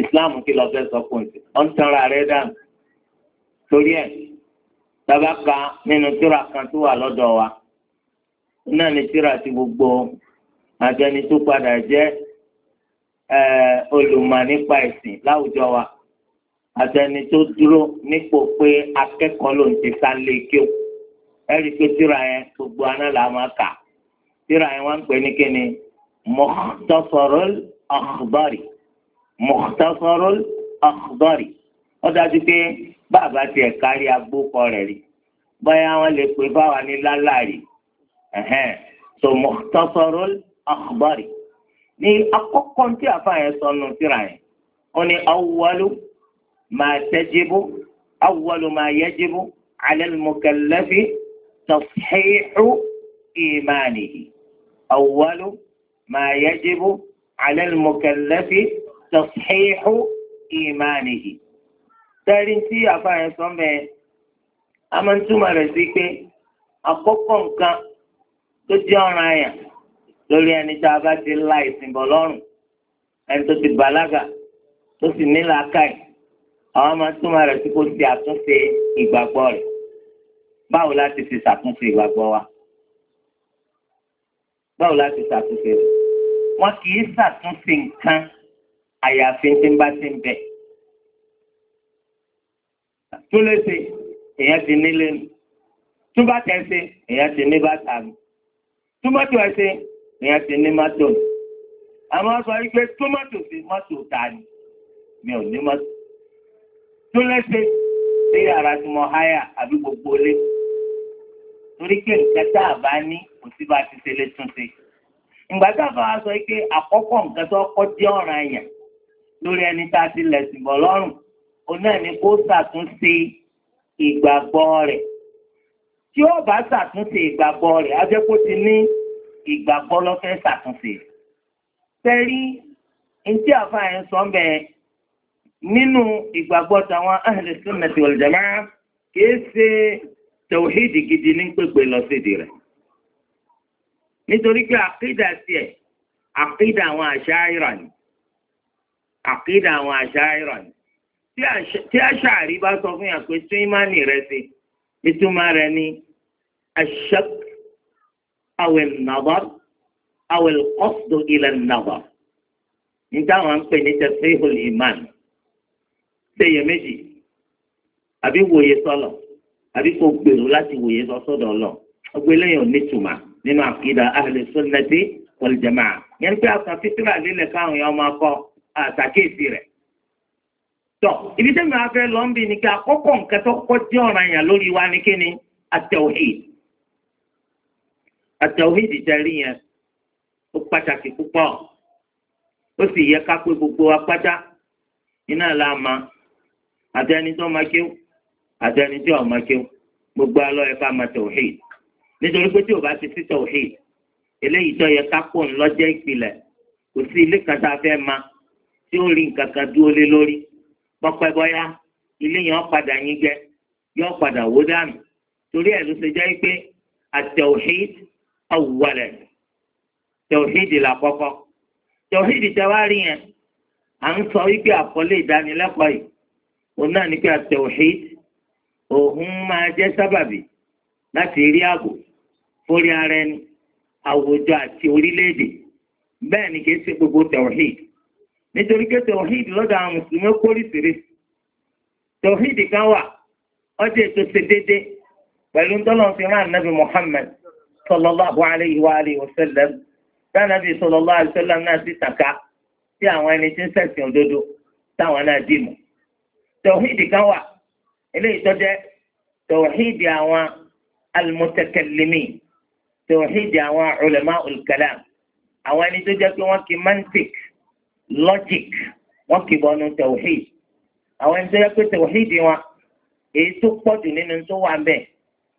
Islam kí lọ fẹ́ sọ fún un sí ọ̀n tanra rẹ̀ dànù torí ẹ̀ tabaka nínú tíra kan tó wà lọ́dọ̀ wa náà ni tíra ti gbogbo àjẹni tó padà jẹ́ olùmọ̀ nípa ẹ̀sìn láwùjọ wa àtẹni tó dúró nípò pé akẹ́kọ̀ọ́ ló ń ti sá lé kí o pé tíra yẹn gbogbo aná là máa kà tíra yẹn wọ́n ń pè ní kíni Mukhtasarul Akhbari. Mukhtasarul Akhdari wọ́n dájú pé bàbá tiẹ̀ kárí agbókọ rẹ̀ rí báyà wọn lè pè báwa ní lálàrí so Mukhtasarul Akhdari ní akọ́kọ́ tí àfààyàn sọnù síra yẹn wọ́n ní awwalu ma tajibu awwalu ma yajibu ala al-mukallafi tashihu imanihi awwalu ma yajibu ala tashihu ìmánìyì tẹ́rí tí àfààyàn sọ mẹ́ a máa ń túmọ̀ rẹ̀ sí pé àkọ́kọ́ nǹkan tó jẹ́ ọ̀ràn àyàn lórí ẹni tá a bá ti la ìsìn bọ̀ lọ́rùn ẹni tó ti bàlágà tó sì ní làákàyè àwọn máa túmọ̀ rẹ̀ sí kó ti àtúnṣe ìgbàgbọ́ rẹ̀ báwo la fi ṣàtúnṣe ìgbàgbọ́ wa báwo la ṣàtúnṣe rẹ̀ wọ́n kì í ṣàtúnṣe nǹkan àyàfi tí ń bá ti ń bẹ̀. tó lè ṣe èèyàn ti nílé nu tó bá tẹ̀ ṣe èèyàn ti ní bàtà nu tómátò ẹ̀ ṣe èèyàn ti ní mátò nu àwọn sọ wípé tómátò sí mọ́tò ta ni mi ò ní mọ́tò tó lè ṣe ṣe yàrá tí mo háyà àbí gbogbo ilé torí pé nǹkan tá a bá ní kò sí bá a ti ṣe lè tún ìgbà tá a bá sọ pé àkọ́kọ́ nǹkan tó kọ́ jẹ́ ọ̀ràn yẹn lórí ẹni tá a ti lẹ̀sìn bọ̀ lọ́rùn òun náà ni kó ṣàtúnṣe ìgbàgbọ́ rẹ̀ tí ó bá ṣàtúnṣe ìgbàgbọ́ rẹ̀ á jẹ́ kó ti ní ìgbàgbọ́ lọ́fẹ́ ṣàtúnṣe. Tẹ́rí ntí àfààyàn sọ ń nínú ìgbàgbọ́ tàwọn ahli sunnati wal jamaa kìí ṣe tẹ̀wéhídì gidi ní pèpè lọ sídìí rẹ̀. Nítorí pé àkídà tiẹ̀ àkídà àwọn àṣà ìrànì àkídà àwọn àṣàyàn tí àṣàrí bá sọ fún yàn pé tún ìmánì rẹ sí ìtumá rẹ ní ashak awel nabar awel qasdu ila nabar níta wọn ń pè ní tafsirul iman ṣèyẹméjì àbí wòye sọlọ àbí kò gbèrò láti wòye sọ sọ́dọ̀ Ọlọ́run ọgbẹlẹyìn ò ní tùmà nínú àkídà ahli sunnati wal yẹn pé àkànfitìrà lílẹ káwọn yẹn ọmọ akọ. àtàkéèsì rẹ̀. tọ́ ibi tẹ́mi wá fẹ́ lọ ń bi ni kí akọ́kọ́ nǹkan tó kọ́ wa ni ni at-tawhid at-tawhid yẹn ó pàtàkì púpọ̀ ó sì yẹ ká pé gbogbo wa pátá la ma àtẹni tó ma kéw àtẹni tí ma kéw gbogbo alọ́ yẹ ká ma tawhid nítorí pé tí o bá ti eléyìí tó yẹ ká pọ̀ ńlọ́jẹ́ ìpìlẹ̀ kò sí ma. tí ó rí nǹkan kan dúró lé lórí pọ́pẹ́ bọ́yá ilé yẹn padà yín jẹ yóò padà wó dànù torí ẹ̀ ló ṣe jẹ́ pé àtẹ̀wòhíd awwala tẹ̀wòhíd làkọ́kọ́ tẹ̀wòhíd tẹ̀wárí yẹn à ń sọ wípé àkọlé ìdánilẹ́kọ̀ọ́ yìí òun náà ní pé àtẹ̀wòhíd òun máa jẹ́ sábàbí láti rí ààbò fórí ara ẹni àwùjọ àti orílẹ̀-èdè ni kì í ṣe gbogbo tẹ̀wòhíd nítorí pé tọ̀hídì lọ́dọ̀ àwọn mùsùlùmí kórìsìrì tọ̀hídì kan wà ọjọ́ ètò ṣe déédé pẹ̀lú tọ́lọ́ fi hàn nàbì Muhammad sallallahu alayhi wa alihi wa sallam tánàbì sallallahu alayhi wa sallam náà sì tàka sí àwọn ẹni tí ń ṣẹ̀sìn òdodo táwọn náà dì mú tọ̀hídì kan wà eléyìí tọ́jẹ́ tọ̀hídì àwọn almutakallimin tọ̀hídì àwọn ulama al àwọn ẹni tó jẹ́ pé wọ́n kì í mantik logic wọ́n kì bọ́nu tẹ̀wọ̀hìd àwọn ẹni tó yẹ pé wọn èyí tó pọ̀jù nínú tó wà ń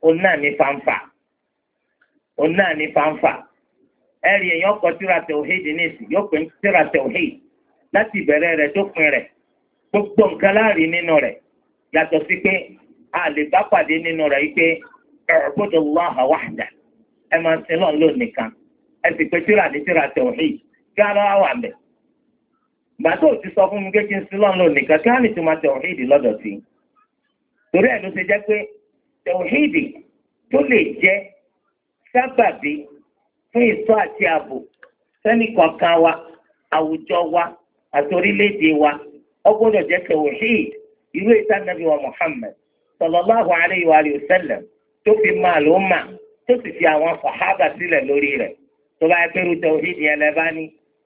òun náà ní fanfa òun náà ní fanfa ẹ̀rí èèyàn kọ tíra tẹ̀wọ̀hìd ní ìsìn yóò tíra láti ìbẹ̀rẹ̀ rẹ̀ rẹ̀ gbogbo nǹkan nínú rẹ̀ yàtọ̀ sí pé a lè nínú rẹ̀ wípé wà á máa sin sì pé ní kí á gbàtó ti sọ fún mi pé kí n sí lọ́nà nìkan kí wọ́n lè tún máa lọ́dọ̀ torí ẹ̀ ló ṣe jẹ́ pé tẹ̀wọ̀hídì tó lè jẹ́ sábàbí fún ìṣọ́ àti ààbò sẹ́ni kọ̀ọ̀kan wa àwùjọ wa àti orílẹ̀-èdè wa ó jẹ́ sallallahu alayhi wa sallam tó fi máa ló mà tó sì fi àwọn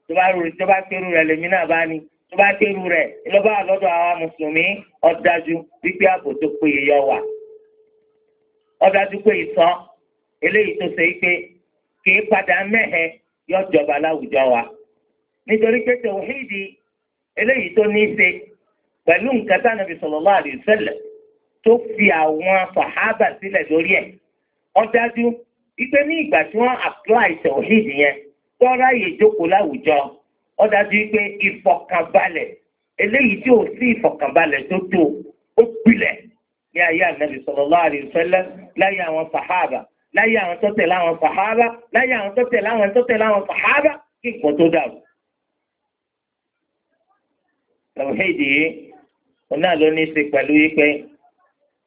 tó bá rú tó bá pérú rẹ̀ lèmi náà bá ní tó bá pérú rẹ̀ lọ́ba lọ́dọ̀ àwa mùsùlùmí ọ̀dájú wípé ààbò tó péye yọ wà ọ̀dájú pé ìsàn eléyìí tó ṣe pé kìí padà mẹ́hẹ̀ yọ jọba láwùjọ wa nítorí pé tòwíìdì eléyìí tó ní í ṣe pẹ̀lú nǹkan tí Ànábì sallallahu alaihi wasallam tó fi àwọn sàhábà sílẹ̀ lórí ẹ̀ ọ̀dájú ìpè ní ìgbà tí wọ́n apply tòwíìdì yẹn tọ́ra yìí jókòó láwùjọ ó dájú pé ìfọ̀kànbalẹ̀ eléyìí tí ò sí ìfọ̀kànbalẹ̀ tó tó ó pilẹ̀ ní ayé ànábì sallallahu alaihi wasallam láyé àwọn sàhábà láyé àwọn tọ́tẹ̀ láwọn sàhábà láyé àwọn tọ́tẹ̀ láwọn tọ́tẹ̀ láwọn sàhábà kí nǹkan tó dàrú. tàwíìdì yìí òun náà ló ní í ṣe pẹ̀lú yìí pé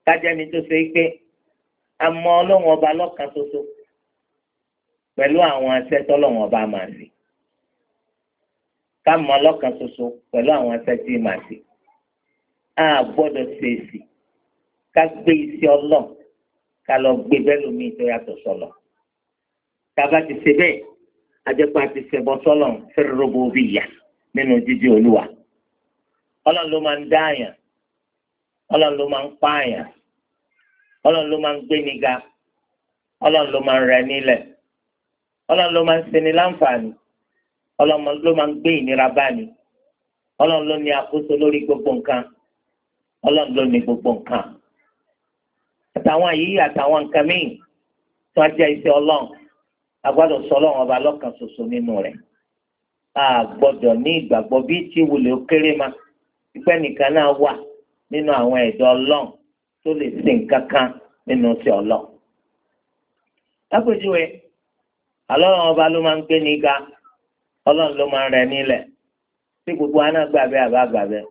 kájẹ́ni tó ṣe é pé àmọ́ ọlọ́run ọba lọ́kan ṣoṣo pẹ̀lú àwọn ẹsẹ̀ tọ́lọ́wọ́n bá máa ṣe ká mọ ọlọ́kan ṣoṣo pẹ̀lú àwọn ẹsẹ̀ tí màá ṣe á gbọ́dọ̀ ṣèṣì ká gbé iṣẹ́ ọlọ́ọ̀ ká lọ gbé bẹ́ẹ̀ lómi tó yàtọ̀ sọ̀lọ̀ ká bá ti ṣe bẹ́ẹ̀ ajẹ́pá ti ṣẹbọ sọ́lọ̀ fẹ́rẹ́rọ́bù bí ìyá nínú jíjí olúwa ọlọ́run ló máa ń dá àyàn ọlọ́run ló máa ń pa àyàn ọlọ́run ló máa ń gbéni ga ọlọ́run ló máa ń rẹ nílẹ̀ ọlọ́run ló máa ń ṣeni láǹfààní ọlọ́run ló máa ń gbé ìnira báni ọlọ́run ló ní àkóso lórí gbogbo nǹkan ọlọ́run ló ní gbogbo nǹkan àtàwọn yìí àtàwọn nǹkan míì tó á jẹ́ iṣẹ́ ọlọ́run a gbọ́dọ̀ sọ ọlọ́run ọba lọ́kan ṣoṣo nínú rẹ̀ a gbọ́dọ̀ ní ìgbàgbọ́ bí tí wulè ó kéré ma ìpẹ́ nìkan náà wà nínú àwọn ẹ̀dọ́ ọlọ́run tó lè ṣe nǹkan nínú ti ọlọ́run. lápèjúwe alọ́run ọba ló máa ń pé ní ga ọlọ́run ló máa ń rẹ nílẹ̀ tí gbogbo wa náà gbà bẹ́ẹ̀ àbá gbà bẹ́ẹ̀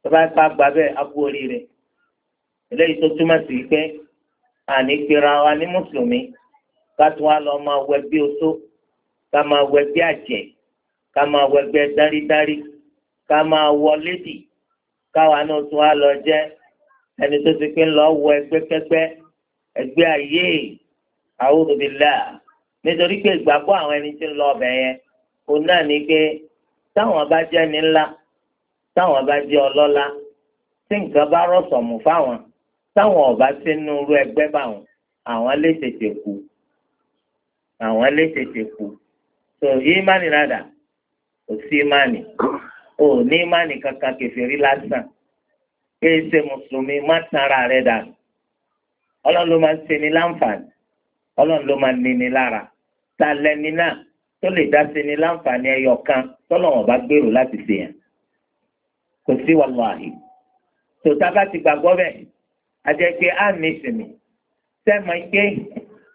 tó bá pa gbà bẹ́ẹ̀ á kú oríire eléyìí tó túmọ̀ sí pé àní pera wa ní mùsùlùmí ká tún wá lọ máa wẹ bí oṣó ká máa wẹ bí àjẹ́ ká máa wẹ bí dárídárí ká máa wọ lédì káwa náà tún wá lọ jẹ́ ẹni tó ti pé lọ wọ ẹgbẹ́ kẹgbẹ́ ẹgbẹ́ ayé a'udhu billah nítorí pé ìgbàgbọ́ àwọn ẹni tí ń lọ ọbẹ̀ yẹn òun náà ni pé táwọn bá jẹ́ ní ńlá táwọn bá jẹ́ ọlọ́lá tí nǹkan bá rọ̀sọ̀mù fáwọn táwọn ọba ti ń nurú ẹgbẹ́ báwọn àwọn lè tètè kú àwọn lè tètè kú tó ìmánì rádà kò sí ìmánì ò ní ìmánì kankan kẹfìrí lásán kí ẹ ṣe mùsùlùmí má tanra rẹ dànù ọlọ́run ló máa ń ṣe ní láǹfààní ọlọ́run ló máa níni lára ta lẹni náà tó lè dá sí ni láǹfààní ẹyọ kan tọ́lọ́wọ́n bá gbèrò láti ṣe yẹn kò sí wàláhì tòótá bá ti gbàgbọ́ bẹ́ẹ̀ àjẹ́ pé á ní ìsinmi sẹ́mọ̀ pé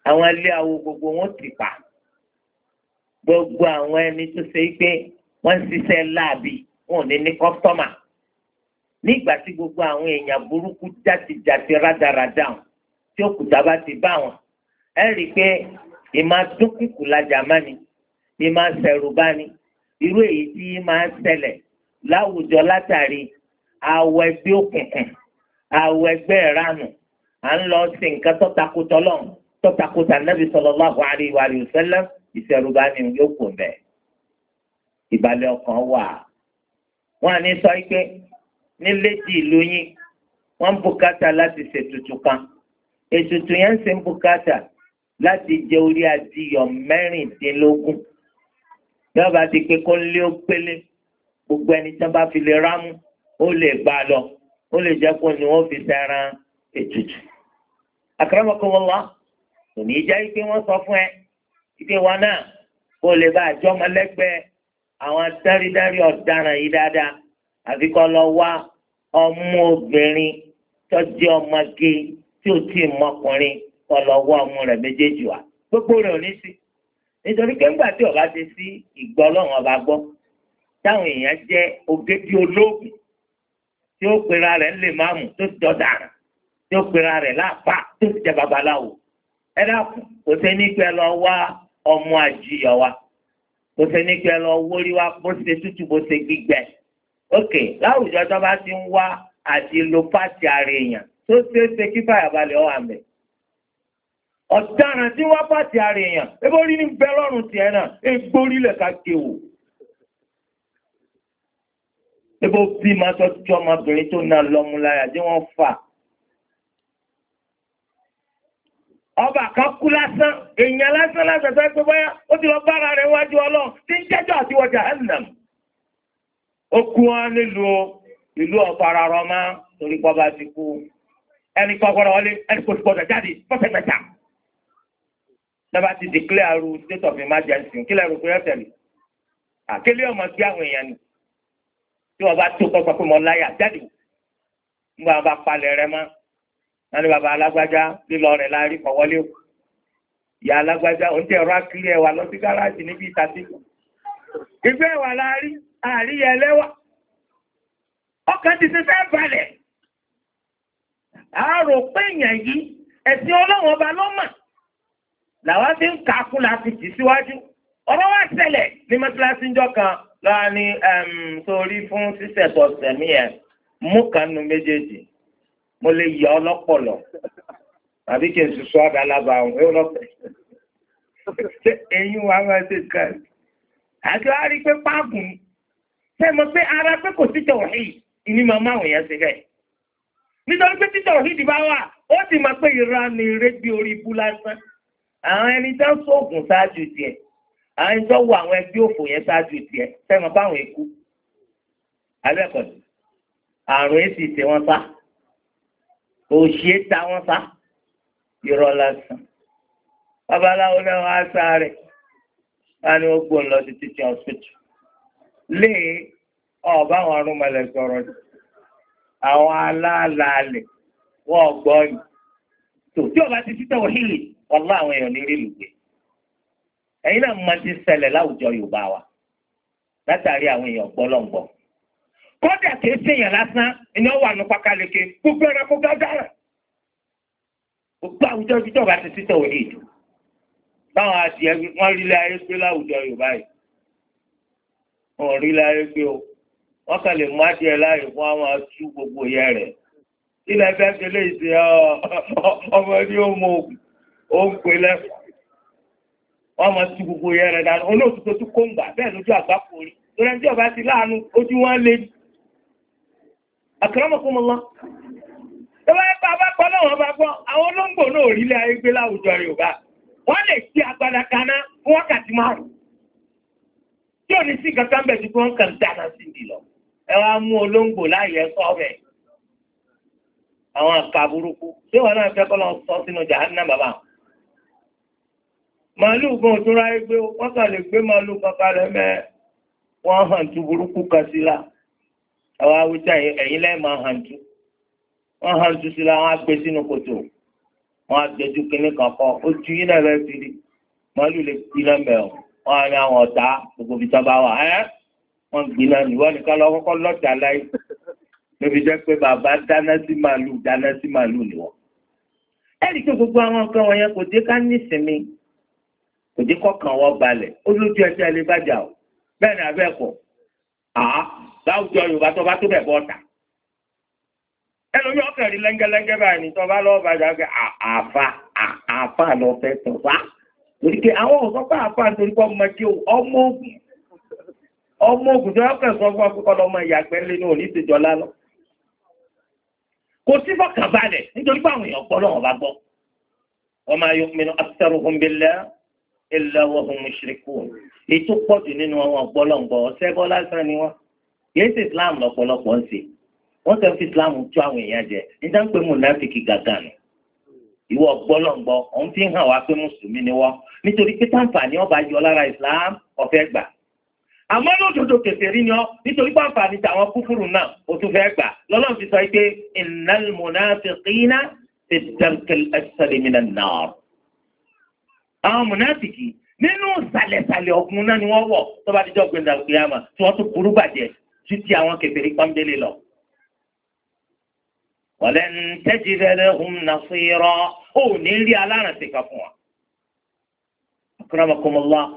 àwọn ilé awo gbogbo wọn ti pa gbogbo àwọn ẹni tó ṣe pé wọ́n ń ṣiṣẹ́ láàbì wọn ò ní ní kọ́sítọ́mà nígbà tí gbogbo àwọn èèyàn burúkú jáde jáde rádaràdà tí òkúta bá ti bá wọn ẹ rí i pé ìmá dúnkìkù lajà má ni ìmá sẹ̀rù bá ni irú èyí tí máa ń ṣẹlẹ̀ láwùjọ látàrí àwọ̀ ẹgbẹ́ òkùnkùn àwọ̀ ẹgbẹ́ ìranù à ń lọ sí nǹkan tó takò tọ́lọ́n tó takò tànàbí sallallahu alaihi wa sallam ìṣẹ̀rù bá ni yóò kò bẹ́ẹ̀ ìbàlẹ̀ ọkàn wà. wọ́n á ní sọ pé nílé di ìlú yín wọ́n bùkátà láti ṣètùtù kan ètùtù yẹn ń ṣe bùkátà láti jẹ orí adìyọ mẹ́rìndínlógún bí wọ́n bá ti pé kó lé ó pélé gbogbo ẹni tí wọ́n bá fi lè rámú ó lè gbà lọ ó lè jẹ́ kó ni wọ́n fi sẹ́ran ètùtù. akramakumullah kò ní í jẹ́ pé wọ́n sọ fún ẹ pé wọn náà kó lè bá àjọmọlẹ́gbẹ̀ẹ́ àwọn dáridári ọ̀daràn yìí dáadáa àfi kọ́ lọ wá ọmọ obìnrin tó jẹ́ ọmọge tí ó ti mọkùnrin ọlọ ọwọ́ ọmọ rẹ̀ méjèèjì wá gbogbo rẹ̀ ò ní sí nítorí pé ńgbà tí ọba ti sí ìgbọ́ ọlọ́run ọba gbọ́ táwọn èèyàn jẹ́ ògèdè olóògùn tí ó pera rẹ̀ ńlè máàmù tó ti dọ̀dà rẹ̀ tí ó pera rẹ̀ láàpá tó ti jẹ́ babaláwo ẹ dákun kò sí ní pẹ́ lọ wá ọmọ àjìyọ wa kò sí ní pẹ́ lọ wórí wa bó ṣe tútù bó ṣe gbígbẹ ok láwùjọ tó bá ti ń wá àti lo pàṣẹ ara èèyàn tó ṣeé ṣe kí fàyàbalẹ̀ ọ̀ àmì ọ̀daràn tí wá bá ti àrẹ èèyàn ebó rí ní bẹ́lọ́rùn ti ẹ̀nà egbórílẹ̀ kákewò ebó bí ma sọ tí ọmọbìnrin tó na lọmúláyà tí wọ́n fà ọba kan kú lásán èèyàn lásán lásán tó ẹgbẹ́ báyá ó ti lọ bára rẹ̀ wájú ọlọ́run tí ń jẹ́jọ́ àti wọjà ẹ̀nàm ó kú wọn nílùú ìlú ọ̀pọ̀ ara rọ máa torí pọ́ bá ti kú ẹnì kan gbọ́dọ̀ wọlé ẹnì kò ti gbọ́dọ̀ lọ́ba ti declare aru state of emergency kí lẹ́rù pé ẹ tẹ̀lé àkélé ọmọ sí àwọn èèyàn ni tí wọ́n bá tó kọ́kọ́ pé mo láyà jáde nígbà wọn bá palẹ̀ rẹ mọ́ wọn ní baba alágbájá lílọ rẹ̀ la rí kọ̀wọ́lé o ìyá alágbájá òun tẹ̀ rọ́ àkílẹ̀ wa lọ sí gáràjì níbi ìtàtí ìgbẹ́ wa la rí ẹlẹ́wà ọkàn ti ti fẹ́ balẹ̀ àrò èèyàn yìí ẹ̀sìn ọlọ́wọ́n ọba ló mọ̀ làwọn ti ń kà á kún láti jì síwájú ọ̀rọ̀ wá ṣẹlẹ̀ ní mọ́tíláṣí ńjọ́ kan lọ́wọ́ ni torí fún sísẹ̀tọ̀ sẹ̀mí ẹ̀ mú kan nu méjèèjì mo lè yọ ọlọ́pọ̀lọ́ àbí kí n sùsù ọ̀dà alábà àwọn ẹ̀ ọlọ́pẹ̀ ẹ̀yìn wa máa ṣe ká ẹ̀ àti wàá rí pé páàgùn ṣe mọ̀ pé ara pé kò sí tọ̀hí ìní màmá àwọn èèyàn ṣe bẹ́ẹ̀ nítorí pé títọ̀hí ti bá wà ó sì máa pé ìranì rédíò orí ibú lásán àwọn ẹni tó ń sóògùn ṣáájú tiẹ̀ àwọn ẹni tó wọ àwọn ẹgbẹ́ òfò yẹn ṣáájú tiẹ̀ sẹ́wọ̀n báwọn ikú abẹ́kọ̀dù àrùn èsì tẹ wọ́n sá òṣìṣẹ́ ta wọ́n sá irọ́ lásán babaláwo náà wá sá rẹ̀ wá ní gbogbo ńlọ sí títí ọ̀sùtù lé ọba àwọn arúmọlẹ̀ sọ̀rọ̀ ni àwọn aláàlálẹ̀ wọ́n gbọ́ yìí tòtí ọba ti fi tẹ̀wọ̀ hílì wọn lọ àwọn èèyàn ní rí lùgbé ẹ̀yin náà máa ti ṣẹlẹ̀ láwùjọ Yorùbá wa látàrí àwọn èèyàn gbọlọǹgbọ kódà kìí ṣèyàn lásán ìyẹn wà ní pákáleke gbogbo ẹranko gágára gbogbo àwùjọ ìjọba ti sítọ òní ìdù báwọn adìẹ wọn rí láyé pé láwùjọ Yorùbá yìí wọn rí láyé pé o wọn kàn lè mú adìẹ láàyè fún àwọn atú gbogbo yẹ rẹ ilẹ̀ fẹ́ fi lè ṣe ọmọ ní ọmọ ogun. ó ń pè lẹ́fọ̀ wọ́n mọ̀ sí gbogbo yẹn rẹ̀ dànù olóòtú tó tún kóńgbà bẹ́ẹ̀ lójú àgbákò ọba ti láàánú ojú wọn lé ní àkàràmọ̀kọ́mọ́lá tó bá yẹpa náà wọ́n bá gbọ́ àwọn olóńgbò náà rí ayé gbé láwùjọ Yorùbá wọ́n lè ṣe agbada kaná fún wákàtí márùn tí ò ní sí kankan bẹ̀ wọ́n kàn dáná sí lọ ẹ wá mú olóńgbò màálù gan tó ráyé gbé wọ́n kà lè gbé màálù pàpà mẹ́ wọ́n hàn tú burúkú kan sí la àwọn awùjá ẹ̀yìn lẹ́yìn máa hàn tú wọ́n hàn tú sí la wọ́n á gbé sínú kòtò wọ́n á gbẹ́jú kínní kan kọ́ ó ju yín náà lẹ́ẹ̀ fìdí màálù lè gbiná mẹ́ o wọ́n á ní àwọn ọ̀tá gbogbo ibi tó bá wà ẹ́ wọ́n gbiná ní wọ́n nìkan lọ kọ́kọ́ lọ́jà láì níbi jẹ́ pé bàbá dáná sí màálù dáná sí màálù nìwọ̀n. ẹ̀rí tó gbogbo àwọn nǹkan wọ̀nyẹn kò dé ká nísìnyí òjì kọkàn wọ balẹ̀ ó lójú ẹsẹ̀ ẹ lè bàjá o bẹ́ẹ̀ ni abẹ́ kọ̀ àá láwùjọ yorùbá tó bá tó bẹ̀ bọ́ ta ẹlòmíì ọkàn rí lẹ́ngẹ́lẹ́ngẹ́ báyìí ní tọ́ba lọ́wọ́ bàjá pé àfa àfa lọ fẹ́ tọ́ba torí pé àwọn ọ̀sán pé àfa nítorí pé ọmọ tí ọmọ ogun ọmọ ogun tó yọkàn sọ fún akókò lọmọ ìyàgbẹ́ lé ní òní ìṣèjọ lánàá kò sí fọkànbalẹ̀ nítorí pé àwọn èèyàn gbọ́ illa wa hum mushrikun ètò pọ̀jù nínú àwọn ọ̀pọ̀lọpọ̀ ṣẹbọ lásán ni wọ́n yéé sí islam lọ́pọ̀lọpọ̀ ń ṣe wọ́n tẹ́ fi islam tú àwọn èèyàn jẹ níta ń pè mùnáfíkì gàgà nù ìwọ ọ̀pọ̀lọpọ̀ òun fi hàn wá pé mùsùlùmí ni wọ́n nítorí pé táǹfààní ọba yọ lára islam ọ̀fẹ́ gbà àmọ́ lódodo kèfèrí ni ọ́ nítorí pé àǹfààní tàwọn kúfùrù náà ó tún fẹ́ gbà lọ́lọ́run ti sọ pé innal fi darkil asfali minan nar àwọn mùnáfìkì nínú sàlẹ̀sàlẹ̀ ọ̀gbun náà ni wọ́n wọ̀ tó bá dijọ́ gbẹ̀dà kìyàmà tí wọ́n tún burú bàjẹ́ ju ti àwọn kèfèrí pọ́ńdélé lọ. wọ́lẹ̀ ń tẹ́jì rẹ̀ ń nà sí rọ ó ní rí alárànṣe kan fún wa. akramakumullah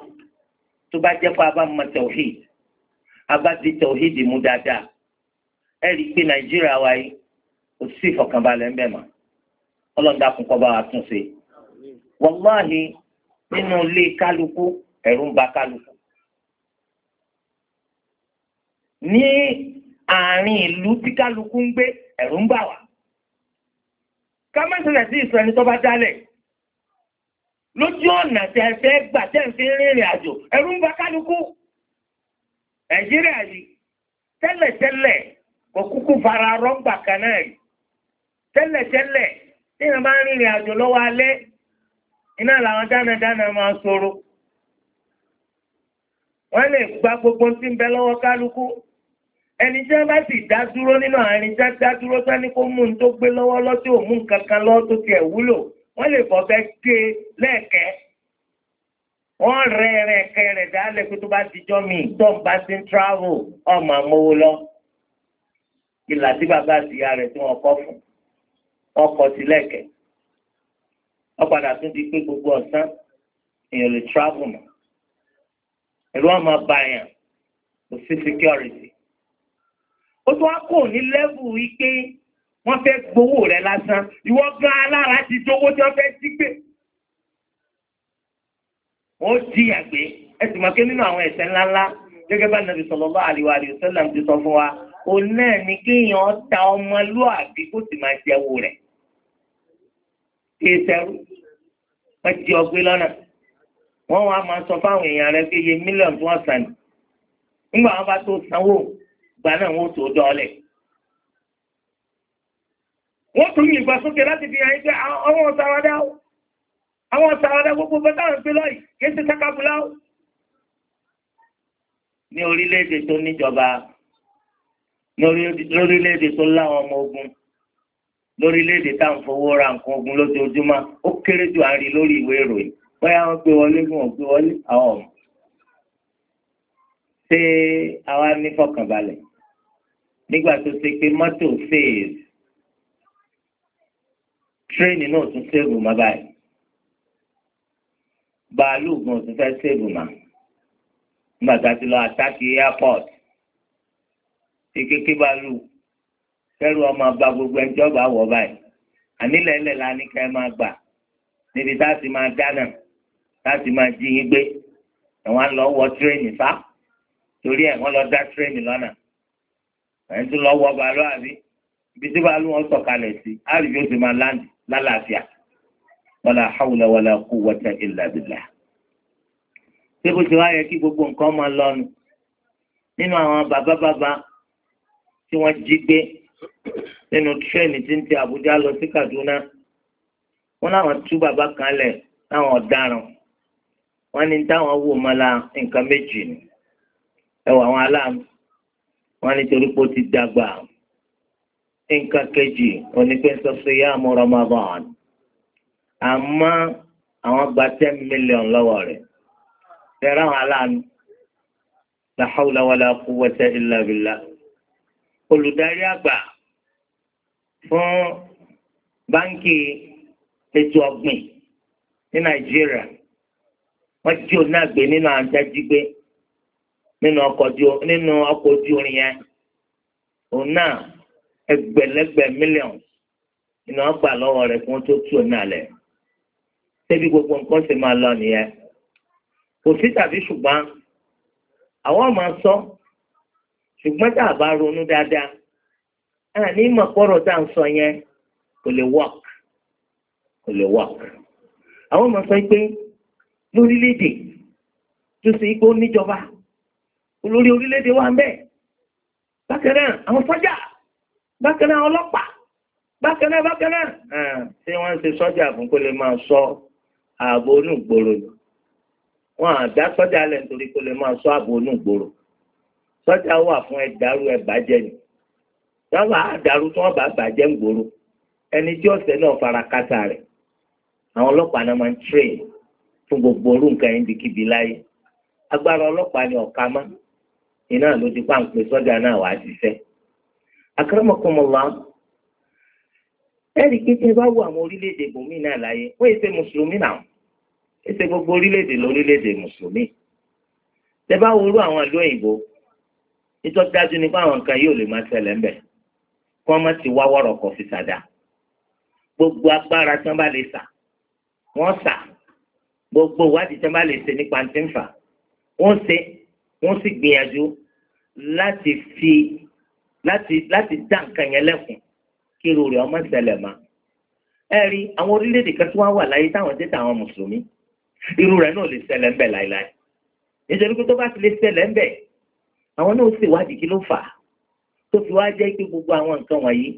tó bá jẹ́ pé a bá mọ tawhid a bá ti tawhid mú dáadáa ẹ rí i pé nàìjíríà wa yìí kò sí ìfọ̀kànbalẹ̀ ń bẹ̀ mọ́ ọlọ́dà nínú ilé kálukú ẹ̀rù ń ba kálukú. ní àárín ìlú tí kálukú ń gbé ẹ̀rù ń bà wá. ká má ṣẹlẹ̀ sí ìsọ ẹni tó bá dálẹ̀ lójú ọ̀nà tẹ fẹ́ gbà tẹ̀ ń fi rìnrìn àjò ẹ̀rù ń ba kálukú. nàìjíríà yìí tẹ́lẹ̀tẹ́lẹ̀ kò kúkú fara rọ́gbà kan náà yìí tẹ́lẹ̀tẹ́lẹ̀ tí wọ́n bá ń rìnrìn àjò lọ́wọ́ alẹ́ iná làwọn dánadáná máa sọ̀rọ̀ wọ́n lè gba gbogbo tí ń bẹ lọ́wọ́ kálukú ẹni tí wọ́n bá sì dá dúró nínú àárín tí wọ́n dá dúró sani kó mú un tó gbé lọ́wọ́ lọ́tí òmú kankan lọ́wọ́ tó tiẹ̀ wúlò wọ́n lè fọ̀bẹ gé e lẹ́ẹ̀kẹ́ wọ́n rẹ̀ rẹ̀ kẹ́ rẹ̀ dálẹ̀ pé tó bá dijọ́ mi tó ń bá ti ń travel ọmọ àmówó lọ ìlà tí bàbá àtìyá rẹ̀ tí wọ́n kọ́ fún ọkọ̀ sílẹ̀kẹ́ wọ́n padà tún di pé gbogbo ọ̀sán èèyàn lè travel mọ́ ẹ̀rọ ọmọ bàyàn kò sí security ó tún wá kò ní lẹ́bù wípé wọ́n fẹ́ gbowó rẹ̀ lásán ìwọ gan alára ti dówó tí wọ́n fẹ́ sí gbé wọ́n di àgbẹ̀ ẹ̀sìn mọ́ pé nínú àwọn ẹ̀ṣẹ̀ ńláńlá gẹ́gẹ́ bá nàbì sallallahu alaihi wa sallam ti sọ fún wa òun náà ni kéèyàn ta ọmọlúàbí kó sì máa jẹ́wó rẹ̀ ìṣẹ́rú wọ́n ti ọgbé lọ́nà wọ́n wá máa sọ fáwọn èèyàn rẹ pé iye mílíọ̀nù tí wọ́n sàn ní. nígbà wọn bá tó sanwó gba náà wọn ò tó dọ́ọ̀lẹ̀. wọ́n tún yìnbọn sókè láti fi hàn pé àwọn ọ̀sàwádà àwọn ọ̀sàwádà gbogbo bẹ́ẹ̀ táwọn ń pè lọ́yìí kì í ṣe sákàbùlà ó. ní orílẹ̀-èdè tó níjọba ní orílẹ̀-èdè tó láwọn ọmọ ogun lórílẹ̀‐èdè tá à ń fowó ra nǹkan ogun lójoojúmọ́ ó kéré jù à ń rí lórí ìwé ìròyìn bóyá wọ́n gbé wọlé fún wọn gbé wọlé àwọn ọ̀mọ́. ṣé àwa ní fọkànbalẹ̀ nígbà tó ṣe pé mọ́tò fèèz tírẹ́ẹ̀nì náà tún ṣègùn má báyìí bàálù gan tún fẹ́ ṣègùn má nígbà tá a ti lọ àtàkì airport ṣe kékeré kẹrù ọmọ ọba gbogbo ẹjọ́ bá wọ̀ báyìí ànílẹ̀ẹ́lẹ̀ la ní kẹ́ máa gbà níbi tá a ti máa dáná tá a ti máa jí yín gbé àwọn lọ wọ tírẹ́nì fá torí ẹ̀ wọ́n lọ dá tírẹ́nì lọ́nà ẹ̀yìn tó lọ wọ bàálù àbí ibi tí bàálù wọn sọ̀kalẹ̀ sí àrùbí ó ti máa láǹdì lálàáfíà wàlà hàwùlà wàlà quwwata illa billah. ṣé bó ti wá kí gbogbo nǹkan máa lọ́nu nínú àwọn bàbá bàbá tí wọ́n jí gbé nínú tírẹ́ẹ̀nì tí ń ti Àbújá lọ sí Kaduna wọ́n láwọn tú bàbá kan lẹ̀ láwọn ọ̀daràn wọ́n ní táwọn wò mọ́la nǹkan méjì ni ẹwà àwọn aláàmú wọ́n ní torí pé ó ti dàgbà nǹkan kejì onípẹ́sọ́sọ́ yá mú Ramadan àmọ́ àwọn gba ten million lọ́wọ́ rẹ̀ fẹ́ràn àwọn aláàmú la hawla wala quwwata illa billah olùdarí àgbà fún báńkì ètò ọ̀gbìn ní nàìjíríà wọ́n jí òun náà gbé nínú àjájígbé nínú ọkọ̀ ojú orin yẹn òun náà ẹgbẹ̀lẹ́gbẹ̀ mílíọ̀nù nínú ọgbà lọ́wọ́ rẹ̀ fún tó tú òun náà lẹ̀ ṣebí gbogbo nǹkan ṣe máa lọ nìyẹn kò sí tàbí ṣùgbọ́n àwọn máa sọ ṣùgbọ́n tá a bá ronú dáadáa àní ah, mọ̀ pọ̀rọ̀ tá à ń sọ yẹn kò lè work kò lè work àwọn ọmọ sọ pé lórílẹ̀‐èdè tó ṣe ipò níjọba olórí orílẹ̀‐èdè wa ń bẹ bákan náà àwọn sọ́jà bákan náà ọlọ́pàá bákan náà bákan náà ah, ṣé wọ́n ń ṣe sọ́jà fún kó lè máa sọ ààbò onúgbòrò ni wọ́n á dá sọ́jà lẹ̀ nítorí kó lè máa sọ ààbò onúgbòrò sọ́jà wà fún ẹ̀dàrú ẹ̀bàjẹ́ ni wọ́n wà á dàrú tí wọ́n bá bàjẹ́ ń gbòòrò ẹni tí ọ̀sẹ̀ náà fara kásá rẹ̀ àwọn ọlọ́pàá náà máa ń tré fún gbogbo orú nǹkan yẹn bíkíbi láyé agbára ọlọ́pàá ni ọ̀ka mọ́ iná ló ti pa nǹkan sọ́jà náà wàá ṣiṣẹ́ akérèmọkùnmọ́lá ẹ̀rí bá àwọn orílẹ̀-èdè náà láyé wọ́n èsè mùsùlùmí náà èsè gbogbo orílẹ̀-èdè lórílẹ̀-èdè mùsùlùmí bá àwọn òyìnbó ni nǹkan yóò lè wọ́n má ti wá wọ́rọ̀ kọ̀ fi sàdá gbogbo agbára tí wọ́n bá lè sà wọ́n sà gbogbo ìwádìí tí wọ́n bá lè ṣe nípa ti ń fà wọ́n ṣe wọ́n sì gbìyànjú láti fi láti láti dá nǹkan yẹn lẹ́kùn kí irú rẹ̀ ọmọ ìṣẹ̀lẹ̀ ma ẹ rí àwọn orílẹ̀-èdè kan tí wọ́n wà láyé táwọn dé táwọn mùsùlùmí irú rẹ̀ náà lè ṣẹlẹ̀ ńbẹ̀ láéláé nítorí tó bá ti lè ṣẹlẹ̀ ńbẹ̀ àwọn náà ṣèwádìí kí ló fà á tó fi wá jẹ́ pé gbogbo àwọn nǹkan wọ̀nyí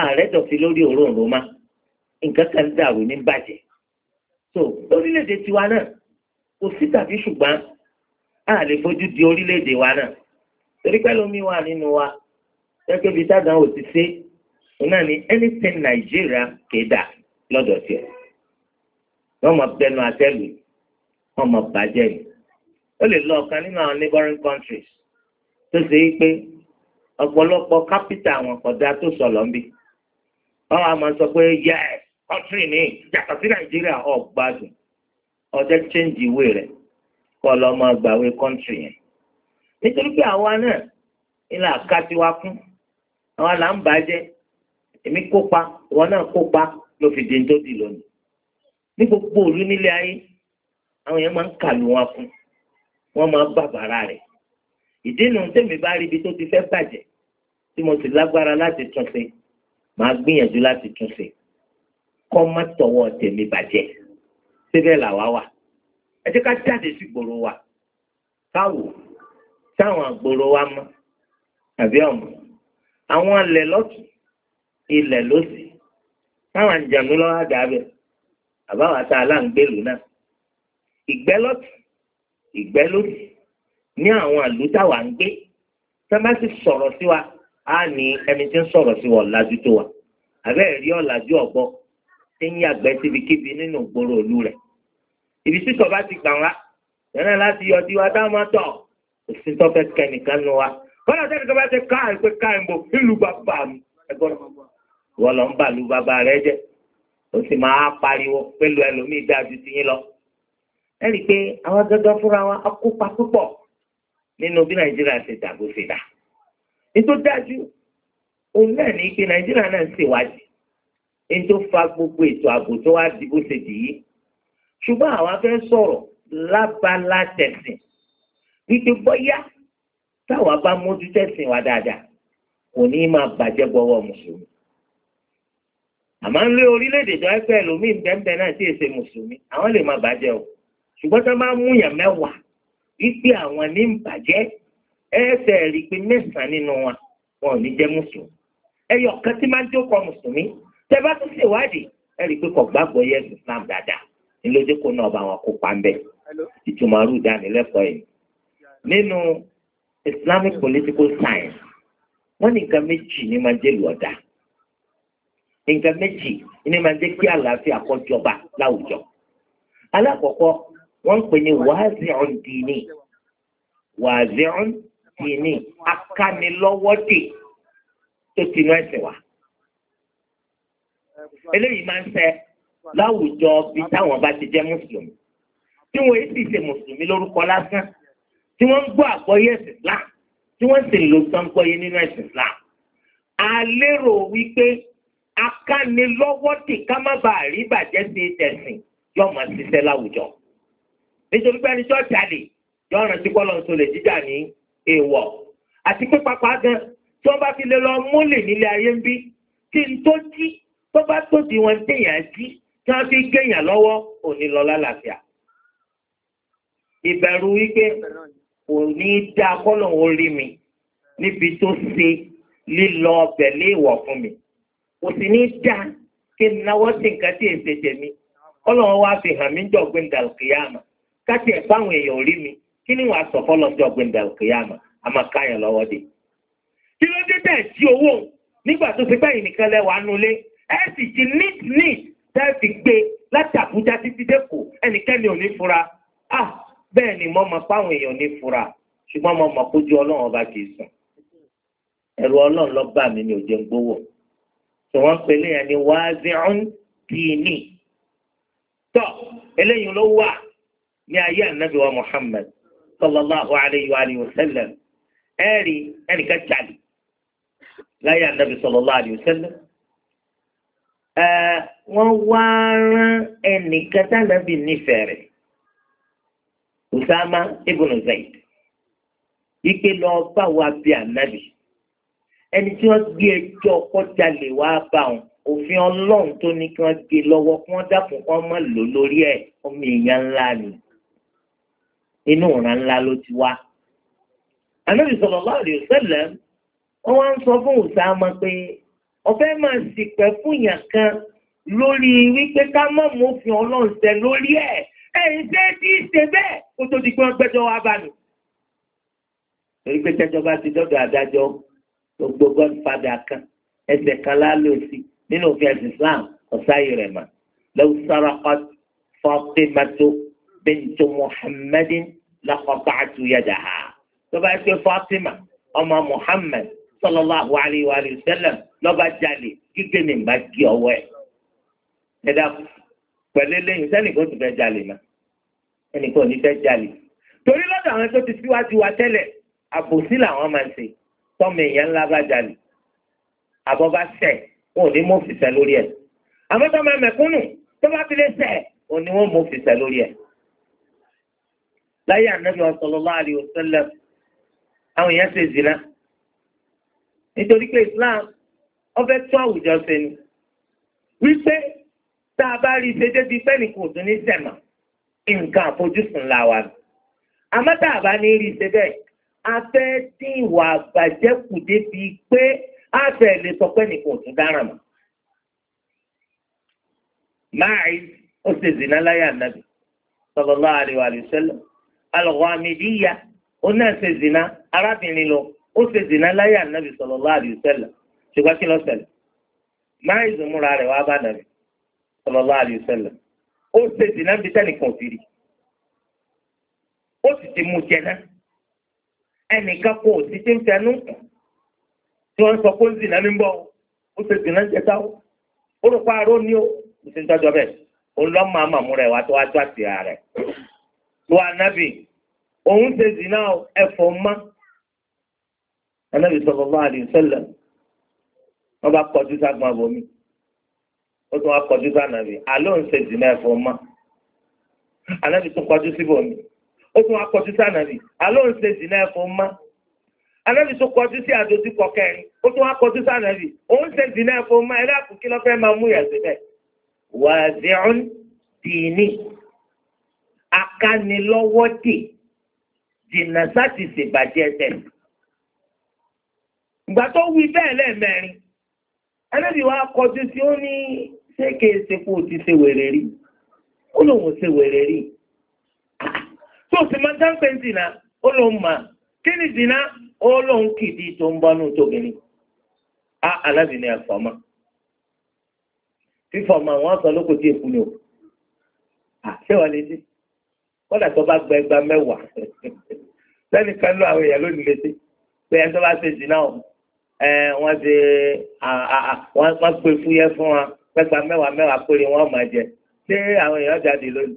ààrẹ dọ̀tí lórí òróǹro má nǹkan kan ń dàrú ní bàjẹ́ so lórílẹ̀‐èdè tiwa náà kò sí tàbí ṣùgbọ́n a lè fojú di orílẹ̀‐èdè wa náà torí pẹ́ lómi wà nínú wa gẹ́gẹ́ bí sádàn ò ti ṣe náà ni anything Nàìjíríà kéda lọ́dọ̀ tiẹ̀ wọ́n mọ̀ bẹnu àtẹ́lù wọ́n mọ̀ bàjẹ́ ni ó lè lọ ọ̀kan nínú àwọn neighboring countries tó ṣe é pé ọ̀pọ̀lọpọ̀ kápítà àwọn kọ̀dá tó sọ̀lọ́ ń bí wọ́n á máa sọ pé yes country ni yàtọ̀ sí nàìjíríà ọ̀gbádùn ọjọ́ change ìwé rẹ̀ kọ́ lọ́ máa gbàwé country yẹn nítorí pé àwa náà ilà katiwa fún àwa là ń bàjẹ́ èmi kópa ìwọ náà kópa ló fi dín tó di lónìí ní gbogbo òru nílé ayé àwọn yẹn máa ń kàlù wọn fún wọn máa bàbàrà rẹ̀ ìdí nu tèmi bá rí ibi tó ti fẹ́ bàjẹ́ tí mo sì lágbára láti tún ṣe màá gbìyànjú láti tún ṣe kọ́ má tọwọ́ tèmi bàjẹ́ síbẹ̀ làwa wà ẹ jẹ́ ká jáde sí gbòòrò wa káwò táwọn àgbòòrò wa mọ́ àbí ọ̀mù àwọn ilẹ̀ lọ́tù ilẹ̀ lọ́sì táwọn àjàmú lọ́wọ́ àdàbẹ̀ àbáwá tá a náà ìgbẹ́ lọ́tù ìgbẹ́ lọ́sì ní àwọn àlù táwa ń gbé sábà sì sọ̀rọ̀ sí wa á ní ẹni tí ń sọ̀rọ̀ sí wa ọ̀làjú tó wa àbẹ́ ẹ̀rí ọ̀làjú ọ̀bọ tí ń yàgbẹ́ síbikíbi nínú ìgboro òlu rẹ̀ ibi sísọ bá ti gbà wá yẹn láti yọ tí wa táwọn máa tọ̀ òsì tó fẹ́ kẹnìkan nu wa bọ́lá tẹ́lẹ̀ tó bá ti ká àìpé ká ìbò ìlú bàbá mi ẹgbọ́n wọ́n lọ ń bàlú bàbá rẹ jẹ́ ó sì máa pariwo pẹ̀lú ẹlòmíì dáa ju tiyín lọ. ẹ rí i pé àwọn gẹ́gẹ́ fúnra wa akópa púpọ̀ nínú bí nàìjíríà ṣe dàgbò ṣe dà ètò dájú òun náà ní pé nàìjíríà náà ń ṣèwádìí èyí tó fa gbogbo ètò ààbò tó wá di bó ṣe dì í ṣùgbọ́n àwọn afẹ́ sọ̀rọ̀ lábala tẹ̀sìn wípé bọ́yá táwa bá mójú tẹ̀sìn wa dáadáa kò ní máa bàjẹ́ gbọ́wọ́ mùsùlùmí àmọ́ ń lé orílẹ̀-èdè tó ẹgbẹ́ ẹlòmíín bẹ́ẹ̀ bẹ́ẹ̀ náà sì ṣe mùsùlùmí àwọn lè máa bàjẹ́ o ṣùgbọ́n tá wípé àwọn ní ń bàjẹ́ ẹ̀ẹ́sẹ̀ rí i pé mẹ́sàn-án nínú wọn wọn ò ní jẹ́ mùsùlùmí ẹyọ kan tí máa ń jókòó mùsùlùmí tẹ́ bá tún ṣèwádìí ẹ rí pé kò gbàgbọ́ yẹ Islam dáadáa nílójú kó náà bá wọn kópa ń bẹ̀ ìtumọ̀ rú ìdánilẹ́kọ̀ọ́ yìí nínú Islamic political science wọ́n ní nǹkan méjì ní máa jẹ́ lọ́dà nǹkan méjì ní máa jẹ́ kí àlàáfíà kó jọba láwùjọ alákọ̀ọ́kọ́ wọ́n ń pè ní wàázìún dìní wàázìún dìní akánilọ́wọ́dì tó ti inú ẹ̀sìn wá. eléyìí máa ń ṣe láwùjọ bí táwọn bá ti jẹ́ mùsùlùmí tí wọ́n sì ṣe mùsùlùmí lórúkọ lásán tí wọ́n ń gbọ́ àgbọ́yé ẹ̀sìn Islam tí wọ́n sì lò tán gbọ́yé nínú ẹ̀sìn Islam. a lérò wípé akánilọ́wọ́dì ká má bàa rí bàjẹ́ sí tẹ̀sìn yóò máa ṣiṣẹ́ láwùjọ nítorí pé ẹni tó jalè yọ ọ̀ràn tí kọ́lọ́ tó lè jíjà ní èèwọ̀ àti pé pápá gan tí wọ́n bá fi lè lọ múlẹ̀ nílé ayé ń bí kí n tó jí tó bá tó di wọn déyàn jí tí wọ́n fi géèyàn lọ́wọ́ òní lọ lálàáfíà ìbẹ̀rù wípé òní dá kọ́lọ̀ orí mi níbi tó ṣe lílọ ọbẹ̀ léèwọ̀ fún mi kò sì ní dá kí n náwó sí nǹkan tí èsè tèmi kọ́lọ̀ wá fi hàn mí jọ̀gbìn dàlùkìyàmà káti ẹ̀ fáwọn èèyàn rí mi kí ni wàá sọ fọlọ́jọ́ gbẹ̀ndà òkèèyàmà àmà káyàn lọ́wọ́ dé. kí ló dé tẹ̀ sí owó nígbà tó fi báyìí nìkan lẹ́wà nulẹ̀ ẹ̀ sì ti neat neat tẹ́ fi gbé láti àbújá títí dẹ́kọ̀ ẹnikẹ́ni ò ní fura ah bẹ́ẹ̀ ni mo mọ̀ fáwọn èèyàn ní fura ṣùgbọ́n mo mọ̀ kójú ọlọ́run ọba kì í sùn ẹ̀rù ọlọ́run lọ bá mi ní òjò ń tí wọ́n ń pè léyìn ní wáázíọ́n tìní tọ́ eléyìí ló wà ní ayé ànábì wa Muhammad sallallahu alayhi wa alihi wa sallam ẹ̀rí ẹnìkan jalè láyé ànábì sallallahu alayhi wa sallam wọ́n wá rán ẹnìkan tánàbì nífẹ̀ẹ́ rẹ̀ Usama ibn Zayd ike lọ bá wa bí ànábì ẹni tí wọ́n gbé ẹjọ́ kọjálè wá bá wọn òfin ọlọ́run tó ní kí wọ́n gbé lọ́wọ́ kí wọ́n dákun kí wọ́n má lò lórí ẹ̀ ọmọ èèyàn ńlá ni inú ìran ńlá ló ti wá. ànábì sallallahu alaihi wasallam wọ́n wá ń sọ fún Usama pé ọ̀fẹ́ máa ṣìpẹ̀ fún yàn kan lórí wípé ká má mọ̀fin ọlọ́run ṣẹ lórí ẹ̀ ẹ̀yìn ṣé tí ì ṣe bẹ́ẹ̀ kó tó di pé wọ́n gbẹ́jọ́ wá bá nù. torí pé tẹ́jọba ti dọ́dọ̀ adájọ́ gbogbo godfather kan ẹsẹ̀ kan lálẹ́ òsì nínú òfin ẹ̀sìn Islam ọ̀sáyé rẹ̀ mà law saraqat Fatimatu bintu Muhammadin lakọta àtúnyẹdà ha tọba ẹsẹ Fatima ọmọ Muhammad sallallahu alayhi wa sallam lọba jalè gígé ní nbà gé ọwọ́ ẹ ẹdá pẹ̀lú lẹ́yìn sẹni kò ti fẹ́ jalè náà ẹnì kan ò ní fẹ́ jalè torí lọ́dọ̀ àwọn tó ti síwájú wa tẹ́lẹ̀ àbòsí làwọn máa ń ṣe tọmọ èèyàn ńlá bá jalè àbọ̀ bá ṣẹ̀ wọn ò ní mú òfìsẹ lórí ẹ àmọ́ tọmọ ẹmẹ̀kúnnù tó bá fi lè ṣẹ̀ òun wọn mú òfìsẹ lórí ẹ láyé ànábì sallallahu alaihi wasallam àwọn èèyàn ṣe zìlá nítorí pé Islam ó fẹ́ tún àwùjọ ṣe ni wípé tá a bá rí i ṣe débi fẹ́nìkan òtún ní sẹ̀mà nǹkan àfojúsùn la wà ní àmọ́ tá a bá ní rí ṣe bẹ́ẹ̀ a fẹ́ dín ìwà àgbàjẹ́ kù débi pé a fẹ́ lè sọ pé nìkan òtún dáràn mọ́ máa ó ṣe zìlá láyé ànábì sallallahu alaihi wasallam alghamidiyya ó náà ṣe zina arábìnrin lọ ó ṣe zina láyé ànábì sallallahu alaihi wasallam ṣùgbọ́n kí ló ṣẹlẹ̀ máa ń zùmúra rẹ̀ wá bá nàbì sallallahu alaihi wasallam ó ṣe zina bí sẹ́nìkan ti rí ó sì ti mú jẹ náà ẹnìkan kò sí tí ń fẹnu tí wọ́n sọ pé ó ń zina ní bọ́ ó ṣe zina jẹta ó ó rò pa aró ní ó ó ṣe ń tọ́jọ́ bẹ́ẹ̀ ó lọ́ máa màmú rẹ̀ wá tó wá tó àṣìyà rẹ̀ wà nábì òun ṣe zìnà ẹ̀fọ́ mọ́ anábì sallallahu alaihi wasallam wọ́n bá kọjú sáàgbọ́n abomi ó tún wá kọjú sànàbì àlọ́ ń ṣe zìnà ẹ̀fọ́ mọ́ anábì tún kọjú síbòmí ó tún wá kọjú sànàbì àlọ́ ń ṣe zìnà ẹ̀fọ́ mọ́ anábì tó kọjú sí àdójú kọkẹrin ó tún wá kọjú sànàbì òun ṣe zìnà ẹ̀fọ́ mọ́ ẹ̀rẹ́ àkùnkí lọ́fẹ́ máa mú ìyàsí bẹ́ẹ̀ akánilọ́wọ́dè jìnnà sáti ṣèbàjẹ́ tẹ̀. ìgbà tó wí bẹ́ẹ̀ lẹ́ẹ̀mẹrin ẹlẹ́bí wa kọjú tí ó ní ṣé kèé ṣe kó o ti ṣe wèrè rí ó lóun ṣe wèrè rí tó sì máa dáńpẹ́ zina ó lóun mà kí ni zina ó lóun kìdí tó ń bọ́nú tóbìnrin á alábìnrin ẹ̀fọ́ mọ́ fífọ́ àwọn sọ lóko tí èkú ni o àṣẹwàá lè dé kọ́dà tó bá gba ẹgbàá mẹ́wàá lẹ́nu kan ló àwọn èèyàn lónìí létí pé ẹni tó bá ṣe jìnnà ọ̀ wọ́n ṣe wọ́n pè fúyẹ́ fún wa pẹ́gbàá mẹ́wàá mẹ́wàá péré wọ́n máa jẹ ṣé àwọn èèyàn jáde lónìí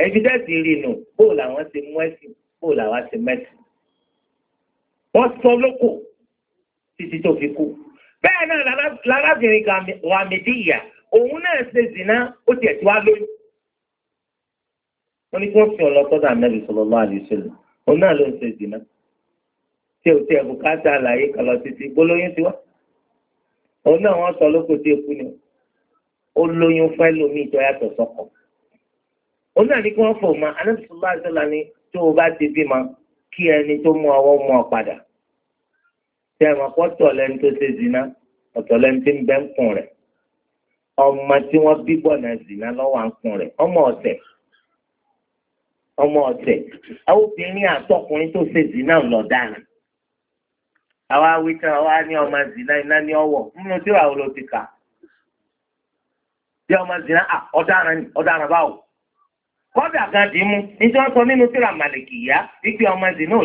ẹ̀yin fíjẹ́ ti rí nù bóòlù àwọn ti mú ẹ̀sìn bóòlù àwọn ti mẹ́sìn wọ́n sọ lóko títí tó fi kú bẹ́ẹ̀ náà lárábìnrin wa méjì yà òun náà ṣe jìnnà ó tiẹ̀ tí wá lóyún wọ́n ní kí wọ́n fi ọlọ́tọ́dọ̀ ànábì sallallahu alaihi wasallam òun náà ló ń ṣe zina tí o tí ẹ̀bùn káàtà àlàyé kan lọ títí gbólóyún ti wá òun náà wọ́n sọ lóko tí eku ni ó lóyún fún ẹlòmíì tó yàtọ̀ sọ́kọ òun náà ní kí wọ́n fò ma ànábì sallallahu alaihi wasallam ni tó o bá ti bí ma kí ẹni tó mú ọwọ́ mú ọ padà tí ẹ̀ mọ̀ pọ́tọ̀ lẹ́ni tó ṣe ọmọ ọ̀tẹ̀ àwọn obìnrin àtọkùnrin tó ṣe zina ń lọ dára àwa awa ní ọmọ zina iná ní ọwọ nínú tí wàá lọ ti kà bí ọmọ zina à ni báwo kọ́dà kan dì í mú níjọ́ sọ nínú zina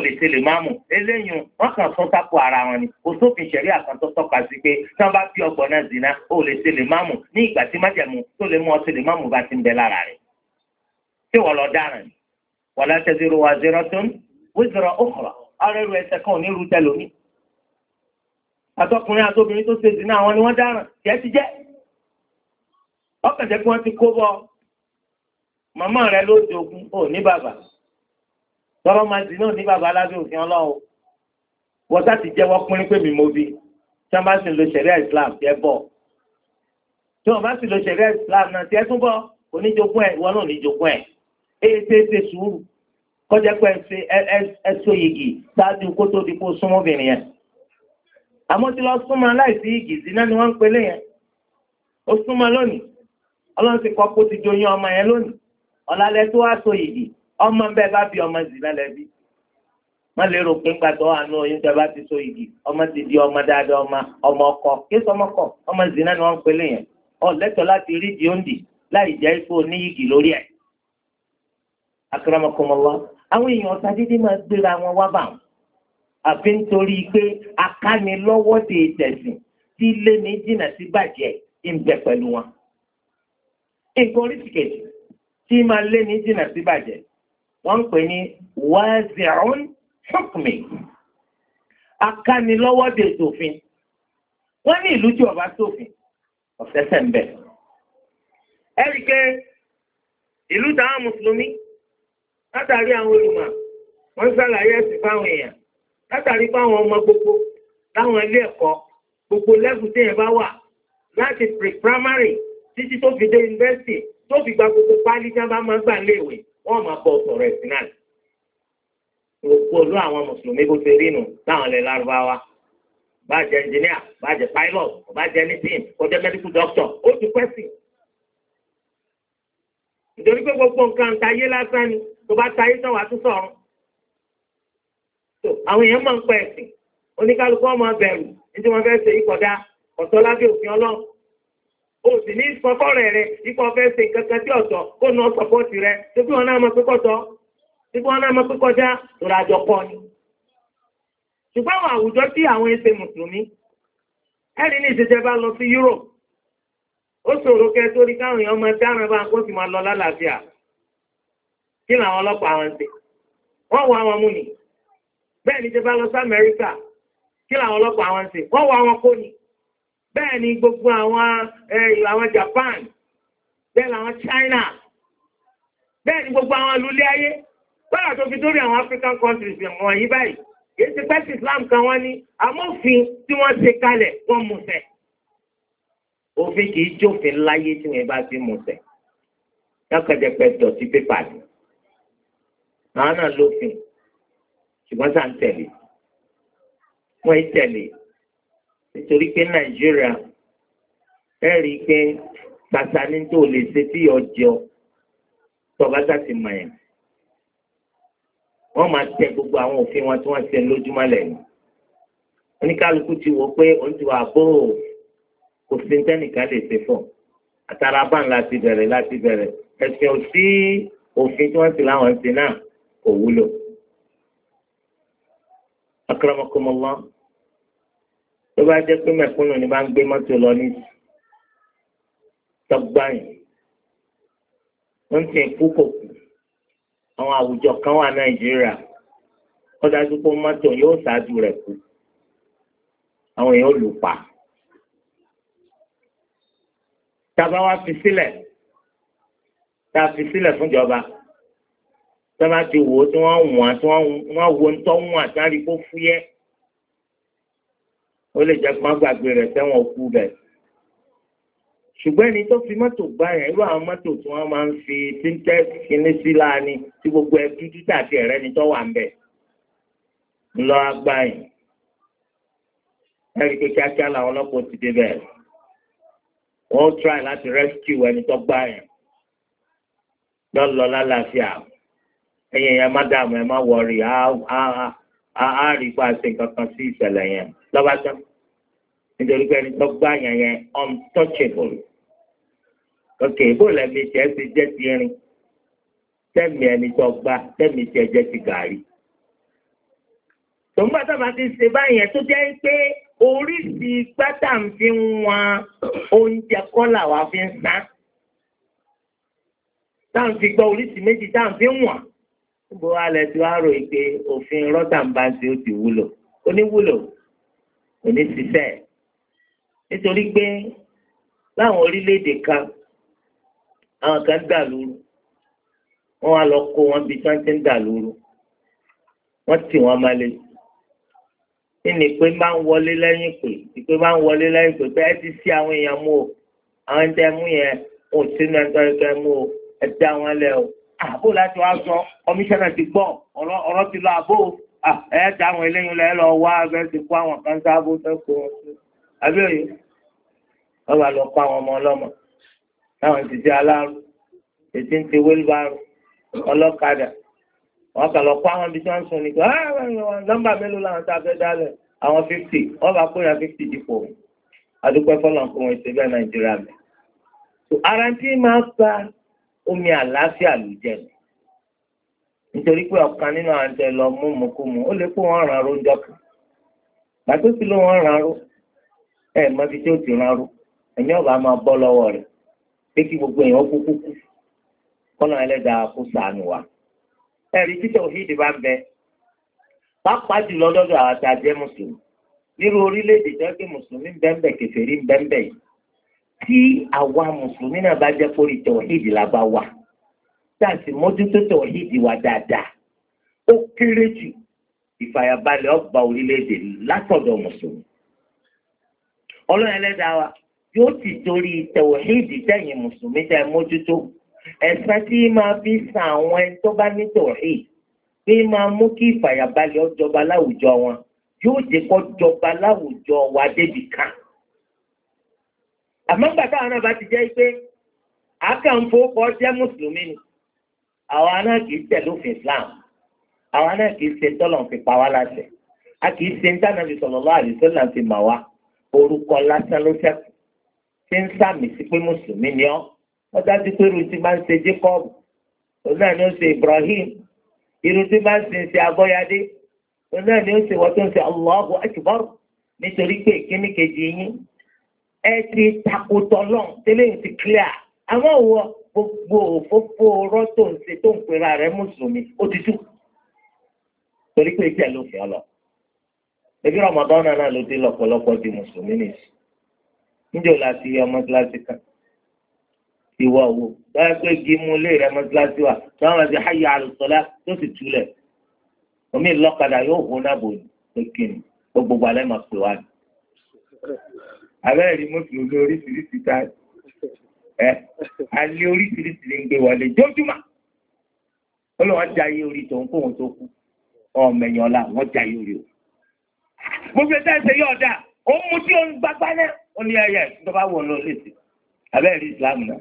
lè ṣe lè máa mú wọn ara wọn ni kò sófin tọ́ka sí pé bá ọgbọ̀n náà zina lè ṣe lè máa mú ní ìgbà tí májẹ̀mú tó lè mú ọ lè máa mú wàlá tẹ́sírò wà zero tó ń wíṣọ̀rọ̀ òkùrọ̀ ara ẹrù ẹsẹ̀ kan ní rúdẹ lónìí. àtọkùnrin àtobìnrin tó ṣe ìdìnnà àwọn ni wọ́n dáràn jẹ́ ti jẹ́ ọkànjẹ́ kí wọ́n ti kó bọ́ màmá rẹ ló jogun ò ní bàbá tọrọ máa dì náà ní bàbá alábẹ́ òfin ọlọ́run wọ́n sá ti jẹ́wọ́ pínrín pé mi mo bí tí wọ́n bá sì lo ṣẹ̀ríà Islam jẹ́ bọ̀ tí wọ́n bá sì lo ṣẹ̀ríà Islam náà tiẹ́ túbọ̀ oníjogún ẹ̀ ìwọ náà oníjogún ẹ̀. ètètè sùúrù kọjá pé ẹsọ yìgì ṣáájú kó tó di kó súnmọ́ obìnrin yẹn àmọ́ tí lọ súnmọ́ zina ni wọ́n ń yẹn ó súnmọ́ lónìí ọlọ́run ti kọ́ kó ti joyún ọmọ yẹn lónìí ọ̀làlẹ́ tó wá sọ ọmọ bá bí ọmọ zina lẹ́bí má lérò pé ńgbà oyún tẹ bá ti sọ yìgì ọmọ ti di ọmọ dáadáa ọmọ ọmọ ọkọ ọmọ zina ni wọ́n ń pelé yẹn ọ̀ láti rídìí ó ń láì akramakumullah àwọn èèyàn ọ̀tá dídí máa gbéra wọn wá bà wọn àfi nítorí pé akánilọ́wọ́ ti tẹ̀sìn tí lé ní jìnnà sí bàjẹ́ ń bẹ pẹ̀lú wọn. nǹkan oríṣìkejì tí máa lé ní jìnnà sí bàjẹ́ wọ́n ń pè ní wáṣẹ̀ọ́n hukmi akánilọ́wọ́ de sòfin wọ́n ní ìlú tí ọba sófin ọ̀sẹ̀sẹ̀ ń bẹ. ẹ̀rí pé ìlú táwọn mùsùlùmí látàrí àwọn olùmọ̀ wọ́n ṣàlàyé ẹ̀sìn fáwọn èèyàn látàrí fáwọn ọmọ gbogbo láwọn ilé ẹ̀kọ́ gbogbo lẹ́kùn tí yẹn bá wà láti pre-primary títí tó fi dé yunifásitì tó fi gba gbogbo pálí tí wọ́n bá máa gbà léèwé wọ́n máa bọ̀ sọ̀rọ̀ ẹ̀sìn náà gbogbo olú àwọn mùsùlùmí bó ṣe rí nù láwọn ilẹ̀ lárúbáwá bá jẹ́ engineer bá jẹ́ pilot bá jẹ́ anything kó jẹ́ medical doctor ó ti pẹ́ sí. nítorí pé gbogbo nǹkan ta yé lásán ni tó bá ta ayé sọ́wọ́ àtúntò ọ̀run. àwọn èèyàn máa ń pẹ́ ẹ̀sìn oníkálukú ọmọ bẹ̀rù nítorí wọn fẹ́ ṣe ìkọ̀dá ọ̀tọ́ lábẹ́ òfin ọlọ́ o sì ní rẹ ipò ṣe kankan tí kó nà rẹ tóbi wọn náà máa pé tóbi wọn náà máa pé kọjá lórí àjọ ni. ṣùgbọ́n àwọn àwùjọ tí àwọn ẹsẹ̀ mùsùlùmí ẹ̀rí ní lọ sí Europe ó ṣòro torí káwọn èèyàn kí làwọn ọlọ́pàá wọn ṣe wọ́n wọ àwọn mú ni bẹ́ẹ̀ ni jẹba lọ sí Amẹ́ríkà kí làwọn ọlọ́pàá wọn ṣe wọ́n wọ àwọn kó ni bẹ́ẹ̀ ni gbogbo àwọn àwọn Japan bẹ́ẹ̀ làwọn China bẹ́ẹ̀ ni gbogbo àwọn alúlé ayé bọ́lá tó fi dórí àwọn African countries wọ̀nyí báyìí kìí ti pẹ́sì Islam kan wọ́n ní amófin tí wọ́n ṣe kalẹ̀ wọ́n mú ṣẹ òfin kìí jófin láyé tí wọ́n bá ti mú ṣẹ lọ́kọ̀dẹ̀pẹ̀ dọ̀tí pépà ni àwọn náà lófin ṣùgbọ́n sá ń tẹ̀lé wọ́n ń tẹ̀lé nítorí pé nàìjíríà ẹ rí i pé bàtà ní tó lè ṣe tí ọjọ́ tọba sá ti mọ̀ yẹn wọ́n máa tẹ gbogbo àwọn òfin wọn tí wọ́n ṣe lójúmọ́ lẹ́yìn oníkálukú ti wò pé òun ti wà bó kò sí tẹ́nìkan lè ṣe fún àtàrà bá ń láti bẹ̀rẹ̀ láti bẹ̀rẹ̀ ẹ̀sìn ò sí òfin tí wọ́n ti láwọn ṣe náà kò wúlò. akramakumullah tó bá jẹ́ pé mẹ̀kúnnù ni bá ń gbé mọ́tò lọ ní tọ́gbàyìn wọ́n ti ń kú kò kú àwọn àwùjọ kan wà nàìjíríà wọ́n dájú pé mọ́tò yóò ṣáájú rẹ̀ kú àwọn èèyàn lù pa. tá a fi sílẹ̀ tá a fi sílẹ̀ fúnjọba sábà ti wò ó tí wọ́n wọ̀n tí wọ́n wo ń tọ́ wọ̀n àtàrí kó fúyẹ́ ó lè jẹ́ pọ́n gbàgbé rẹ̀ sẹ́wọ̀n kú rẹ̀ ṣùgbọ́n ẹni tó fi mọ́tò gbá yẹn irú àwọn mọ́tò tí wọ́n máa ń fi tíńtẹ́ kíní sí láàánú tí gbogbo ẹ dúdú tàbí ẹ̀rẹ́ ni tó wà ń bẹ̀ ńlọ agbá yẹn ẹ̀rí pé kíákíá làwọn ọlọ́pàá ti dé bẹ́ẹ̀ wọ́n try láti rescue ẹni tó gbá yẹn lọ́lọ́ lálàáfíà ẹ̀yin ẹ̀yà má dààmú ẹ̀ má wọrí á rí pa ṣe kankan sí ìṣẹ̀lẹ̀ yẹn lọ́ba tán nítorí pé ẹni tó gbá yẹn yẹn untouchable ok bó lẹ́mi tiẹ̀ ti jẹ́ ti rin tẹ́mi ẹni tó gbá tẹ́mi tiẹ̀ jẹ́ ti gàrí tòun bá sábà ti ṣe báyìí tó jẹ́ pé oríṣi gbátà ń fi ń wọn oúnjẹ kọ́là wá fi ń sá táà ń fi gbọ́ oríṣi méjì táà ń fi ń wọ̀n níbo wá lẹ ti wá rò yìí pé òfin rọ́tàǹbáǹsì ó ti wúlò ó ní wúlò kò ní ṣiṣẹ́ nítorí pé láwọn orílẹ̀-èdè kan àwọn kan dà lóru wọ́n wá lọ kó wọn bí tí wọ́n ti ń dà lóru wọ́n tì wọ́n mọ́lé nínú ìpè máa ń wọlé lẹ́yìn pé ìpè máa ń wọlé lẹ́yìn pé pé ẹ ti sí àwọn èèyàn mú o àwọn ẹni tẹ́ mú yẹn ò sínú tọ́ ẹ mú o ẹ dá wọn lẹ o àbó láti wá sọ kọmíṣánná ti gbọ́ ọ̀rọ̀ ti lọ àbó ẹ̀ẹ́dà àwọn eléyìn lẹ́ lọ wá abẹ́ ti kó àwọn kan sáàbò sẹ́kọ̀ abẹ́rẹ́ wọ́n bá lọ kó àwọn ọmọ ọlọ́mọ táwọn ti di aláàrú ètí ń ti wílbárù ọlọ́kadà wọ́n kà lọ kó àwọn ibi tí wọ́n ń sùn nìkan ah, nọ́mbà mélòó làwọn tá a fẹ́ dálẹ̀ àwọn fífì wọ́n bá kóyà fífì dìpọ̀ adúpẹ́ fọlọ́n fún wọn ìṣẹ́gbẹ́ nàìjíríà mi. ara tí máa ń omi àlàáfíà ló jẹ nù nítorí pé ọ̀kan nínú àwọn àjẹ lọ mú mùkúmu ó lè kó wọn ràn ró ńjọ kan gbàtó sí ló wọn ràn ró ẹ mọbi tí ó ti ràn ró ọba máa bọ́ lọ́wọ́ rẹ̀ pé kí gbogbo èèyàn kú kúkú kọ́nà ẹlẹ́dàá kó sànù ẹ̀rí títẹ̀ bá bẹ jùlọ lọ́dọ̀ àwọn mùsùlùmí tí àwa mùsùlùmí náà bá jẹ́ kórì tọ̀hídì la bá wà tá a sì mójútó tọ̀hídì wa dáadáa ó kéré jù ìfàyàbalẹ̀ ọba orílẹ̀-èdè látọ̀dọ̀ mùsùlùmí. ọlọ́run ẹlẹ́dàá wa yóò ti torí tọ̀hídì tẹ̀yìn mùsùlùmí tẹ̀ mójútó ẹ̀sán tí máa fi san àwọn ẹni tó bá ní tọ̀hídì bí máa mú kí ìfàyàbalẹ̀ ọjọba láwùjọ wọn yóò jẹ́ jọba láwùjọ wa débìkan. àmọ́ gbà táwọn ti jẹ́ jẹ́ mùsùlùmí ni Islam láṣẹ a kì í ṣe ń dáná àdìsọ́ là fi mà wá orúkọ lásán ló ṣẹ́kù ṣé ń sàmì sí pé mùsùlùmí ni ọ́ wọ́n dájú pé irun máa ń ṣe Jacob Ibrahim tí máa ń òun náà ni ó wọ́n tó ń Allahu ẹ ti takòtọ̀ lọ́n tẹ́lẹ̀ ń ti clear àmọ́ wọ gbogbo òfófó ọ̀rọ̀ tó ń ṣe tó ń pera rẹ̀ mùsùlùmí ó ti tú torí pé ìjẹ́ ló fi ọ lọ ebi Ramadan náà ló dé lọ́pọ̀lọpọ̀ di mùsùlùmí nìyí níjẹ́ ò láti yẹ ọmọ kíláàsì kan ìwọ wo báyọ̀ pé gímú lé rẹ mọ́ kíláàsì wa táwọn ẹ̀sìn hayya ala salat tó sì túlẹ̀ omi ìlọ́kadà yóò hún náà bò ní pé kí ni gbogbo alẹ́ máa pè wá ni abẹ́rẹ́ rí mùsùlùmí oríṣiríṣi ta ẹ́ alẹ́ oríṣiríṣi lè ń gbé wọlé jójúmọ́ ọlọ́wọ́n jayé orí tó ń kó wọn tó kú ọmọẹ̀yàn ọ̀la wọ́n jayé orí o. gbogbo ẹ̀ta ẹ̀sẹ̀ yóò dà ó mú tí ó ń gbapá náà ó ní ẹ̀yà ìjọba wọ̀ lọ lẹ́sẹ̀ abẹ́rẹ́ rí ìsìlámù náà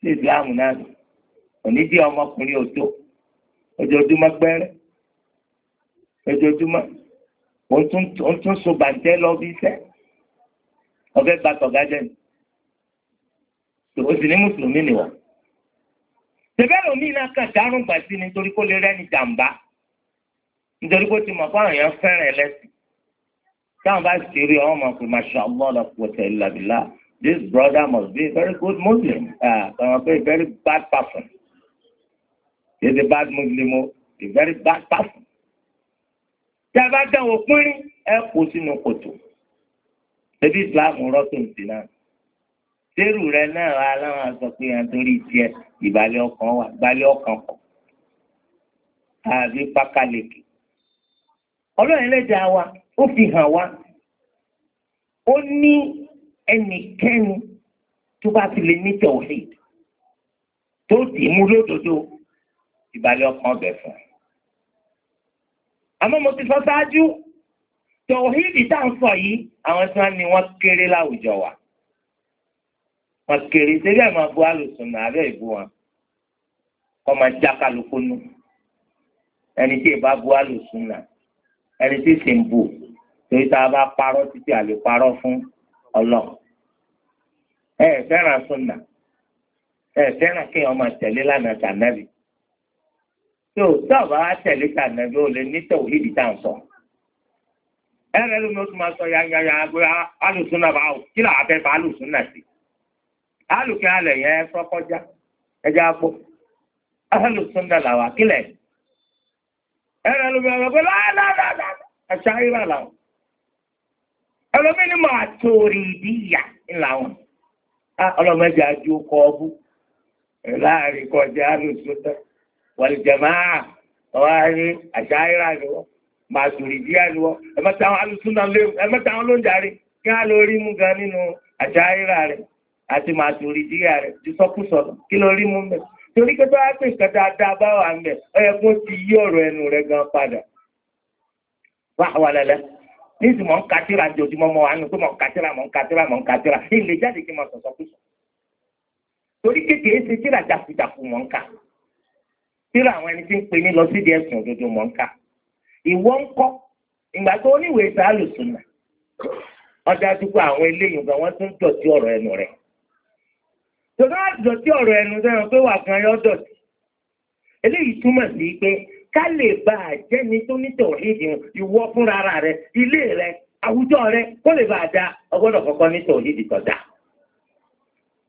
sí ìsìlámù náà òní jẹ́ ọmọkùnrin òjò ojoojúmọ́ gbẹ́rẹ́ ojoojúmọ́ òun tún so bàjẹ́ lọ bí iṣẹ́ ọ̀fẹ́ gba tọ̀gá jẹ́ o sì ní mùsùlùmí nìwọ̀. Ṣèbẹ́ lómi náà kàn dárùn gbà sí nítorí kó lè rẹ́ni jàǹbá nítorí kó ti mọ̀ fáwọn èèyàn fẹ́ràn ẹlẹ́sìn. Táwọn bá ṣe rí ọmọ pé Masha Allah la quwwata illa this brother must be a very good Muslim ọmọ pé a very bad person. He is a bad Muslim o a very bad person. Tí a bá dán òpin ẹ kó sínú kòtò ẹbí ìsìláàmù rọ́tò ǹtì náà sẹ́rù rẹ náà aláwọn sọ pé à ń torí tiẹ̀ ìbàlẹ̀ ọkàn wà ìbàlẹ̀ ọkàn kọ̀ tàbí pákáleke ọlọ́run ẹlẹ́dàá wa ó fi hàn wá ó ní ẹnikẹ́ni tó bá ti lè ní tẹ̀wọ̀hìd tó dì í mú lódodo ìbàlẹ̀ ọkàn ọbẹ̀ fún un àmọ́ mo ti sọ ṣáájú tọ̀hídì tá ń sọ yìí àwọn tí wọ́n ní wọ́n kéré láwùjọ wa wọ́n kéré síbẹ̀ máa bu alùsùn àárẹ̀ ìbú wọn kọ́ máa já kálukú nù ẹni tí ìbá bu alùsùn nà ẹni tí sì ń bù torí tá a bá parọ́ títí àlè parọ́ fún ọlọ́ ẹ fẹ́ràn sunna ẹ fẹ́ràn kí wọ́n máa tẹ̀lé lánàá tànàbì tó tó àbá tẹ̀lé tànàbì ó lè ní tọ̀hídì tá ń sọ. ẹ̀rẹ́ lómi ó tún máa sọ yanyanya pé alùsùn bá wò kí làwọn abẹ́ bá alùsùn sí. alùkẹ́ alẹ̀ yẹn làwọn. torí kọ ọbú láàrin kọjá màtòrì bí àlùwọ́ ẹ̀mẹ́ta àwọn alùsúnà léwu ẹ̀mẹ́ta àwọn lóúnjàre kí á lọ rí mú gan nínú àṣà ìrà rẹ̀ àti màtòrì bí àrẹ ti sọkúsọ kí lọ rí mú mẹ́ torí pé bá pè nǹkan dáadáa bá wà mẹ́ ọ yẹ kó ti yí ọ̀rọ̀ ẹnu rẹ̀ gan padà wà wà lẹ́lẹ́ ní ìsìn mọ̀ ń katira jò tí mo mọ̀ wà nù pé mọ̀ ń katira mọ̀ ń katira mọ̀ ń katira ilé jáde kí mo sọ̀sọ̀kúsọ torí kékeré ṣe tíra jàkújàkú mọ̀ ń kà tíra àwọn ẹni tí ń pè ní lọ sídìí ẹ̀sùn òdodo mọ̀ ń kà ìwọ nkọ kọ́ ìgbà tó oníwèé ta àwọn eléyìí gan wọ́n tún dọ̀tí ọrọ ẹnu rẹ tòun á dọ̀tí ọrọ ẹnu sẹ́yìn pé wà kan yọ dọ̀tí eléyìí túmọ̀ sí pé ká lè bá a jẹ́ni ní ìwọ fúnra ilé àwùjọ kó lè bá a da ọgbọ́dọ̀ kọ́kọ́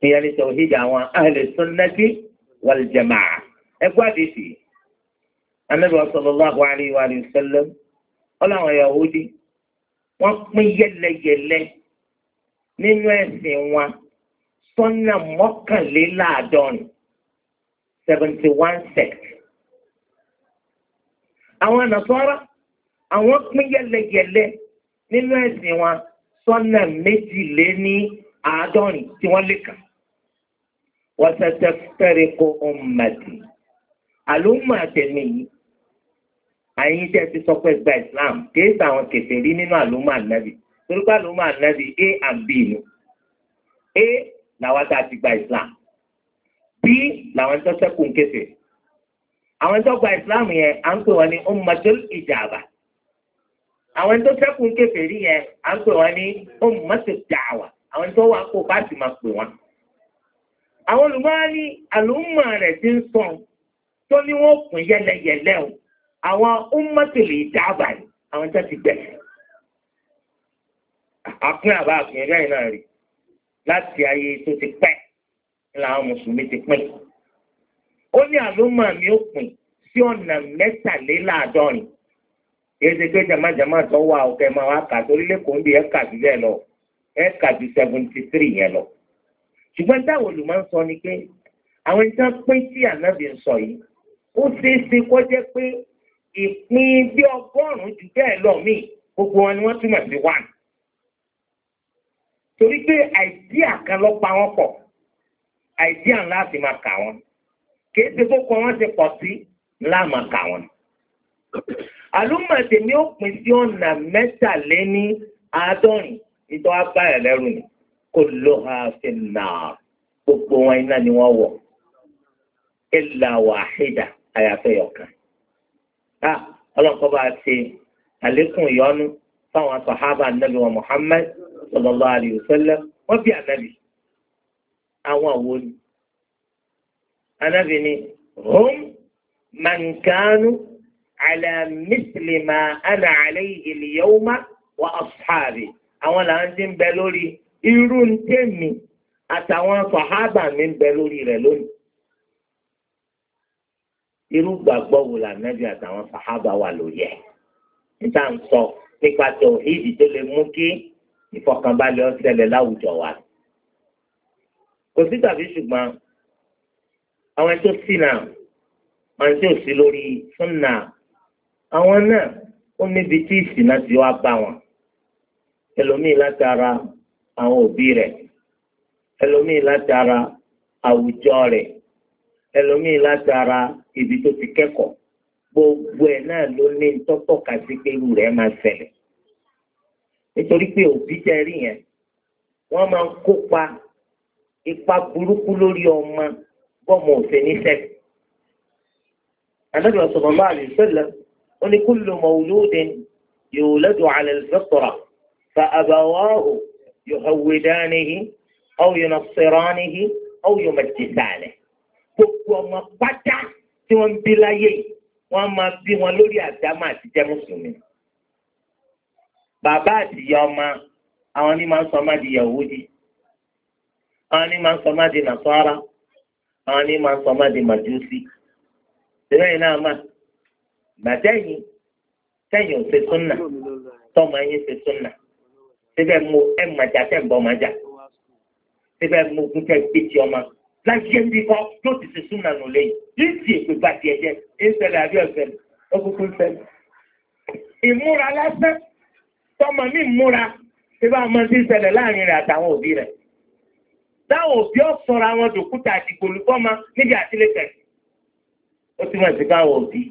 ìyẹn àwọn anabi sallallahu alayhi wa sallam ọlọ́wọ́n Yahudi wọ́n pín yẹlẹyẹlẹ nínú ẹ̀sìn wọn sọ́nà mọ́kànléláàádọ́rin seventy one sect. àwọn Nasara àwọn pín yẹlẹyẹlẹ nínú ẹ̀sìn wọn sọ́nà méjìléní àádọ́rin tí wọ́n lè kà. wọ́n ṣẹ̀ṣẹ̀ fẹ́rẹ̀ kó ọmọ màdì àlùmọ̀ àyìn tẹ́ ti sọ pé gba Islam kìí sàwọn kèfèrí nínú àlùmọ́ ànábì torí pé àlùmọ́ ànábì A and B ni A làwọn tá a ti gba Islam B làwọn tó sẹ́kù ń kẹfẹ́ àwọn tó gba Islam yẹn à ń pè wọ́n ní ummatul ijaba àwọn tó sẹ́kù ń kèfèrí yẹn à ń pè wọ́n ní ummatul da'wa àwọn tó wà kó bá ti máa pè wọ́n àwọn olùmọ́ á àlùmọ́ rẹ̀ ti ń sọ tó ní wọ́n pín yẹlẹyẹlẹ o àwọn ọmọtìlì ìdáàbà àwọn tó ti gbẹ̀sẹ̀ àpín àbá àpín ẹgbẹ́ náà rí láti ayé tó ti pẹ́ làwọn mùsùlùmí ti pín ó ní àlùmọ̀ mi ó pín sí ọ̀nà mẹ́tàléláàádọ́rin èsì pé jamajama tó wà ọ̀kẹ́ máa wá kà torí lẹ́kọ̀ọ́ ń bí ẹ̀ka jù bẹ́ẹ̀ lọ ẹ̀ka jù seventy three yẹn lọ. ṣùgbọ́n táwọn olùmọ̀ ń sọ ni pé àwọn ìtàn pín tí ànábì ń sọ yìí ó ṣeé ṣe kó pé ìpín bí ọgọ́rùn-ún jù bẹ́ẹ̀ lọ míì gbogbo wọn ni wọ́n túmọ̀ sí one. torí pé àìdíà kan ló pa wọn pọ̀ àìdíà ńlá sì máa kà wọn kì í ṣe kókó wọn ṣe pọ̀ sí ńlá máa kà wọn. àlùmọ̀tẹ̀ ni ó pín sí ọ̀nà mẹ́tàléní àádọ́rin ìtọ́ abáyọ̀ lẹ́rù ni kò ló ha nà gbogbo wọn iná ni wọ́n wọ̀ illa wahida àyàfẹ́ yọ̀kan. Ah, a ọlọ́nkọ́ bá ṣe àlékún ìyọ́nú fáwọn sàhábà nàbì wa Muhammad sallallahu alaihi wasallam wọ́n bí ànábì àwọn àwo ni ànábì ni hum man kanu ala misli ma ana alayhi al-yawma wa ashabi àwọn làwọn ti ń bẹ lórí irú tèmi àtàwọn sàhábà mi ń bẹ lórí rẹ̀ lónìí irú gbàgbọ́ wo la nẹ́bí àtàwọn sàhábà wà lóye níta ń sọ nípa tòhídì tó lè mú kí ìfọkànbalẹ̀ ó ṣẹlẹ̀ láwùjọ wa. kò sí tàbí ṣùgbọ́n àwọn tó sí náà àwọn tí ò sí lórí súnà àwọn náà ó níbi tí ìsìnà ti wá bá wọn ẹlòmíì látara àwọn òbí rẹ̀ ẹlòmíì látara àwùjọ rẹ̀ ẹlòmíì látara ibi tó ti kẹ́kọ̀ọ́ gbogbo ẹ̀ náà ló ní tọ́tọ̀ka sí pé irú rẹ̀ máa ṣẹlẹ̀ nítorí pé òbí tẹ rí yẹn wọ́n máa ń kópa ipa burúkú lórí ọmọ bọ́mọ òfin níṣẹ́. Ànábì sallallahu alaihi wasallam ó ní kullu mawludin yuladu ala al-fitra fa abawahu yuhawwidanihi aw yunassiranihi aw yumajjisanihi gbogbo ọmọ pátá tí wọ́n ń bí láyé wọ́n máa bí wọn lórí àdámà àti jẹ́ mùsùlùmí. bàbá àtìyá ọmọ àwọn ni máa ń sọ ọmọ di Yahudi àwọn ni máa ń sọ di Nasara àwọn ni máa ń sọ ọmọ di Màjúsí. ìrẹ́ iná mà gbàdẹ́yìn sẹ́yìn ò ṣe súnà tọ́mọ ẹ̀yìn ṣe súnà síbẹ̀ mú ẹ̀ màjà tẹ̀ ń bọ̀ màjà síbẹ̀ mú kúkẹ́ gbé ti ọmọ láyé ń bí kan yóò ti ṣe súnà nù lẹ́yìn yìí ti èpè gba tiẹ̀ jẹ́ ìṣẹ̀lẹ̀ àbí ọ̀sẹ̀ ọkùnkùn ṣẹlẹ̀. ìmúra lásán tọmọ mi múra ṣé bá ọmọ ti ṣẹlẹ̀ láàrin rẹ̀ àtàwọn òbí rẹ̀. táwọn òbí ọ̀sọ̀rọ̀ àwọn dòkúta àdìgbò olùkọ́mọ níbi àtìlẹ́ tẹ̀sí. ó ti mọ̀ sí káwọn òbí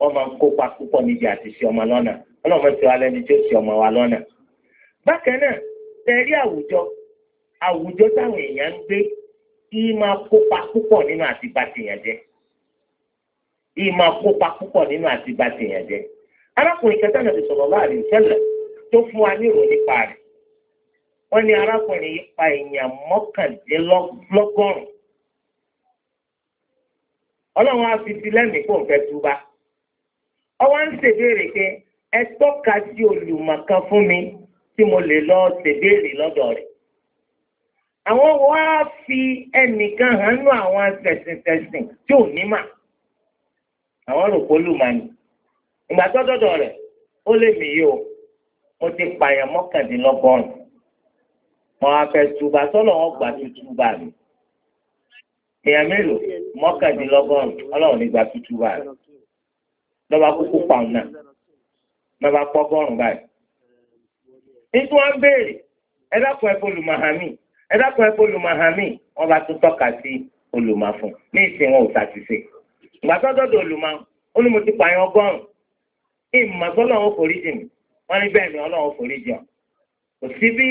wọn máa ń kópa púpọ̀ níbi àti ṣe ọmọ lọ́nà ọlọ́mọ àwùjọ táwọn èèyàn ń gbé Ị máa kópa púpọ̀ nínú àti tèèyàn jẹ́ tí máa kópa púpọ̀ nínú àti tèèyàn jẹ́ arákùnrin kẹta náà ti sọ̀rọ̀ láàrin ìṣẹ̀lẹ̀ tó fún wa ní ìròyìn nípa rẹ̀ wọ́n ní arákùnrin yìí pa èèyàn mọ́kàndínlọ́gọ́rùn-ún ọlọ́run á fi ti lẹ́mìí kó n fẹ́ túbá ọwọ́ ń ṣèbéèrè pé ẹ tọ́ka mi tí mo lè lọ ṣèbéèrè lọ́dọ̀ rẹ̀ àwọn wá fi ẹnìkan hàn nú àwọn tẹ̀sìntẹ̀sìn tí ò ní mà àwọn rò pé olùmọ̀ọ́nì ìgbà tó dọ́dọ̀ rẹ̀ ó lè mí yìí o mo ti pààyàn mọ́kàndínlọ́gọ́rùn-ún mo á fẹ́ túbà sọ́lọ́ wọn gbà tuntun bá mi èèyàn mélòó mọ́kàndínlọ́gọ́rùn-ún ọlọ́run ní gbà tuntun bá mi lọ́ba kúkú pa òun náà lọ́ba pọ́gọ́rùn-ún báyìí nítorí wọn béèrè ẹ dákun ẹ fọlùmọ̀ hàn ẹ dákun ẹ pé olùmọ̀hánmí wọn bá tún tọ́ka sí olùmọ̀fún ní ìsìn wọn ò ṣàṣìṣe ìgbà tọ́jọ́dọ̀ olùmọ̀ ó ní mo ti pààyàn ọgọ́rùn-ún ìmọ̀ sọ́lọ́run forí jì mí wọ́n ní bẹ́ẹ̀ ni ọlọ́run forí jì ọ́ kò sí bí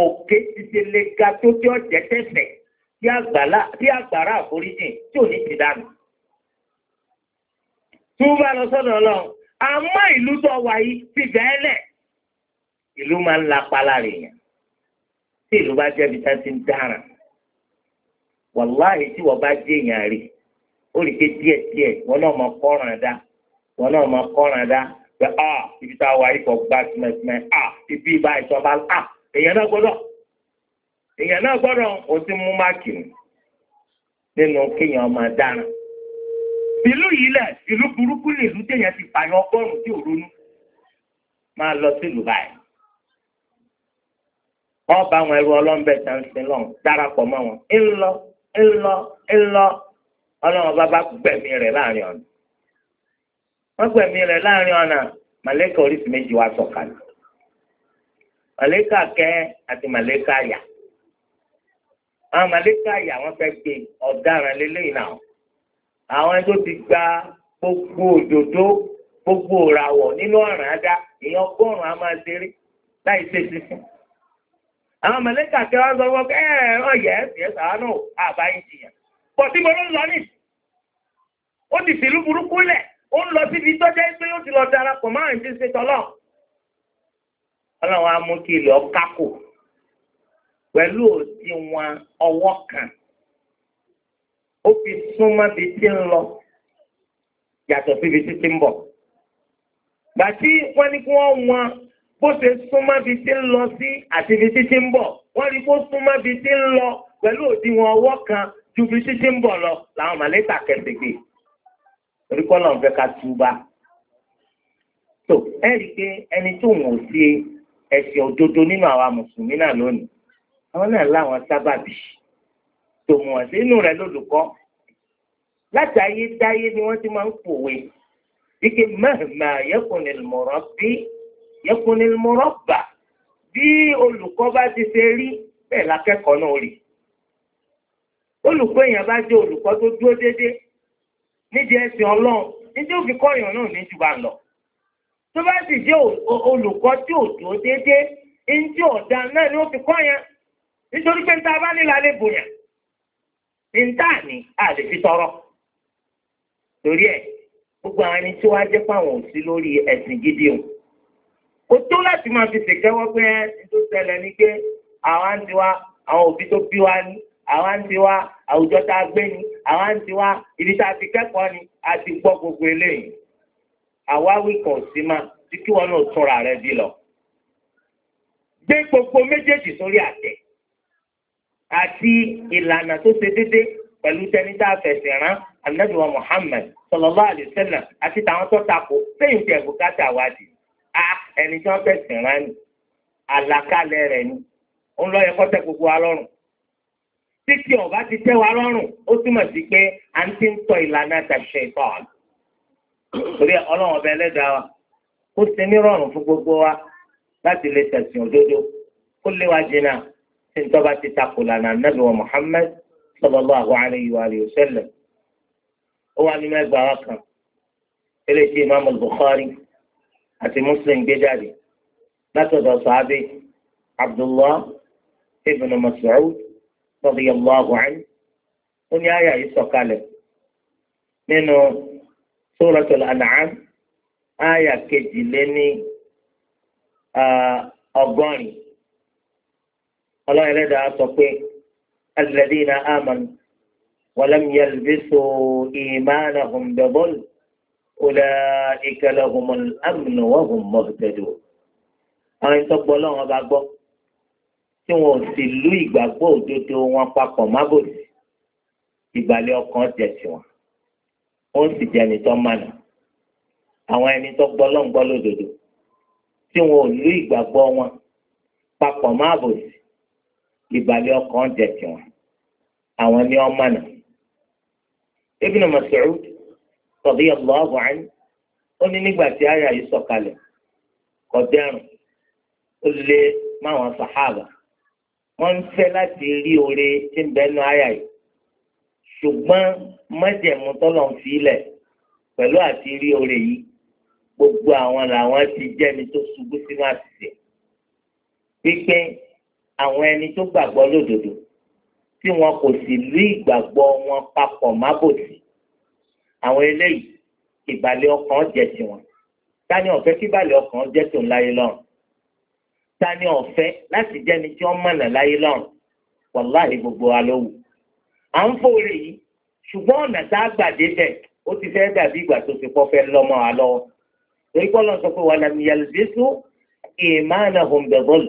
òkè ti ṣe lè ga tó tí ó jẹ́ tẹ̀sẹ̀ tí àgbàrá àforíjì tí ò ní ti dànù tí wọ́n bá lọ sọ́dọ̀ ọlọ́run àmọ́ ìlú tó wà yìí ti bẹ́ẹ̀ lẹ̀ ìlú máa ń lapa lára èèyàn tí ìlú bá jẹ́ ibi tá ti ń dára wàláhì tí wọ́n bá dé èèyàn rí ó rí pé díẹ̀ díẹ̀ wọn náà máa kọ́ràn dá wọn náà kọ́ràn dá pé a ibi tá a wà ikọ̀ gba tìmẹ̀tìmẹ̀ a ibi ìbá a èèyàn náà gbọ́dọ̀ èèyàn náà gbọ́dọ̀ ti mú máàkì nínú kéèyàn máa dára ìlú yìí ìlú burúkú téèyàn ti pààyàn ọgọ́rùn-ún tí ò ronú ọba àwọn ẹrú ọlọ́m̀bẹ̀ tá ń sin lọ́n darapọ̀ mọ́ wọn ńlọ ńlọ ńlọ ọlọ́run bá bá gbẹ̀mí rẹ̀ láàrin ọ̀nà wọ́n gbẹ̀mí rẹ̀ láàrin ọ̀nà màlẹ́kà oríṣi méjì wá àti màlẹ́kà àyà. àwọn màlẹ́kà yà fẹ́ gbé ọ̀daràn lélẹ́yìn náà àwọn ti gba gbogbo òdòdó gbogbo nínú ọ̀ràn ajá á máa ṣeré láì ṣe àwọn mẹ̀lẹ́kà kí wọ́n sọ wọ́n kẹ́ẹ̀ ọ̀ yẹ́sì ẹ̀sà àánú àbá ìjìyàn pọ̀ sí mo ló ń lọ ní ó ti fìlú burúkú lẹ̀ ó ń lọ síbi tó jẹ́ pé ó ti lọ darapọ̀ mọ́ àìsí ṣe tọ́lọ̀ ọlọ́run á mú kí ilẹ̀ ọkákò ọwọ́ kan ó fi súnmọ́ bí tí ń lọ yàtọ̀ síbi títí ń bọ̀ gbàtí wọ́n ní kí wọ́n wọn bó ṣe súnmọ́ bí ti ń lọ sí àti ibi títí ń bọ̀ wọ́n rí kó súnmọ́ bí ti ń lọ pẹ̀lú òdiwọ̀n ọwọ́ kan ju bí títí ń bọ̀ lọ làwọn màlẹ́kà kẹsìgbè torí kọ́ náà fẹ́ ká túbà. tó ẹ rí i pé ẹni tó wọ̀n sí ẹ̀sìn òdodo nínú àwa mùsùlùmí náà lónìí àwọn náà láwọn sábàbí tó wọ̀n sí inú rẹ̀ lólùkọ́ láti ayé dáyé ni wọ́n ti máa ń pòwe ike mẹ́hìnmáyẹ́kùnrin mọ̀ràn bíi yẹkùnni mọ́rọ́bà bí olùkọ́ bá ti ṣe rí bẹ́ẹ̀ lákẹ́kọ̀ọ́ náà rí olùkọ́ èèyàn bá jẹ́ olùkọ́ tó dúró dédé nídìí ẹ̀sìn ọlọ́run nídìí òfin kọ́yàn náà ní jù bá ń lọ tó bá sì jẹ́ olùkọ́ tí ò dúró dédé ní tí ọ̀dà náà ni ó fi kọ́yàn nítorí pé níta bá nílò alẹ́ bòyàn níta ni a lè fi tọrọ torí ẹ gbogbo àwọn ẹni tí wàá jẹ́ fáwọn òsí lórí ẹ̀sìn gidi o kò tó láti máa fi ṣèkẹ́wọ́ pé tó ṣẹlẹ̀ ni pé àwa ń tiwa àwọn òbí tó bí wa ni àwa ń tiwa àwùjọ tá a gbé ni àwa ń tiwa ibi tá a ti kẹ́kọ̀ọ́ ni a ti gbọ́ gbogbo eléyìí àwáwí kan sí ma tí kí wọn náà túnra rẹ bí lọ. gbé gbogbo méjèèjì sórí àtẹ àti ìlànà tó ṣe déédéé pẹ̀lú tẹni tá a fẹ̀sẹ̀ rán anabiwa Muhammad sallallahu alaihi wasallam àti tàwọn tó takò sẹ́yìn tẹ̀ bùkátà wádìí a ẹni tí wọ́n fẹ̀sìn rán ni àlàkalẹ̀ rẹ̀ ni ó ń lọ yẹ kọ́tẹ́ gbogbo wa lọ́rùn títí ọba ti tẹ́ wa lọ́rùn ó túmọ̀ sí pé à ń ti ń tọ ìlànà àtàṣe ìtọ́ọ̀lù torí ọlọ́run ọba ẹlẹ́dàá wa kó ṣe ní rọrùn fún gbogbo wa láti lè tẹ̀sìn òdodo kó lè jìnnà tí ń tọ́ba ti takò lànà nàbì wa Muhammad sallallahu alayhi wa alihi wa ó wà nínú ẹgbàá kan eléyìí àti muslim gbé jáde látọ̀dọ̀ sàábé abdullah ibn mas'ud radiyallahu anhu ó ní àyà yìí sọ̀kalẹ̀ nínú suratul an'am àyà kejìléní ọgọ́rin ọlọ́run ẹlẹ́dàá sọ pé alladhina amanu wa lam yalbisu imanahum bi dhulm. أولئك لهم الأمن وهم مهتدون àwọn ìtọ́gbọ́ lọ́wọ́n bá gbọ́ tí wọn ò sì lú ìgbàgbọ́ òdodo wọn papọ̀ mábòsí ìbàlẹ̀ ọkàn jẹ tiwọn wọn sì jẹ ẹni tó mànà àwọn ẹni tó gbọ́ lọ́ngbọ́ lódodo tí wọn lú ìgbàgbọ́ wọn papọ̀ mábòsí ìbàlẹ̀ ọkàn jẹ tiwọn àwọn ni wọn mànà Ibn Mas'ud radiyallahu anhu ó ní nígbà tí àyà yìí sọ̀kalẹ̀ kọ̀dẹ́rùn ó lé máwọn sàhábà wọ́n ń fẹ́ láti rí oore tí ń bẹ́nu àyà yìí ṣùgbọ́n májẹ̀mú tọ́lọ̀ ń filẹ̀ pẹ̀lú àti rí oore yìí gbogbo àwọn làwọn ti jẹ́ni tó ṣubú sínú àṣìṣe pípé àwọn ẹni tó gbàgbọ́ lódodo tí wọn kò sì lú ìgbàgbọ́ wọn papọ̀ mábòsí àwọn eléyìí ìbàlẹ̀ ọkàn jẹ́ tiwọn tani ọ̀fẹ́ kí ìbàlẹ̀ ọkàn jẹ́ tòun láyé lọ́run tani ọ̀fẹ́ láti jẹ́ni tí wọ́n mọ̀nà láyé lọ́run wàláhì gbogbo wa ló wù. à ń fòrè yìí ṣùgbọ́n ọ̀nà tá a gbà débẹ̀ ó ti fẹ́ dàbí ìgbà tó ti kọ́ fẹ́ lọ́mọ wa lọ́wọ́ torí kọ́ lọ́n sọ pé wà lámì yalbisu imanahum bi dhulm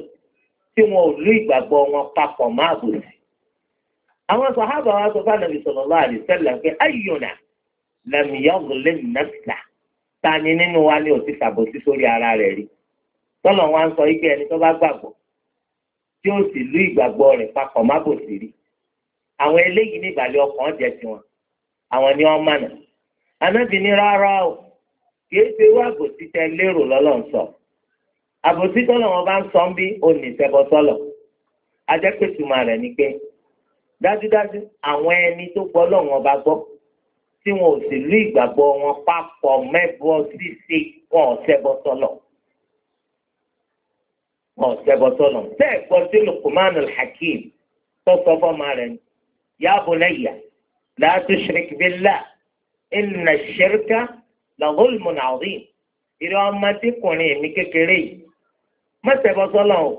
tí wọn ò lú ìgbàgbọ́ wọn papọ̀ máa bò sí. àwọn sàhábà wa sọ fún Ànábì sallallahu alaihi wasallam pé ayyuna lẹ́mìíyàwó lẹ́mìínàfìlà ta ni nínú wa ni ò ti ṣàbòsí sórí ara rẹ̀ rí tọ́lọ̀ wa ń sọ ike ẹni tó bá gbàgbọ́ tí ó sì lú ìgbàgbọ́ rẹ̀ papọ̀ má bò sí rí àwọn eléyìí ní ìbàlẹ̀ ọkàn jẹ́ tiwọn àwọn ni wọ́n mànà anábì ní rárá o kìí ṣe wá àbòsí tẹ lérò lọ́lọ́ ń sọ àbòsí tọ́lọ̀ wọn bá ń sọ ń bí òní sọ́lọ̀ ajẹ́pẹ̀tùmọ̀ rẹ̀ ni pé dájúdájú àwọn ẹni tó gbọ́ lọ́wọ́n bá gbọ́ tí wọn ò sì lú ìgbàgbọ́ wọn papọ̀ mẹ́bọ ṣíṣe wọn ò ṣẹbọ sọ́lọ̀ wọn ò ṣẹbọ sọ́lọ̀ tẹ́ ẹ̀ gbọ́ sí Luqman al-Hakim tó sọ fọ́mọ rẹ̀ ya bunayya la tushrik billah inna ash-shirka ìrẹ́ ọmọdékùnrin mi kékeré yìí má ṣẹbọ sọ́lọ̀ o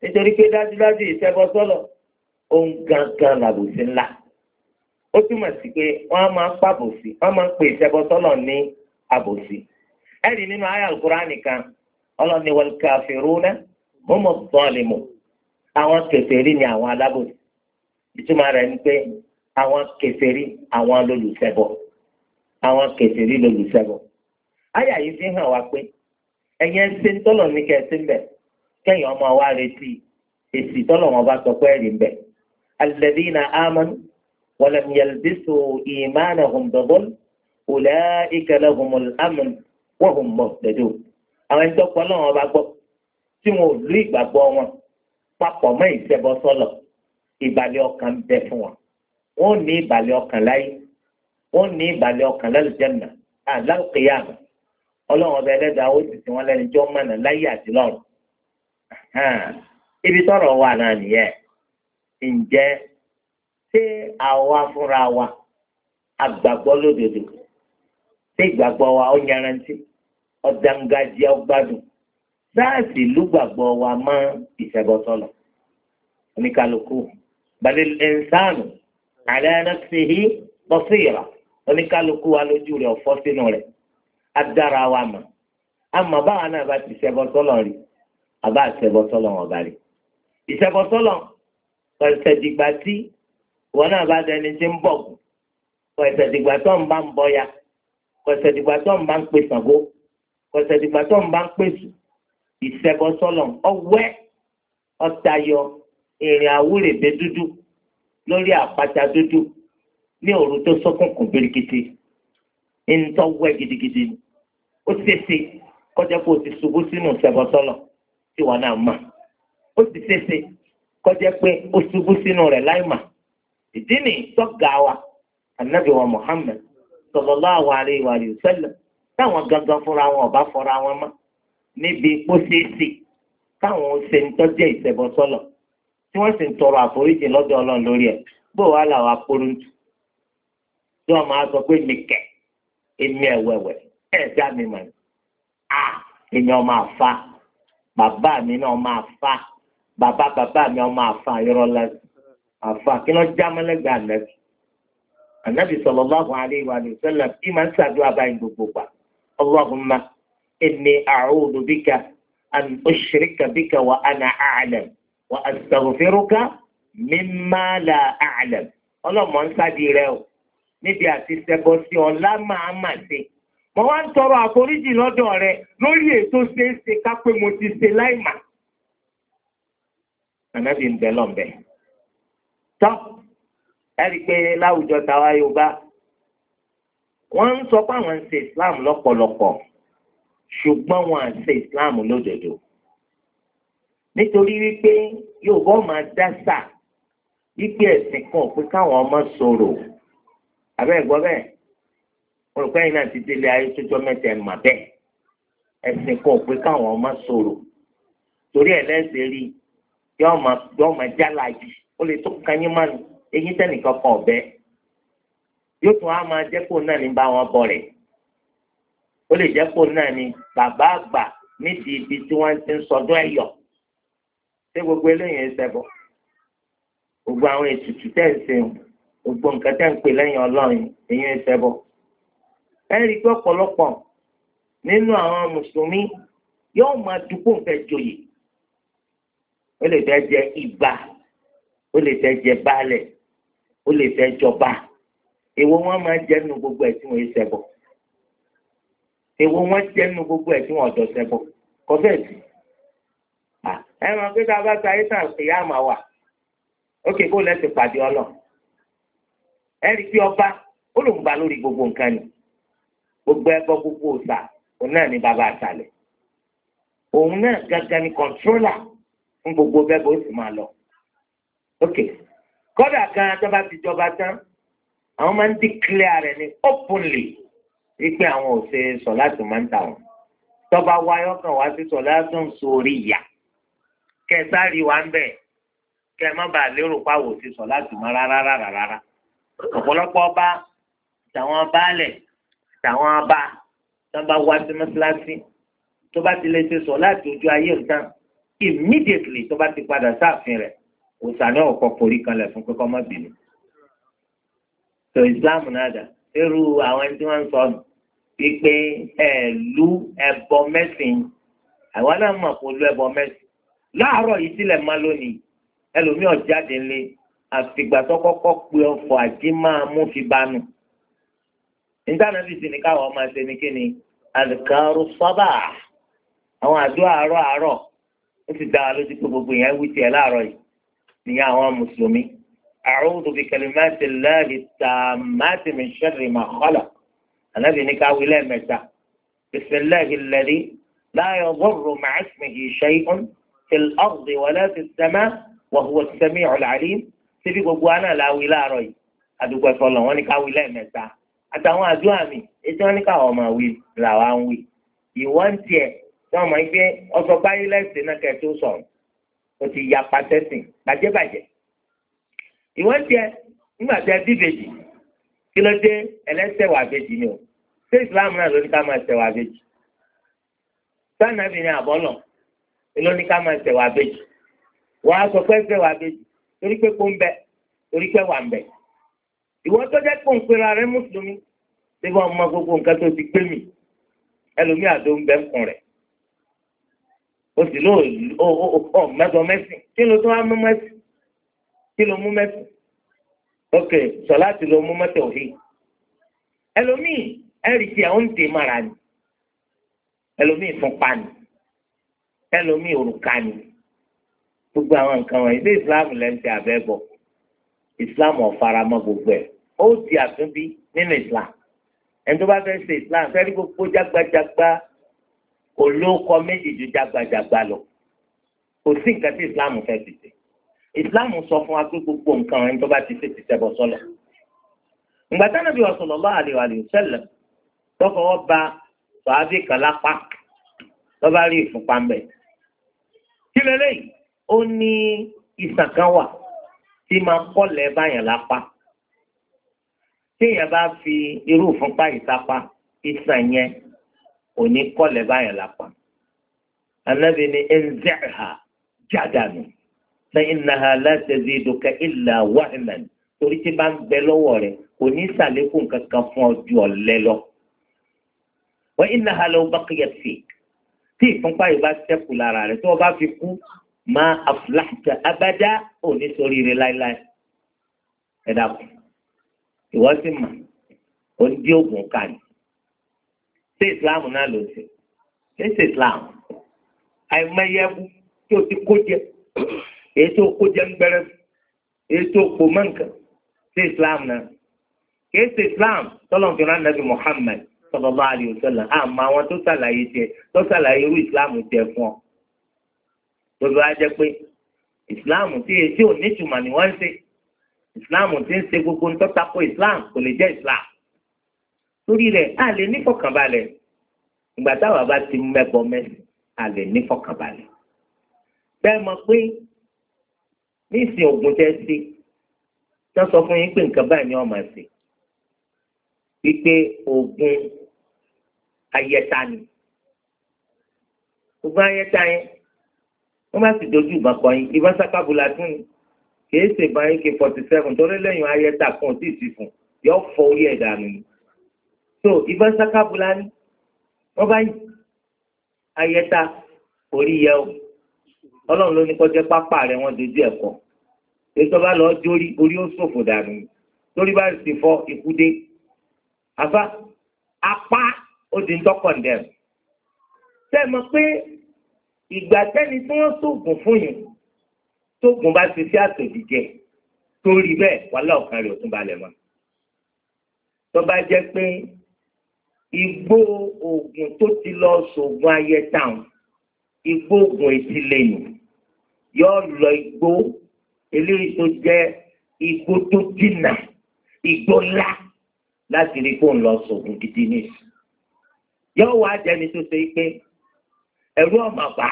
nítorí pé dájúdájú ìṣẹbọ sọ́lọ̀ òun gangan làbùsí ńlá. ó túmọ̀ sí pé wọ́n á máa pàbòsí wọ́n máa ń pè ìṣẹ́bọsọ́nà ní àbòsí. ẹ̀rí nínú ayé alukurani kan ọlọ́ni wal kafiruna humu zalimu àwọn kèfèrí ni àwọn alábòsí ìtumọ̀ rẹ̀ ni pé àwọn kèfèrí àwọn lolùṣẹbọ àwọn kèfèrí lolùṣẹbọ. ayé yìí fi hàn wá pé ẹ̀yẹ ń tọ́lọ̀ ní kẹsí ń bẹ̀ kẹ́yìn ọmọ wa retí èsì tọ́lọ̀ wọn bá sọ pé ẹ̀rí ń bẹ̀. ولم يلبسوا إيمانهم بظلم أولئك لهم الأمن وهم مهتدون àwọn ẹni tó kọ lọ́wọ́ ọba gbọ́ tí wọn ò rí ìgbàgbọ́ wọn papọ̀ mọ́ ìṣẹ́bọ sọ́lọ̀ ìbàlẹ̀ ọkàn bẹ fún wọn wọn ò ní ìbàlẹ̀ ọkàn láyé wọn ò ní ìbàlẹ̀ ọkàn lálùjẹ́nà àlàkìyà ọlọ́wọ́n ọba ẹlẹ́dàá ó sì sí wọn lẹ́ni tí mọ̀nà láyé àti lọ́run ibi tọ́rọ̀ wà náà nìyẹn ǹjẹ́ ṣé àwa fúnra wa àgbàgbọ́ lódodo ṣé ìgbàgbọ́ wa ó yanrantí ọ̀dàǹgájíà ọgbádùn sáàsì lùgbàgbọ́ wa mọ́ ìṣẹ́bọ̀sọ̀lọ̀ oníkàlùkù balẹ̀ ẹ̀ńsánù àlẹ́ ẹ̀ńsìhí bọ́sìyìrà oníkàlùkù wa lójú rẹ̀ ọ̀fọ́ sínú rẹ̀ adára wa mọ̀ àmọ́ báwa náà bá ti ṣẹ́bọ̀sọ̀lọ̀ rí àbá ṣẹ́bọ̀sọ̀lọ̀ wọn bá rí ìṣẹ́bọ̀sọ̀lọ̀ pẹ̀sẹ̀dìgbà tí ìwọ náà bá dẹni tí ń bọ̀ kọ ẹsẹ̀ dìgbà tó ń bá ń bọ ya kọ ẹsẹ̀ dìgbà tó ń bá ń pè Ṣàngó kọ ẹsẹ̀ dìgbà tó ń bá ń pè sùn ìṣẹ́bọ sọ́lọ̀ ọwẹ́ ọ̀tayọ ìrìn àwúrèbé dúdú lórí àpáta dúdú ní òru tó sọ́kùnkùn birikiti ntọ́wẹ́ gidigidi ni ó ṣeéṣe kọjá kó o ti ṣubú sínú ìṣẹ́bọ sọ́lọ̀ tí wọn náà mọ̀ ó ti ṣeéṣe kọjá pé ó ṣubú sínú rẹ̀ láì mọ̀ ìdí ni tọ́gà wa anabi wa Muhammad táwọn gangan fúnra wọn ọba wọn mọ́ níbi táwọn ṣe ń tọ́jú ìṣẹ̀bọ sọ́lọ̀ tí wọ́n sì ń tọrọ àforíjì lọ́dọ̀ ọlọ́run lórí ẹ̀ bó wàá tí wọ́n máa sọ pé mi kẹ̀ èmi ẹ̀ dá mi mọ̀ ní. èmi ọmọ àfa bàbá mi náà ọmọ àfa bàbá bàbá àfa kí lọ já mọ́lẹ́gbẹ̀ẹ́ ànábì ànábì sallallahu alayhi wa sallam kí máa ń ṣàdúrà báyìí gbogbo gbà Allahumma inni a'udhu bika an ushrika bika wa ana a'lam wa astaghfiruka mimma la a'lam ọlọ́mọ ń sádi rẹ o níbi àti sẹ́bọ̀ sí ọ̀la máa mo wá ń tọrọ àforíjì lọ́dọ̀ rẹ lórí ètò ṣeéṣe ká pé mo ti ṣe láì mà ń bẹ lọ́nbẹ̀ẹ́ tán ẹ̀rí pé láwùjọ tàwa Yorùbá wọ́n ń sọ pé àwọn ń ṣe Islam lọ́pọ̀lọpọ̀ ṣùgbọ́n wọn à ń ṣe Islam lódodo nítorí wípé Yorùbá máa dá sà wípé ẹ̀sìn kan pé káwọn ọmọ sọ̀rọ̀ abẹ́ ẹ̀gbọ́n bẹ́ẹ̀ olùkọ́ yìí náà ti délé ayé tójọ́ mẹ́ta ẹ̀ mà bẹ́ẹ̀ ẹ̀sìn kan pé káwọn ọmọ sọ̀rọ̀ torí ẹ̀ lẹ́sẹ̀ rí yọ́ọ́ máa jálàjì ó lè tó kan yín mánu eyín tẹ́nìkan kan ọ̀bẹ yóò tún á máa jẹ́ kó náà ní bá wọn bọ̀ rẹ̀ ó lè jẹ́ kó náà ní bàbá àgbà nídìí ibi tí wọ́n ti ń sọdún ẹ̀yọ̀ ṣé gbogbo eléyìí ń ṣẹbọ gbogbo àwọn ètùtù tẹ̀ ń ṣe gbogbo nǹkan tẹ̀ ń pè lẹ́yìn ọlọ́run èyí ń ṣẹbọ ẹ rí i pé ọ̀pọ̀lọpọ̀ nínú àwọn mùsùlùmí yóò máa dúpọ̀ nǹkan joyè ó lè fẹ́ jẹ ìgbà ó lè fẹ́ jẹ baálẹ̀ ó lè fẹ́ jọba èwo wọn máa jẹ nu gbogbo ẹ̀ tí wọ́n ṣe bọ̀ èwo wọn jẹ nu gbogbo ẹ̀ tí wọ́n ọ̀dọ̀ ṣe bọ̀ kọfẹ́ sí ẹ mọ̀ pé tá a bá ta ayétàn ìyá àmà wà ókè kó lẹ́sìn pàdé ọlọ ẹ rí i pé ọba ó lòún ba lórí gbogbo nǹkan ni gbogbo ẹbọ gbogbo ọ̀sà òun náà ni bàbá àtàlẹ̀ òun náà gangan ni kọ̀ńtrólà fún gbogbo bẹ́ẹ̀ bó sì máa lọ ok kọ́dà kan tó bá ti jọba tán àwọn máa ń declare rẹ̀ ní openly wípé àwọn ò ṣe sọ láti máa ń tà wọn tọba wáyọ kan wá sí sọ láti ń sórí ìyá kẹsàárì wà ń bẹ kẹ má bàa lérò pàwọ sí sọ láti máa rárá rárá rárá ọ̀pọ̀lọpọ̀ ọba tàwọn baálẹ̀ tàwọn ọba tán wá sí mọ́sálásí tó ti lè ṣe sọ láti ojú ayé nǹkan immediately tó bá ti padà sáàfin rẹ̀ òòsà náà ò kọ́ forí kalẹ̀ fún pé kọ́ má tó islam náà dà irú àwọn ẹni tí wọ́n ń sọ nù wípé ẹ lu ẹbọ mẹ́sìn àwa náà mọ̀ kó lu ẹbọ mẹ́sìn láàárọ̀ yìí sílẹ̀ má lónìí ẹlòmíọ̀ jáde ńlẹ̀ àfìgbà tó kọ́kọ́ pe ọkọ̀ àjímá mú fi bánu. nítorí bíi sinmi káwọn ọmọ ẹsẹ sábà àwọn àdúrà àárọ̀ àárọ̀ ó ti dá wa lójú pé gbogbo yẹn wí tiẹ̀ láàárọ̀ yìí ìyá àwọn mùsùlùmí a'udhu bi kalimati llahi tammati min sharri ma khalaq ànábì ní káwí lẹ́ẹ̀mẹ́ta bismillahi alladhi la yadurru ma'a ismihi shay'un fil ardi wala fis samaa wa huwa as-sami'ul 'alim síbi gbogbo aná làwí láàárọ̀ yìí àdúgbò ẹ̀fọ́ lọ wọ́n ní káwí lẹ́ẹ̀mẹ́ta àtàwọn àdúrà mi ètò wọn ní káwọn ọmọ wí làwa ń wí ìwọ́n tiẹ̀ tí wọ́n mọ̀ ó ti ya patẹ́sìn bàjẹ́bàjẹ́ ìwọ́n tiẹ̀ nígbà tí a bí bèjì kí ló dé ẹlẹ́sẹ̀ wà bèjì ni o ṣé ìsìláàmù náà ló ní ká máa ṣẹ̀ wà bèjì sáànà bìnrin àbọ̀lọ̀ ló ní ká máa ṣẹ̀ wà bèjì wọ́n á sọ pé ṣẹ̀ wà bèjì torí pé kó ń bẹ torí pé wà ń bẹ ìwọ́n tó jẹ́ kó ń pera rẹ mùsùlùmí ṣé wọ́n mọ gbogbo nǹkan tó ti gbé mi ẹlòmíà ń bẹ ń rẹ̀ o sì ló ọ mẹ́sàn mẹ́sìn kí ló tó wá mú mẹ́sìn kí ló mú mẹ́sìn ok sọ láti lo mú mẹ́tò hì ẹlòmíì ẹ̀rì tí àwọn ń tè mara ni ẹlòmíì fúnpa ni ẹlòmíì òrùka ni gbogbo àwọn nǹkan wọ̀nyí bí islam lẹ́nu ti abẹ́ bọ̀ islam ọ̀faramọ́ gbogbo ẹ̀ ó di àtúnbí nínú islam ẹni tó bá fẹ́ ṣe islam fẹ́ẹ́ rí gbogbo jágbajàgba olóko méjèèjì jágbajàgba lọ kò sí nǹkan tí islam fẹ́ fi ṣe islam sọ fún wa pé gbogbo nǹkan ẹni tó bá ti ṣe ti ṣẹbọ sọlọ ìgbà tí Ànábì sallallahu alaihi wa sallam tọkọ wọn ba sọábì kan lápá lọba rí ìfúnpá ń bẹ kí lélẹyìí ó ní ìsàn kan wà tí máa kọlẹ̀ báyàn lápá tí èèyàn bá fi irú ìfúnpá ìsapá ìsàn yẹn òní kọ́lẹ̀ báyọ̀ lápá anabi ni ẹnzẹ́ha jádàánù lẹ́yìn náà látẹ̀sí ìdókè ìlà wàhìmán torí tí bá ń bẹ lọ́wọ́ rẹ̀ kò ní sàlékún kankan fún ọjọ́ ọ̀lẹ́ lọ. wọ́n iná ha lọ́wọ́ bá kẹ́yẹ sí tí ìfúnpá yìí bá sẹ́kù lára rẹ̀ tí wọ́n bá fi kú máa àfúláṣà abájá ò sórí rẹ̀ láéláé. ẹ dàpọ̀ ìwọ́n mà ó ń dí oògùn kàní ṣé ìsìláàmù náà ló ṣe ṣé ṣe ìsìláàmù àìmọyewu tí o ti kó jẹ èyí tó kó jẹ ń gbẹrẹ èyí tó kó mọ́ǹkà ṣé ìsìláàmù náà kìí ṣe islam tọ́lọ́n fi rán nàbì muhammed sallallahu alaihi wasallam àmọ́ àwọn tó ṣàlàyé tiẹ̀ tó ṣàlàyé irú islam tiẹ̀ fún ọ. gbogbo ajẹ́ pé islam tí èsì ò nítumọ̀ ni wọ́n ń ṣe islam tí ń ṣe gbogbo ń tọ́ta kó islam kò lè jẹ́ islam torí rẹ̀ a lè ní fọkànbalẹ̀ ìgbà táwa bá ti mẹ́bọ mẹ́sì a lè ní fọkànbalẹ̀ bẹ́ẹ̀ mọ̀ pé ní ìsìn ògùn tẹ́ sí tán sọ fún yín pé nǹkan báyìí ni ọmọ ẹ̀sìn wípé ògùn ayẹta ni ògùn ayẹta yẹn wọ́n bá sì dojú ìbọn kọ yín ìbọn sákàbùlà tún ni kìí ṣe ìbọn ak forty seven torí lẹ́yìn ayẹta kan tí ì ti fún yọ fọ orí ẹ̀ dànù ni tó ìbọn sákàbùlá ní wọ́n bá yìí ayẹta orí yẹ o ọlọ́run ló ní kọjá pápá rẹ̀ wọ́n dojú ẹ̀kọ́ ètò bá lọ jórí orí ó ṣòfò dànù torí bá sì fọ ìkúdé àfa apá ó di ńdọ́kọ̀ndẹ̀rù tẹ́ mọ̀ pé ìgbà tẹ́ni tí wọ́n sóògùn fún yìí tóògùn bá ti sí àtòjìjẹ torí bẹ́ẹ̀ wàhálà ọ̀kan rẹ̀ ò tún balẹ̀ mọ́ tó bá jẹ́ pé igbó oògùn tó ti lọ sògùn ayẹtàn igbó oògùn ìtìlẹyìn yóò lọ igbó eléyìí tó jẹ́ igbó tó dínà igbó ńlá láti rí kó ń lọ sògùn gidi ní ìsìn yóò wá jẹni tó ṣe pé ẹ̀rù ọmọ bá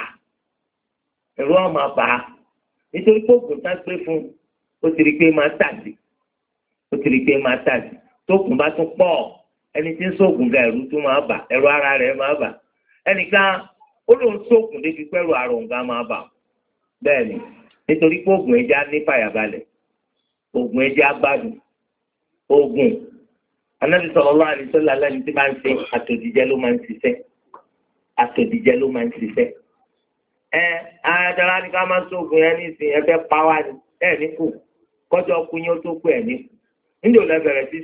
ẹ̀rù ọmọ bá nítorí pé oògùn tá gbé fún ó ti rí pé máa tàdí ó ti rí pé máa tàdí tó kùn bá tún pọ̀ ọ́. ẹni tí ń ga ẹ̀rù tó máa bà ara rẹ máa bà ẹnìkan ó lóun sóògùn débi pẹ́rù ara máa bà bẹ́ẹ̀ ni nítorí pé oògùn ẹja ní fàyàbalẹ̀ oògùn ẹja gbádùn oògùn anábì sallallahu alaihi wasallam lẹ́ni tí máa ń ṣe ma ló máa ń ṣiṣẹ́ àtòdìjẹ ló máa ń ṣiṣẹ́ ẹ ayájára ni ká máa sóògùn yẹn ní kọjọ kú yín ó tó kú ẹ ní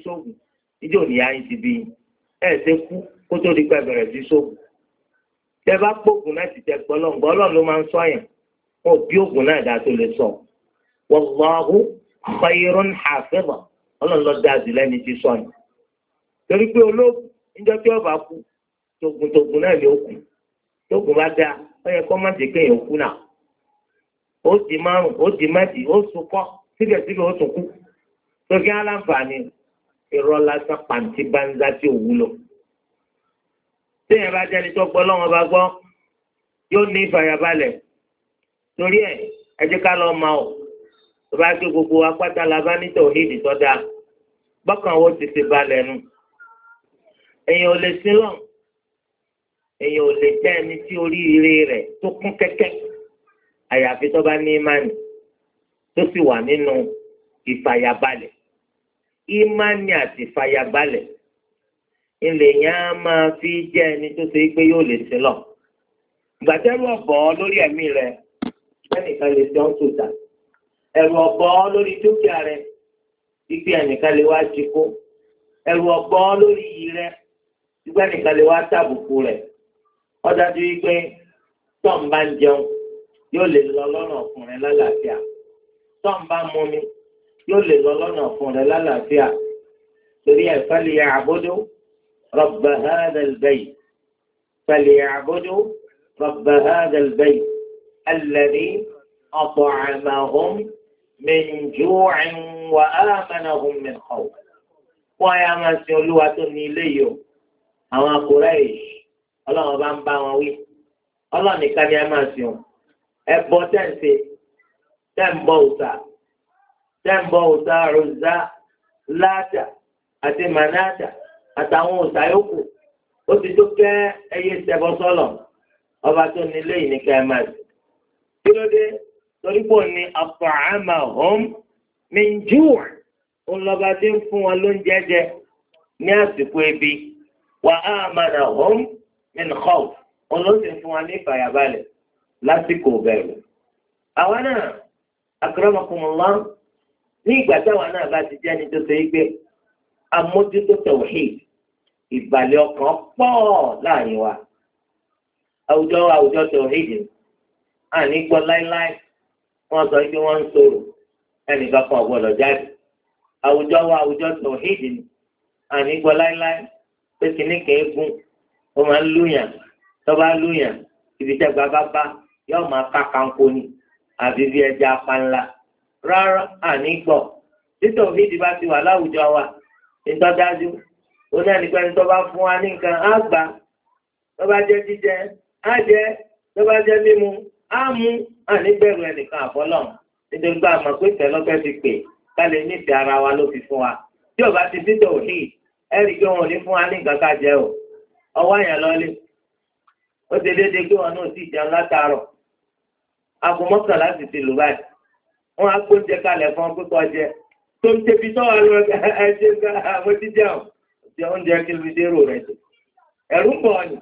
kù ìjọ òníyá yín ti bí ẹ ṣe kú kó tó di pé bẹ̀rẹ̀ sí sóògùn tẹ bá náà ti tẹ gbọ́ lọ́ngbọ́ ló máa ń sọ yẹn wọn ò bí ògùn náà dáa tó lè sọ wallahu khayrun hafiza ọlọ́run ló dáa jù lẹ́ni tí sọ yẹn torí pé olóògùn níjọ́ tí ọba kú tógun tógun náà lè kú tógun bá dáa ó yẹ kó má ti kéèyàn kú náà ó di márùn irọ́ lásán pàǹtí báńzá tí ò wúlò. téèyàn bá jẹ́ni tó gbọ́ lọ́wọ́ bá gbọ́ yóò ní ìfàyàbalẹ̀ torí ẹ̀ ẹ jẹ́ ká lọ ma ọ̀ tó bá gbé gbogbo apáta la bá ní tòhídì tó dáa bákan wo ti ti balẹ̀ nu. èèyàn ò lè sílọ̀ èèyàn ò lè jẹ́ ẹni tí oríire rẹ̀ tó kún kẹ́kẹ́ àyàfi tó bá ní ìmánì tó sì wà nínú ìfàyàbalẹ̀. ìmánì àti ìfàyàgbálẹ̀ ilẹ̀ yẹn á máa fi jẹ́ ẹni tó ṣe pé yóò lè sílọ̀ gbàtẹ́rù ọ̀bọ̀ lórí ẹ̀mí rẹ, ẹnìkan lè ṣe ọ́n tó dà ẹ̀rù ọ̀bọ̀ lórí dúkìá rẹ̀ gbígbé ẹnìkan lè wá jí kó ẹ̀rù ọ̀bọ̀ lórí iyì rẹ̀ gbígbé ẹnìkan lè wá tàbùkù rẹ̀ ọ̀dájú wípé tọ́ǹbà ń jẹun yóò lè lọ lọ́nà ọkùnrin lálàáfíà tọ́ǹbà mọ́mi yóò lè lọ lọ́nà fún rẹ lálàáfíà torí ẹ̀ fẹ́lẹ̀ yà àbójú rọ̀bà hàdàlbẹ́yì fẹ́lẹ̀ yà àbójú rọ̀bà hàdàlbẹ́yì alẹ́rí ọ̀pọ̀ àmàhùn mẹ́njú wa ámànàhùn mẹ́kọ̀ọ́. wọ́n yà máa sin olúwa tó ní ilé yìí o àwọn akóra èyí ọlọ́run bá ń bá wọn wí ọlọ́run nìkan ni a o ẹ bọ́ tẹ̀sí tẹ̀ ń bọ́ òòsà tẹ́ǹbọ̀ òsà rọ̀zà láàtà àti mànáàtà àtàwọn òsà yòókù ó ti tó kẹ́ ẹyẹ ìṣẹ̀bọ sọ́lọ̀ ọba tó ní ilé yìí ní kẹ́mẹ́t kí ló dé torí pò ní àfàámà hóm mìjúù ńlọba tí ń fún wọn lóúnjẹ jẹ ní àsìkò ebi wà á mànà hóm mìnkọ́f olóòsì fún wa ní ìfàyàbalẹ̀ lásìkò bẹ̀rù. àwa náà akérèmọkùnmọ́ lọ́n ní ìgbà táwọn náà bá ti jẹ́ni tó ṣe wípé amójútó tawhid ìbàlẹ̀ ọkàn pọ̀ láàrin wa àwùjọ àwùjọ tawhid àní gbọ́ láíláí wọ́n sọ wípé wọ́n ń sọ̀rọ̀ ẹnìkan kan ọ̀gbọ́dọ̀ jáde àwùjọ wa àwùjọ tawhid àní gbọ́ láíláí pé kìíní kìí gùn ó máa ń lùyàn tó bá lùyàn ibi tẹ́gbàá bá bá yóò máa ká kanko ni àbí bí ẹja apá ńlá rárá àní gbọ́ títọ̀ fídì bá ti wà láwùjọ wa ìtọ́jájú ó ní àníkọ́ ẹni tó bá fún wa ní nǹkan á gbà tó bá jẹ́ jíjẹ á jẹ tó bá jẹ́ mímu á mu àní bẹ̀rù ẹnìkan àbọ́lọ̀ nítorí pé àmọ̀ pé tẹ̀lọ́fẹ́ fi pè ká lè nífẹ̀ẹ́ ara wa ló fi fún wa tí ò bá ti títọ̀ òní ẹ̀rí pé wọn ò ní fún wa ní nǹkan ká jẹ o ọwọ́ àyàn lọ́lé ó ti déédéé pé wọn náà sì jẹun látàárọ̀ aago mọ́kànlá sì ti lù báyìí wọ́n á kó jẹ kalẹ̀ fún ọkùnkọ̀ jẹ tó ń tẹbi sọ́wọ́ lọ ẹjẹ mo ti jẹun ti oúnjẹ kí ló dé rò rẹ tó ẹ̀rù ń bọ̀ ni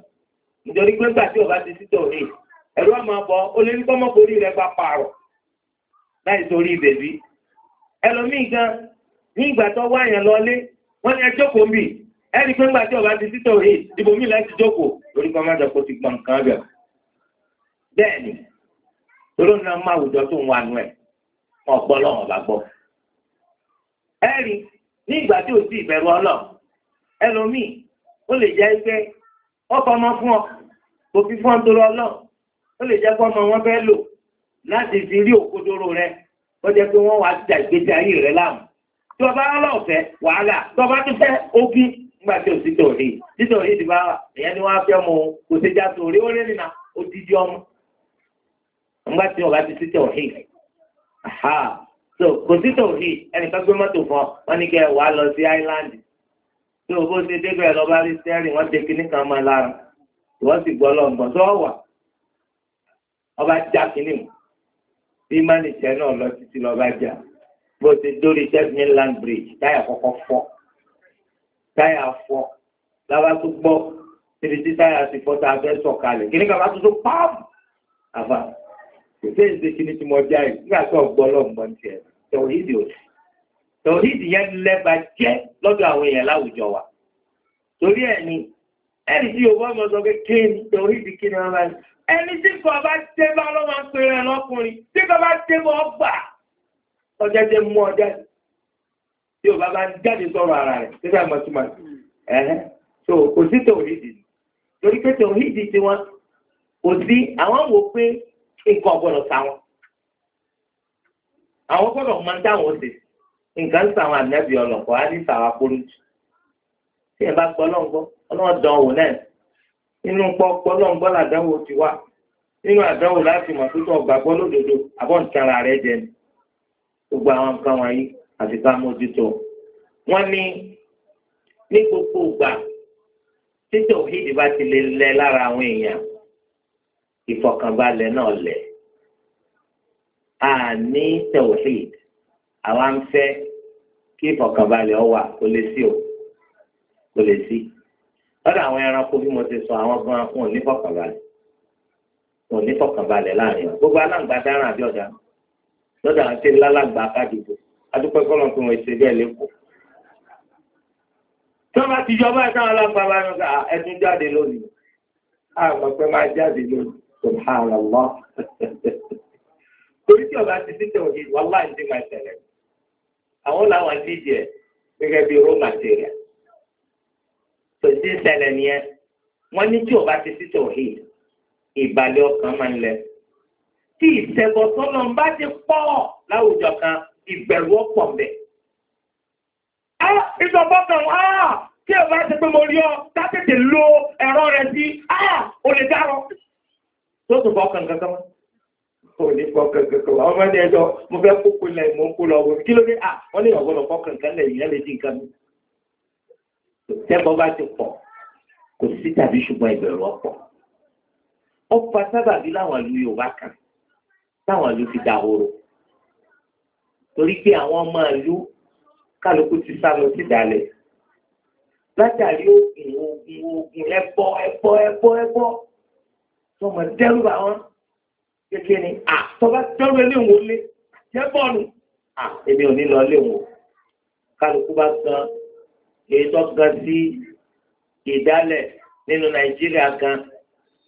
nítorí pé gbàtí ọba ti títọ̀ rí ẹ̀rù àmọ́ bọ̀ ó lé ní kọ́mọ́kòrí rẹ gba pààrọ̀ láì torí ìbẹ̀bí ẹlòmíì gan ní ìgbà tó wá yẹn lọlé wọ́n ní ẹjọ́ kò mí ẹni pé gbàtí ọba ti títọ̀ rí ibòmí láti jókòó lórí kọ́mọ́dọ̀kọ́ ti gbọ̀n kan bẹ̀ bẹ́ẹ̀ ni olóńgbò máa wùjọ tó ń wà nù ẹ̀ wọn gbọ́ lọ́wọ́n bá gbọ́. ẹ ní ìgbà tí o sì ìbẹ̀rù ọlọ́ ẹlòmíì ó lè jẹ́ pé ọmọ fún ọ kò fi fún ọ ọlọ́ ó lè jẹ́ pé wọn fẹ́ lò láti fi rí òkodoro rẹ ó jẹ́ pé wọ́n ìgbésí ayé rẹ láàmú tí ọba wàhálà tí ọba fẹ́ nígbà tí tòrí ni wọ́n á fẹ́ kò so kò sí tòhí ẹnìkan gbé mọ́tò fún ọ wọ́n ní kẹ́ ẹ wàá lọ sí áìláńdì tó o bó ṣe débẹ̀ lọ bá rí sẹ́rìn wọ́n ṣe kinní kan máa lára ìwọ́n sì gbọ́ lọ́nbọ̀n tó wà ọba já kinní mu bí mánìjẹ́ náà lọ títí lọ́ba já bó ṣe dórí Church Mainland Bridge táyà kọ́kọ́ fọ́ táyà fọ́ lábá tó gbọ́ ibi táyà ti fọ́ tá a fẹ́ sọ̀kalẹ̀ kinní kan bá tó tó pààmù àfààní kò sí èdè kíní tí mo já yìí nígbà tó ọgbọ́n lọ́gbọ́n tiẹ̀ tọ̀hídìí òsì tọ̀hídìí yẹn lẹ́ba jẹ́ lọ́dọ̀ àwọn èèyàn láwùjọ wa torí ẹ̀ ni ẹni tí yorùbá ọmọ sọ pé kí ni tọ̀hídìí kí ni wọ́n bá ní ẹni tí kò bá dé bá lọ́ máa ń pè rẹ̀ lọ́kùnrin tí kò bá dé bá ọgbà ọjọ́ tẹ mú ọjọ́ tí yorùbá bá jáde sọ̀rọ̀ ara rẹ̀ tí ká mọ̀ sí màá ẹ̀hẹ́ so kò sí tọ̀hídìí torí pé tọ̀hídìí tiwọn kò sí àwọn wò pé nǹkan gbọ́dọ̀ sá wọn. àwọn gbọ́dọ̀ máa ń dáwọn ṣe nǹkan ń sàwọn ànábì ọlọ́kọ̀ á ní sàwọn akólójú. tí ẹ bá gbọ́ lọ́ngbọ́ ọlọ́wọ́ dán wò náà nínú pọ́pọ́ lọ́ngbọ́ làdánwò ti wá nínú àdánwò láti mọ̀ tuntun ọgbàgbọ́ lódodo àbọ̀ nǹkan ara rẹ̀ jẹ gbogbo àwọn nǹkan wọ̀nyí àti ká mójútó wọ́n ní ní gbogbo ìgbà títí òhídìí bá ti lè lẹ lára àwọn èèyàn ìfọkànbalẹ̀ náà lẹ̀ a ní tawhid àwa ń fẹ́ kí ìfọkànbalẹ̀ ọ wà kó lè sí o kó lè sí lọ́dọ̀ àwọn ẹranko bí mo ti sọ àwọn gan wọn ò ní fọkànbalẹ̀ wọn ò ní fọkànbalẹ̀ láàrin wọn gbogbo aláǹgbá dáràn àbí ọ̀dà lọ́dọ̀ àwọn tí ń lálàgbà kádìgbò adúpẹ́ kọ́lọ̀ tó wọn ṣe bẹ́ẹ̀ lẹ́kọ̀ọ́ tí wọ́n bá ti bá yọ ẹdún jáde lónìí àwọn ọ̀pẹ máa jáde lónìí subhanallah torí tí ọba ti títẹ̀ òjì wàhálà ìdí máa ṣẹlẹ̀ àwọn làwọn dídì material tòsí ṣẹlẹ̀ nìyẹn wọ́n ní tí ọba ti títẹ̀ òjì ìbàlẹ̀ ọkàn máa ń lẹ̀ tí ìṣẹ̀bọ̀ tọ́lọ̀ ń bá ti pọ̀ a ìjọba kan a tí ọba ti pé mo rí ọ tá tètè lo ẹ̀rọ rẹ sí a ò lè dárọ tó tó bọ́ kankan kan ò ní bọ́ kankan kan wà ọmọdé ẹjọ́ mo fẹ́ kókó lẹ̀ mo ń kó lọ wọ kí ló dé à wọ́n lè ọ̀gbọ́dọ̀ bọ́ kankan lẹ̀ ìyá lè dín nǹkan mi. tẹ́bọ̀ bá ti pọ̀ kò sí tàbí ṣùgbọ́n ìbẹ̀rù ọ̀pọ̀ ọ̀pá sábàbí láwọn ìlú Yorùbá kan táwọn ìlú fi dahoro torí pé àwọn ọmọ ìlú kálukú ti sá lọ sí dalẹ̀ látàrí ogun ogun ogun ẹbọ ẹbọ ẹbọ ẹbọ tó mọ̀ dẹ́rù àwọn kékeré ni àtọ́bá dẹ́rù eléwò lé jẹ́ bọ́ọ̀lù èmi ò ní lọ léwò kálukú bá gan èyí tó gan sí ìdálẹ̀ nínú Nàìjíríà gan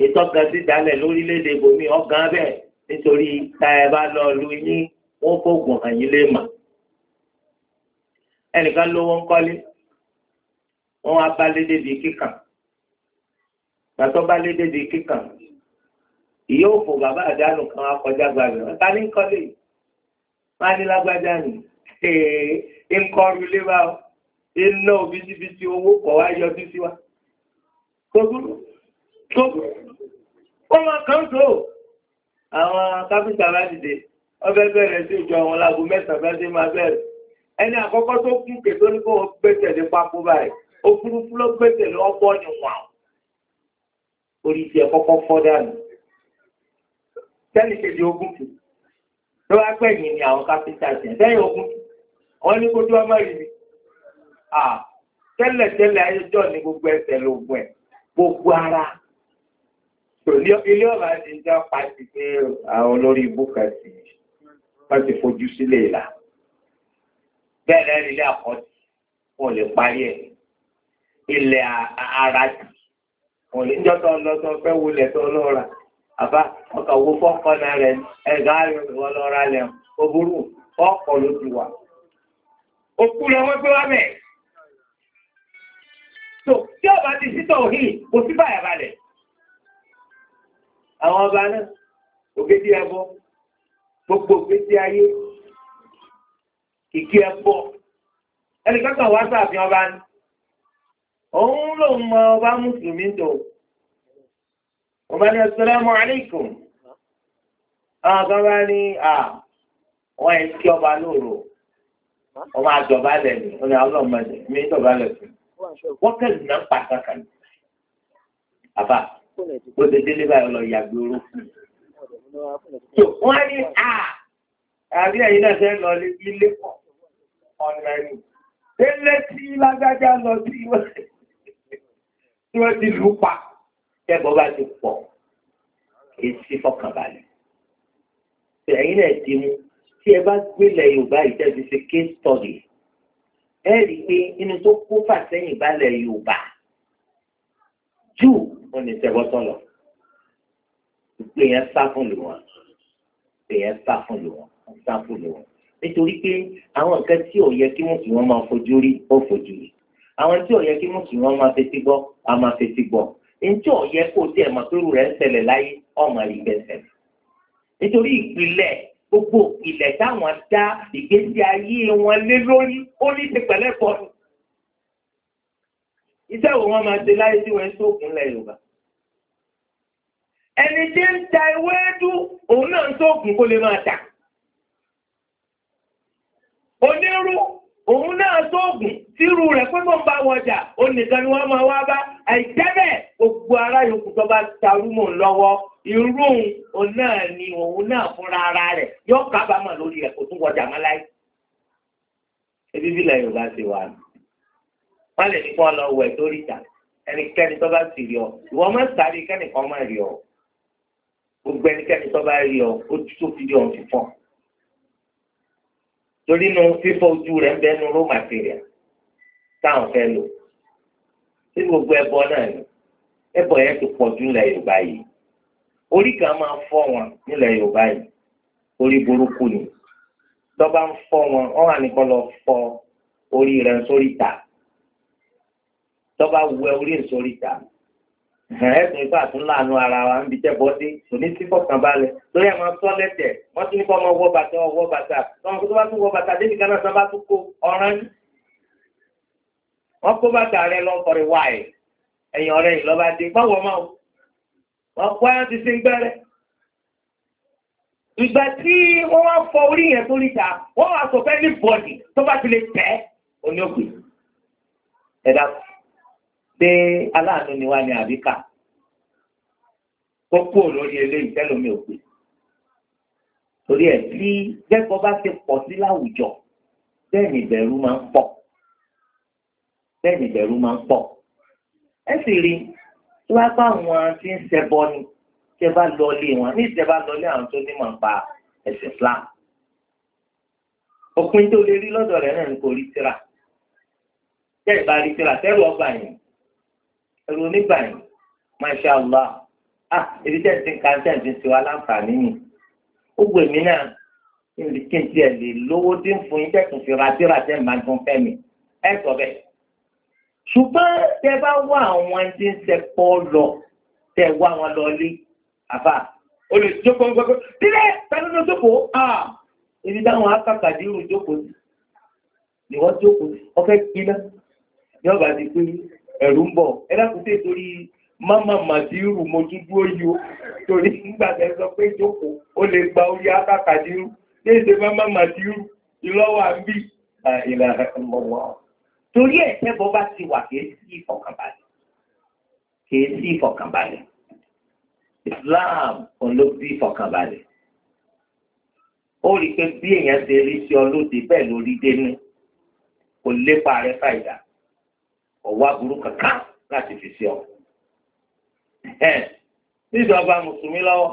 èyí tó gan sí ìdálẹ̀ lórílẹ̀‐èdè ibòmí ọ̀gán bẹ́ẹ̀ nítorí tá ẹ bá lọ lu yín wọ́n kó gùn àyín lè mà ẹnìkan lówó ń kọ́lé wọ́n wá bá lédè bíi kíkàn gbàtọ́ bá lédè bíi kíkàn ìyá òfò bàbá àdánù kan akọjá gbàgbé wọn ta ní kọ́lé má ní lágbájá nì ń kọrù ilé wa iná òbítíbitì owó kọ̀ wá yọjú sí wa. Tóbúrú tóbúrú ó máa kàn tó àwọn kápítà bá dìde ọbẹ̀ bẹ̀rẹ̀ sí ìjọ àwọn láago mẹ́sàn-án bá dé máa bẹ̀rẹ̀. ẹni àkọ́kọ́ tó kú kètò ní kó o gbẹ́sẹ̀ ní pápó báyìí òfurufú ló gbẹ́sẹ̀ lọ́wọ́ bọ́ọ̀nù wọn. orí ti ẹ̀ kọ́kọ́ dànù tẹ́lì kejì ogun kì ló wá gbẹ̀yìn ni àwọn kápítà ṣe tẹ́yìn ogun kì wọ́n ní kójú ọmọ yìí à tẹ́lẹ̀ tẹ́lẹ̀ ayéjọ́ ní gbogbo ẹsẹ̀ lóògùn ẹ̀ gbogbo ara ilé ọ̀rọ̀ àti ìjà pàṣẹ pé àwọn olórí ibú kan sì wọ́n ti fojú sílẹ̀ ìlà bẹ́ẹ̀ lẹ́rìí ilé àkọ́tì wọn ò lè parí ẹ̀ ilẹ̀ ara jù wọn ò lè jọ́tọ̀ lọ́tọ̀ fẹ́ wọlé tó lọ́ra àbá ọkà owó fọ́ọ̀kọ́ náà rẹ̀ ẹ̀gá ìwọ lọ́ra lẹ̀ ọ̀bùrù fọ́ọ̀kọ́ ló ti wà. òkú lọ wọ́n gbé wá bẹ̀. tó tí ọba ti sítọ̀ òhìn kò sí báyà balẹ̀. àwọn ọba náà ògidì ẹbọ gbogbo ògidì ayé ìkí ẹbọ ẹnì kankan wá sáàfin ọba ni òun lòun mọ ọba mùsùlùmí tó ọba ní asalaamu alaykum àwọn ah, bá ní à wọ́n yẹn kí ọba lóru ọba àjọba lẹ̀ ní ọ̀nà àwọn ọmọ ẹ̀ mi ìjọba lẹ̀ fún wọ́n kẹ́lù náà pàtàkì ní àbá bó ṣe délé báyìí lọ yàgbé oró wọ́n ní à àbí ẹ̀yin náà fẹ́ lọ ilé pọ̀ ọ̀nà ẹ̀yìn délé tí lágbájá lọ sí ìwé tí wọ́n ti lù pa tẹ́gbọ́ bá ti pọ̀ èsì fọkànbalẹ̀. ẹ̀yin náà di mu tí ẹ bá gbélé yorùbá yìí tẹ́ fi ṣe case study ẹ rí i pé inú tó kó fàsẹ́yìn balẹ̀ yorùbá jù wọn ní tẹ́gbọ́ sọ̀lọ̀ èèyàn sá fún lù wọn èèyàn sá fún lù wọn sá fún lù wọn nítorí pé àwọn nǹkan tí ò yẹ kí wọ́n sì wọ́n máa fojú rí ó fojú rí àwọn tí ò yẹ kí wọ́n sì wọ́n máa fetí gbọ́ á máa fetí gbọ́ njẹ́ ọ̀yẹ kò tiẹ̀ mọ̀ pé irú rẹ̀ ń ṣẹlẹ̀ láyé ọmọ rí gbẹ̀sẹ̀ nítorí ìpìlẹ̀ gbogbo ìpìlẹ̀ táwọn dá ìgbésí ayé wọn lé lórí ó ní ti pẹ̀lẹ́ pọ̀ ní. iṣẹ́ wo wọ́n máa ṣe láyé tí wọ́n ń sóògùn lẹ̀ Yorùbá ẹni tí ń ta ewédú òun náà ń sóògùn kó lè máa tà onírú òun náà sóògùn tírú rẹ̀ pé kó ń bá wọjà òun ni wọ́n máa wá bá àìjẹ́bẹ̀ gbogbo ará yòókù tó bá tarúmọ̀ lọ́wọ́ irúhùn òun náà ni òun náà fúnra ara rẹ̀ yóò kábàámọ̀ lórí rẹ̀ kò tún wọjà má láì. ebi bí ilẹ̀ yorùbá ti wà ní. wọ́n lè ní kí wọ́n lọ wẹ̀ lórí ìta ẹnikẹ́ni tó bá sì rí ọ ìwọ máa ń sáré kẹ́nìkan máa rí ọ gbogbo ẹnikẹ́ni tó bá rí ọ ojú tó fi rí ọ fífọ́ torí nu fífọ́ ojú rẹ̀ ń bẹ́ẹ̀ nu ró màtíríà sí gbogbo ẹbọ náà ni ẹbọ yẹn ti pọ̀ jù nílẹ̀ Yorùbá yìí orí kan máa fọ́ wọn nílẹ̀ Yorùbá yìí orí burúkú ni tọ́ba ń fọ́ wọn wọ́n wà nìkan lọ fọ́ orí rẹ̀ sórí ta tọ́ba wẹ orí rẹ̀ sórí ta ẹ̀sùn ìfọ̀ àtúnláàánú ara wa ń bi tẹ́ bọ́ sí òní sí fọkàn balẹ̀ lórí àwọn sọ lẹ́tẹ̀ wọ́n ní kọ́ ọmọ wọ bàtà ọwọ́ bàtà tọ́wọ́n tó bá tún wọ bàtà débi kan náà sábà tún kó ọ̀ràn yìí wọ́n kó bàtà rẹ lọ kọrin wáyé ẹ̀yìn ọ̀rẹ́ yìí lọ́ba dé báwo máa wọ́n kó ayọ́ ti ṣe ń gbẹ́rẹ́ ìgbà tí wọ́n wá fọ orí yẹn tó níta wọ́n wá sọ fẹ́ẹ́ ní bọ́ọ̀dì tó bá ti lè tẹ́ òní òkè ẹ̀dá pé aláàánú ni wá ní àbíkà kó kúrò lórí eléyìí tẹ́lómi òkè torí ẹ̀ tí jẹ́kọ̀ọ́ bá ti pọ̀ sí láwùjọ bẹ́ẹ̀ ni ìbẹ̀rù máa ń pọ̀ bẹ́ẹ̀ ni ìbẹ̀rù máa ń pọ̀ ẹ sì rí tí wàá bá wọn ti ń ṣẹbọ ni tẹ bá lọlé wọn ní ìtẹ bá lọlé àwọn tó ní mọ̀ nípa ẹ̀sìn Islam òpin tó lè rí lọ́dọ̀ rẹ̀ náà ní kò rí tíra tẹ́ bá rí tíra tẹ́rù ọgbà yẹn ẹ̀rù onígbà yẹn masha allah ah ebi tẹ́ ẹ̀ ti ń ka tẹ́ ẹ̀ ti ń ṣe wá láǹfààní nì ó gbè mí náà kí n tiẹ̀ lè lówó dín fún yín tẹ́ tún fi ra tíra tẹ́ máa dún fẹ́ mi ẹ̀ sọ bẹ́ẹ̀ ṣùgbọ́n tẹ bá wá àwọn tí ń sẹpọ̀ lọ tẹ wá wọn lọ lé àfà olùjókòó gbogbo tílẹ̀ tani jókòó ah ibi táwọn akàkàdé ìrù jókòó sí ni wọ́n jókòó sí ọfẹ́ kíná ní ọba ti pé ẹ̀rù ń bọ̀ ẹ dákun sí torí máma màdírù mo tún dúró o torí nígbà tẹ sọ pé jókòó ó lè gba orí akàkàdé ìrù ní èdè máma màdírù ìlọ́wọ́ àbí àìlà ọmọ wọn torí ẹ̀tẹ́ bọ́ bá ti wà kìí sí ìfọ̀kànbalẹ̀ kìí sí ìfọ̀kànbalẹ̀ Islam òun ló bí ìfọ̀kànbalẹ̀ ó rí i pé bí èèyàn ṣe rí sí ọlọ́dẹ bẹ́ẹ̀ ló rí dénú kò lépa rẹ fàyà ọ̀wá burú kankan láti fi sí ọ. níjọba mùsùlùmí lọ́wọ́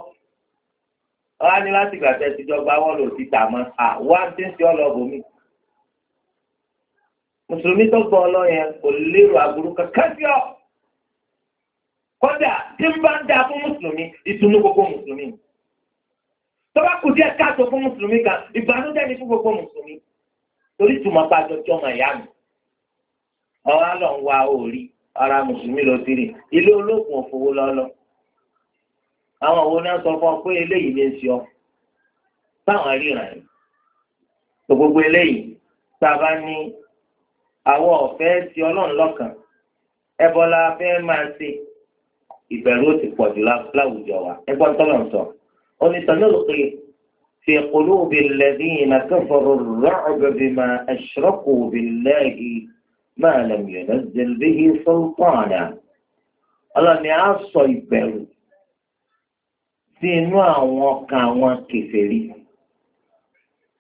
ọ̀hání láti gbàtẹ́ tìjọba wọ́n lò ti tà mọ́ àwọn tí ń ṣe ọlọ́bù mi mùsùlùmí tó gbọ́ ọlọ́ yẹn kò lérò aburú kankan sí ọ kódà tí ń bá ń da fún mùsùlùmí ìtùnú gbogbo mùsùlùmí tọ́ba kù díẹ̀ káàtó fún mùsùlùmí kan ìbànújẹ́ ni fún gbogbo mùsùlùmí torí tùmọ̀ pa àjọjọ́ mọ̀ ìyá mi ọ̀rọ̀ àlọ́ ń wa òòrí ara mùsùlùmí lọ sí rí ilé olóògùn òfowó lọ́lọ́ àwọn òun náà sọ fún ọ pé eléyìí lè ṣe ọ táwọn ríran yìí àwọn ọ̀fẹ́ ti ọlọ́run lọ́kàn ẹbọ la fẹ́ máa ṣe ìbẹ̀rù ó ti pọ̀ jù láwùjọ wa ẹgbọ́n tọ́lọ̀ ń sọ ó ní sọ lóòrò pé fi qulubi alladhina kafaru ar-ru'ba bima ashraku billahi ma lam yunazzil bihi sultana ọlọ́ni á sọ ìbẹ̀rù sí inú àwọn ọkàn àwọn kèfèrí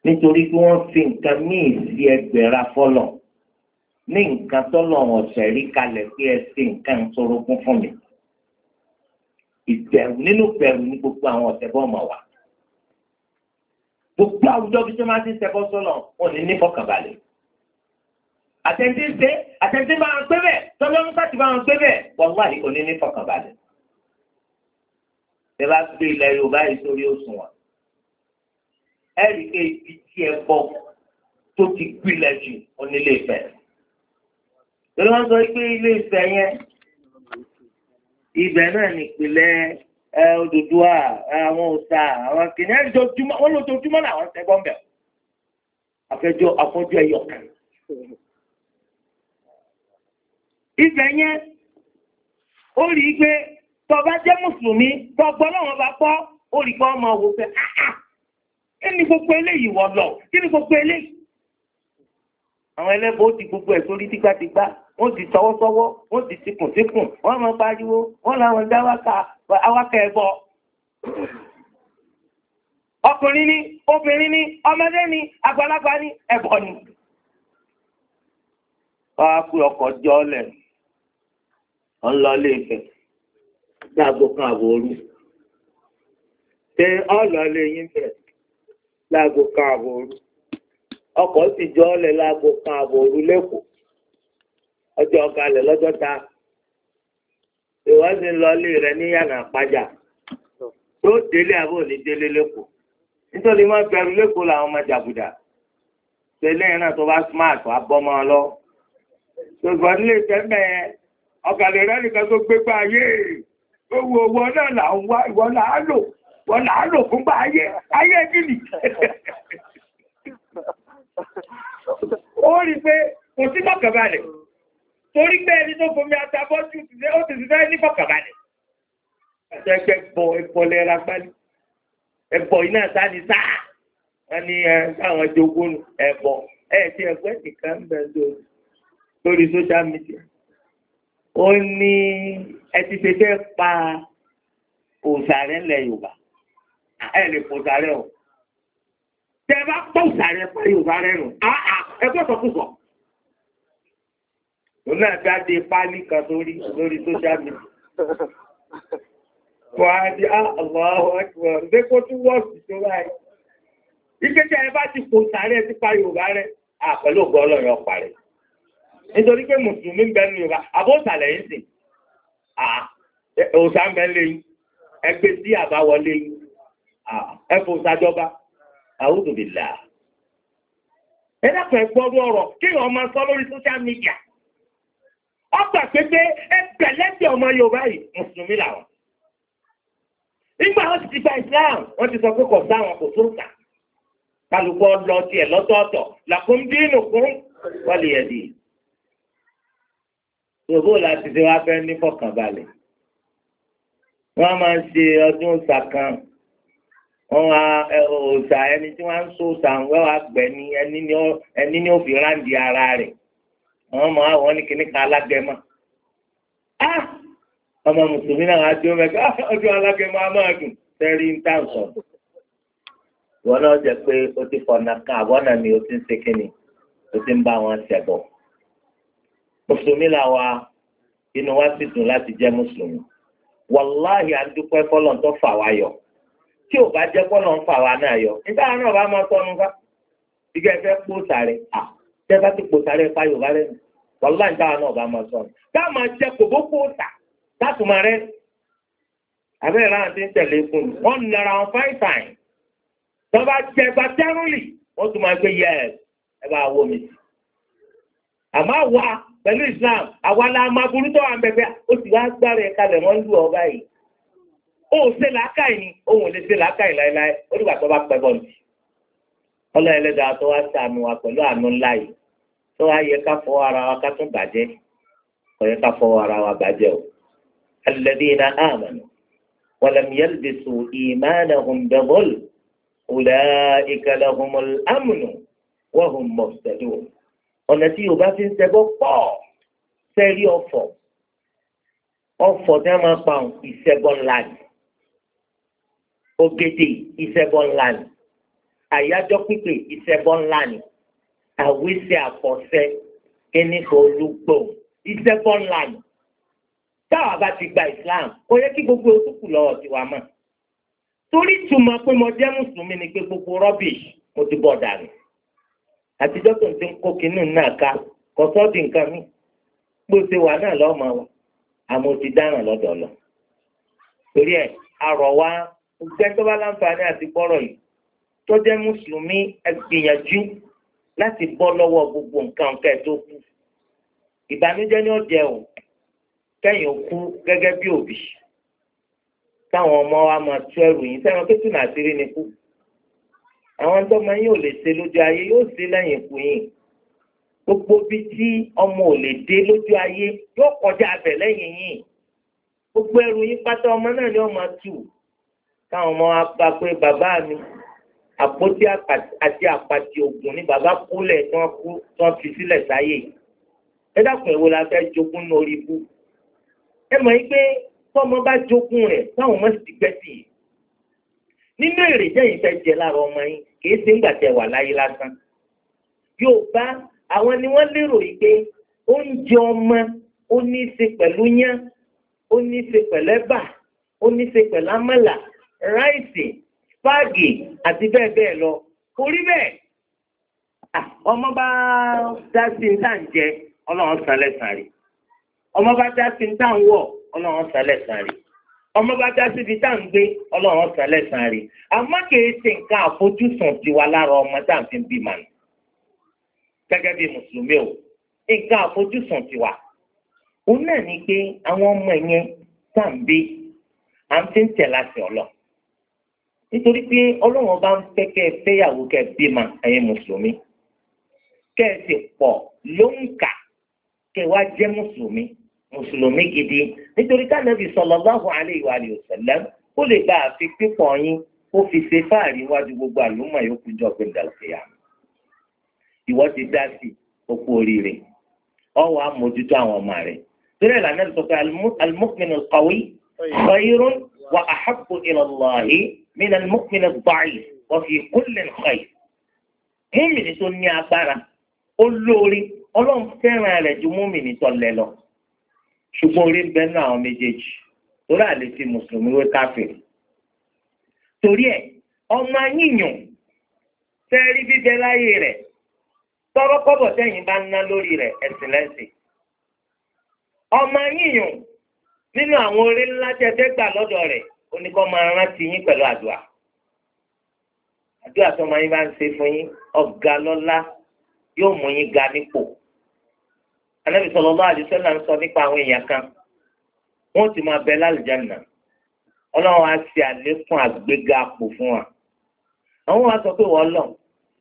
nítorí pé wọ́n fi nǹkan míì sí ẹgbẹ̀rún afọ́lọ̀ ní nǹkan tọ́lọ̀ ọ̀sẹ̀ rí kalẹ̀ pé ẹ ṣe nǹkan sorogún fún mi. ìbẹ̀rù nínú bẹ̀rù ní gbogbo àwọn ọ̀sẹ̀ bọ́ ọmọ wa. gbogbo àwùjọ bí tó máa ti ṣẹ̀kọ́ sọ́nà wọn ní ní fọkànbalẹ̀. àtẹ̀ntí ṣe àtẹ̀ntí máa ń pé bẹ́ẹ̀ tọ́lọ́ ń pàtì máa ń pé bẹ́ẹ̀ wọ́n wà ní kò ní ní fọkànbalẹ̀. ṣé bá gbé ilẹ̀ Yorùbá yìí sórí òṣùwọ̀n. ẹ̀rí ké ibi tí ẹ bọ́ tó ti gbilẹ̀ jù onílé ìfẹ́ torí wọ́n sọ pé ilé ìfẹ́ yẹn ibẹ̀ náà nìpìlẹ̀ Odùduwà àwọn òòṣà àwọn kìnìún ẹ̀jọ̀júmọ́ wọ́n lójoojúmọ́ làwọn ṣẹ́gbọ́n bẹ̀ àfẹjọ àfọjú ẹyọ kan ibẹ̀ yẹn ó rí i pé tọba jẹ́ mùsùlùmí tọgbọ́ lọ́wọ́ bá pọ́ ó rí i pé ọmọ òwò fẹ́ kí ni gbogbo eléyìí wọ̀ lọ kí ni gbogbo eléyìí àwọn ẹlẹ́bọ̀ ti gbogbo ẹ̀ sórí tígbàtígbà ó ti sọwọ́sọwọ́ ó ti síkùnsíkùn wọ́n máa pariwo wọ́n láwọn dá awákà ẹ̀bọ̀ ọkùnrin ni obìnrin ni ọmọdé ni àgbàlagbà ni ẹ̀bọ̀ ni wákú ọkọ̀ jọ́lẹ̀ ọlọ́lẹ̀ ìfẹ́ láàgbó kan àbòrú ṣé ọlọ́lẹ̀ yín bẹ̀ láàgbó kan àbòrú ọkọ̀ sì jọ ọ́ lẹ̀ láago kan àbọ̀ òru lẹ́kọ̀ọ́ ọjọ́ kalẹ̀ lọ́jọ́ ta ìwádìí rẹ̀ ní àpájà tó délé àbò ní délé lẹ́kọ̀ọ́ nítorí máa bẹ̀rù lẹ́kọ̀ọ́ làwọn ọmọ mọ́ ọ lọ. gbogbo nílé tẹ́mẹ̀ ọ̀kàlẹ̀ rẹ̀ nìkan tó gbé gbá ayé owó owó náà wá lò ó rí pé kò sí mọ̀kànbalẹ̀ torí pé ẹni tó fomi atabọ́jú ó ti sì fẹ́ ní mọ̀kànbalẹ̀ ẹgbẹ́ bọ ẹpọlẹ̀ ragbálí ẹbọ iná sáni sáà wọ́n ní ẹ káwọn jogún ẹbọ ẹ ti ẹgbẹ́ nìkan ń bẹ lórí lórí social media ó ní ẹ ti ṣe fẹ́ pa òsàrẹ́ lẹ Yorùbá ẹ lè pòsàrẹ́ o tẹ bá pọ̀ ìsàrẹ̀ parí òbá rẹ̀rùn àà ẹgbẹ́ sọkúsọ. òun náà jáde pálí kan lórí lórí social media. Wàádìí ah, Allahu Akbar ṣé kó tún wọ́ọ̀sì tó báyìí. Ike tí ẹ bá ti kò sàárẹ̀ ti parí òbá rẹ̀ àpẹ̀lú ògbọ́ ọlọ́run ọ̀pá rẹ̀. Nítorí pé Mùsùlùmí ń bẹ nínú Yorùbá, àbóṣàlẹ̀ yìí sì. Òṣà ń bẹ lẹ́yìn, ẹgbẹ́ sí àbáwọlé yìí, ẹ̀fọ́ òṣàjọba àwùjọ bì là. ẹ dákun ẹ gbọ́rú ọ̀rọ̀ kéèyàn máa sọ lórí social media. ọgbà pépé ẹ pẹ̀lẹ́dẹ̀ ọmọ Yorùbá yìí mùsùlùmí làwọn. nígbà wọn ti ti gba Islam wọn ti sọ pé kò sáwọn kò tó kà. kálukọ lọ tiẹ̀ lọ́tọ̀ọ̀tọ̀ làkúndínù kún wọlé ẹ̀ dì. Gbogbo láti ṣe wá fẹ́ ní fọkànbalẹ̀. Wọ́n máa ń ṣe ọdún ṣàkan wọ́n wá òòsà ẹni tí wọ́n á ń so òòsà wọ́n wá gbẹ̀ ní ẹni ní òfin ráǹdì ara rẹ̀ wọ́n mọ àwọn ní kíní kan alágẹ̀mọ́ ọmọ mùsùlùmí náà á dúró mẹ́ta ọjọ́ alágẹ̀mọ́ á máa dùn tẹ́rí ń tà sọ. ìwọ náà jẹ pé o ti fọ̀nà kan àbọ̀nà ni o ti ń ṣe kíni o ti ń bá wọn ṣẹ̀bọ̀. mùsùlùmí làwa inú wa sì dùn láti jẹ́ mùsùlùmí wàláhì àdúpẹ́ fọlọ́n fà wá tí ò bá jẹ́ pọ́nà ń fà náà yọ nígbà náà bá máa tọ́nu bá ìgbà ẹ̀fẹ́ sàrẹ̀ bá ti kó sàrẹ̀ fa yorùbá lẹ́nu wàlúwà nígbà náà bá máa sọ̀rọ̀ máa jẹ́ kòbó kó sà láti abẹ́rẹ́ náà ti ń tẹ̀lé fún wọ́n nara wọn Islam àwa la máa burú ń ó sì wá gbára ẹ̀ kalẹ̀ ó ṣe làákàyè ni òun ò lè ṣe làákàyè láéláé ó dìgbà tó bá pẹ́ bọ́ ni. ọlọ́run ẹlẹ́dàá tó wá ṣàánú wa pẹ̀lú àánú ńlá yìí tó wá yẹ ká fọwọ́ ara wa ká tún bàjẹ́ kò yẹ ká fọwọ́ ara wa bàjẹ́ o. alladhina amanu wa ògèdè ìṣẹbọ ńlá ni àyájọ́ pípé ìṣẹbọ ńlá ni àwíṣẹ àfọṣẹ ẹnìkan olúgbò ìṣẹbọ ńlá ni táwa bá ti gba islam ó yẹ kí gbogbo òtúkù lọ́wọ́ tiwa mọ́ torí túmọ̀ pé mo jẹ́ mùsùlùmí ni pé gbogbo rubbish mo ti bọ̀ dànù àtijọ́ tó ń ti ń kó kinú náà ká kò sọ́ọ̀dì nǹkan mi bó ṣe wà náà lọ́mọ wa àmọ́ ti dáràn lọ́dọ̀ lọ torí ẹ̀ arọ̀ wa òṣìṣẹ́ tó bá láǹfààní àti gbọ́rọ̀ yìí tó jẹ́ mùsùlùmí ẹgbìyànjú láti bọ́ lọ́wọ́ gbogbo nǹkan kẹ́ tó kú ìbànújẹ́ ni ó jẹ́ o kẹ́yìn kú gẹ́gẹ́ bí òbí táwọn ọmọ wa máa tú ẹrù yìí sẹ́wọ̀n pé túnà àṣírí ni kú àwọn tó máa yín ò lè ṣe lójú ayé yóò ṣe lẹ́yìn ikú yìí gbogbo bí tí ọmọ ò lè dé lójú ayé yóò kọjá abẹ lẹ́yìn yìí gbogbo ẹrù yín pátá ọmọ náà ni ó tù káwọn ọmọ wa bá pé bàbá mi àpótí àti àpàtì ògùn ni bàbá kú lẹ̀ tí wọ́n kú tí wọ́n fi sílẹ̀ sáyè ẹ dákun èwo la fẹ́ jogún lórí ibú ẹ mọ̀ yí pé tọ́mọ bá jogún rẹ̀ táwọn ọmọ sì gbẹ́sì nínú èrè jẹ́yìn fẹ́ jẹ lára ọmọ yín kìí ṣe ńgbà tẹ wà láyé lásán yóò bá àwọn ni wọ́n lérò yìí pé oúnjẹ ọmọ ó ní í ṣe pẹ̀lú yán ó ní í ṣe pẹ̀lú ẹ̀bà ó ní í ṣe pẹ̀lú àmàlà ráìsì páàgì àti bẹ́ẹ̀ bẹ́ẹ̀ lọ kò rí bẹ́ẹ̀ ọmọ bá dá sí ní tá à ń jẹ ọlọ́run san lẹ́sàn-án rí ọmọ bá dá sí ní tá à ń wọ̀ ọlọ́run san lẹ́sàn-án rí ọmọ bá dá síbi tá à gbé ọlọ́run san lẹ́sàn-án rí àmọ́ ṣe nǹkan àfojúsùn tiwa lára ọmọ tá à ń fi bí mànà gẹ́gẹ́ bí mùsùlùmí o nǹkan àfojúsùn tiwa òun náà ni pé àwọn ọmọ yẹn tá à à ń fi ń tẹ̀ láti ọlọ́run nítorí pé ọlọ́run bá ń fẹ́ kẹ́ ẹ fẹ́yàwó kẹ́ ẹ bímọ ẹ̀yin mùsùlùmí kẹ́ ẹ sì pọ̀ ló ń kà kẹ́ ẹ wá jẹ́ mùsùlùmí mùsùlùmí gidi nítorí káàdébì sallallahu alaihi wa alihi wasallam ó lè bá a fi pípọ̀ yín ó fi ṣe fáàrí wájú gbogbo àlùmọ̀ yòókù jọ pé dàlùfẹ́yà ìwọ ti dá sí òkú oríire ọwọ́ àmójútó àwọn ọmọ rẹ̀ torí ẹ̀ lànà sọ pé al-mu'minu من المؤمن الضعيف وفي كل خير مؤمن tó ní agbára olórí ọlọ́run fẹ́ràn rẹ̀ ju mọ́mìnì tó lẹ lọ ṣùgbọ́n orí ń bẹ nínú àwọn méjèèjì torí àlè ti mùsùlùmí wé káfíìn torí ẹ ọmọ yíyan fẹ́ẹ́rí bíbẹ láyé rẹ̀ tọ́rọ́kọ́bọ̀ tẹ́yìn bá ná lórí rẹ̀ ẹ̀sìn lẹ́sìn ọmọ yíyan nínú àwọn orí ńlá tẹ́ fẹ́ gbà lọ́dọ̀ rẹ̀ ó ní kó máa rántí yín pẹ̀lú àdúrà àdúrà tó máa yín bá ń ṣe fún yín ọ̀gá lọ́lá yóò mú yín ga nípò anábì sallallahu alaihi wasallam ń sọ nípa àwọn èèyàn kan wọ́n ti máa bẹ lálùjáná ọlọ́run á ṣe àlékún àgbéga àpò fún wa àwọn wa sọ pé wọ́n lọ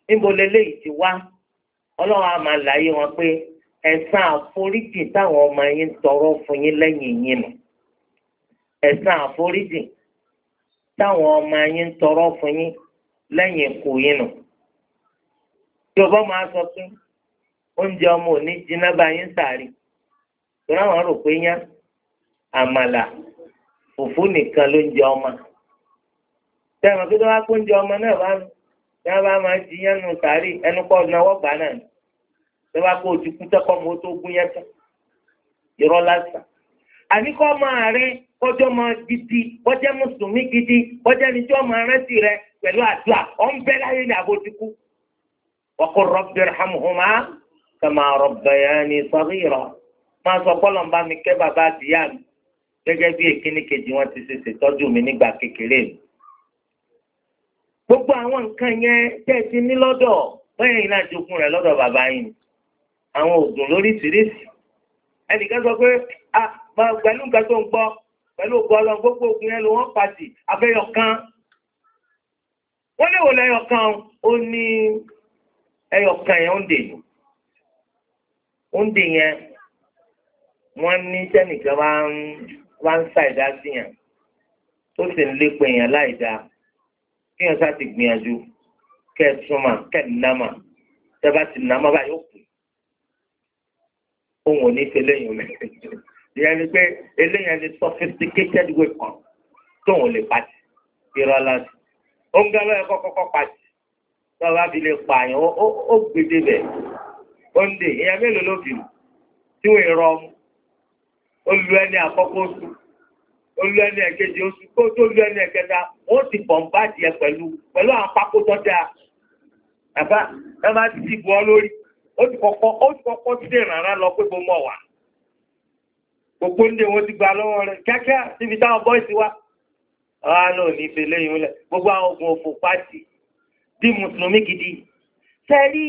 níbo leléyìí ti wá ọlọ́run á máa láyé wọn pé ẹ̀san àforíjì táwọn ọmọ yín tọrọ fún yín lẹ́yìn yín nù ẹ̀san àforíjì táwọn ọmọ yín ń tọrọ fún yín lẹ́yìn ikú yín nù. yorùbá máa sọ pé oúnjẹ ọmọ òní jiná bá yín sàárì torí àwọn rò pé ya, àmàlà fùfú nìkan ló ọmọ tẹmọ pé ọmọ náà bá yá bá máa jí yán nù sàárì ẹnu náwó náà ni kọjọ́ mọ gidi kọjọ́ mùsùlùmí gidi kọjọ́ ẹni tí wọ́n mọ rántí rẹ pẹ̀lú àdúrà ọ̀n bẹ́ẹ̀ láyé ní àbójúkú. wọ́kọ̀ rabbi irhamhuma kama rabbayani saghira máa sọ kọ́lọ̀ ń bá mi kẹ́ bàbá àtìyá mi gẹ́gẹ́ bí èkíní kejì wọn ti ṣe ṣètọ́jú mi nígbà kékeré mi. gbogbo àwọn nǹkan yẹn tẹ́ ẹ ti ní lọ́dọ̀ bẹ́ẹ̀ yìí náà jogún rẹ̀ lọ́dọ̀ bàbá yìí àwọn oògùn lóríṣiríṣi ẹnìkan sọ pé ah, pẹ̀lú nǹkan tó ń gbọ́ pẹ̀lú ọgbọ́lọ gbogbo ogun ẹlò wọ́n pàtì afẹ́yọkan wọ́n lè wò lẹ́yọkan ó ní ẹyọkan yẹn ń dèyàn ń dèyàn wọ́n ní sẹ́nìkan bá ń ṣàìdá sí yàn tó sì ń lépa èèyàn láìdá kí yàn sáà ti gbìyànjú kẹ́ ẹ túmọ̀ kẹ́ ẹ nàmà tẹ́ bá ti nàmà báyìí ó kù ohun ò ní ṣe lẹ́yìn ìyẹn ni pé eléyẹn ni sophisticated weapon tóun lè pàtì ìrọ̀lá sí ó ń gá lọ́yẹ̀ kọ́kọ́kọ́ pàtì tọ́ba fi lè pààyàn ó gbèdé bẹ̀ ó ń dè ìyẹn mélòó ló fi tí wọ́n rọ ọmú ó lu ẹni àkọ́kọ́ oṣù ó lu ẹni ẹ̀kejì oṣù kó tó lu ẹni ẹ̀kẹta wọ́n ti bọ̀m̀bá tiẹ̀ pẹ̀lú pẹ̀lú àwọn pákótọ́ dáa bàbá ẹ máa ti ti bọ́ lórí ó ti kọ́kọ́ ó ti kọ́kọ́ sí ìrànlá lọ pé mo mọ̀ wá gbogbo ń dè wọ́n ti gbà lọ́wọ́ rẹ̀ kíákíá síbi táwọn bọ́ìsì wá àánú ní ìfẹ́lẹ́ yìí lẹ̀ gbogbo àwọn ogun òfò pàtì bí mùsùlùmí gidi sẹ́rí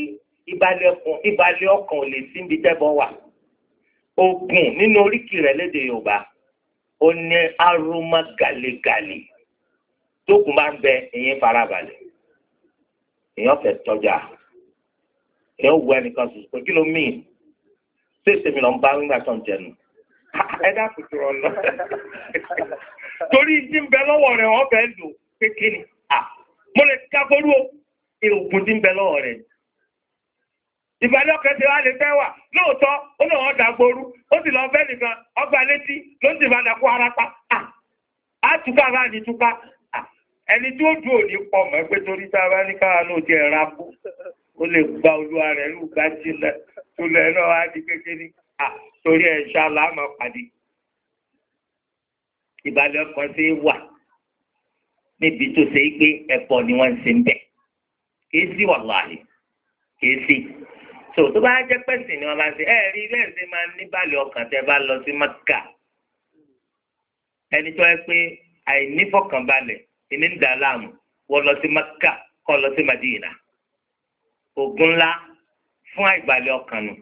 ìbàlẹ̀ ọkàn ìbàlẹ̀ ọkàn ò lè síbi tẹ́bọ wà ogun nínú oríkì rẹ̀ léde Yorùbá ó ní aroma gàlégàlé tókùn bá ń bẹ ìyẹn farabalẹ̀ èèyàn fẹ́ tọ́jà èèyàn wọ ẹnìkan sùn kí ló mìín ṣé ìsinmi lọ ń bá nígbà tó ń jẹnu ẹ̀dá kùtùrọ̀ lọ. Torí tí ń bẹ lọ́wọ́ rẹ̀ lò ni? Mo lè ká o, ìrògùn tí ń bẹ lọ́wọ́ rẹ̀. Ìbàdàn kẹsẹ̀ wá lè fẹ́ wà lóòótọ́, ó gboru, ó sì lọ fẹ́ nìkan, ọgbà létí, ló sì máa dàkú ara pa. túká bá ní túká. Ẹni tí ó dùn òní pọ̀ mọ́ pé torí a bá gba olúwa rẹ̀ lù lẹ̀ náà torí ẹ̀ṣá láàmà pàdé ìbàlẹ̀ ọkàn ṣe é wà níbi tó ṣe é pé ẹ̀pọ̀ ni wọ́n ń ṣe ń bẹ̀ kìí sí wàláhì kìí sí tó tó bá jẹ́ pẹ̀sìn ni wọ́n bá ṣe ẹ̀ rí bẹ́ẹ̀ ṣe máa níbàlẹ̀ ọkàn tẹ́ bá lọ sí Mẹ́kà ẹni tó yẹ pé àìnífọ̀kànbalẹ̀ ìní ń dà láàmú wọ́n lọ sí Mẹ́kà kọ́ lọ sí Madina ògùn ńlá fún àìbàlẹ̀ ọkàn nù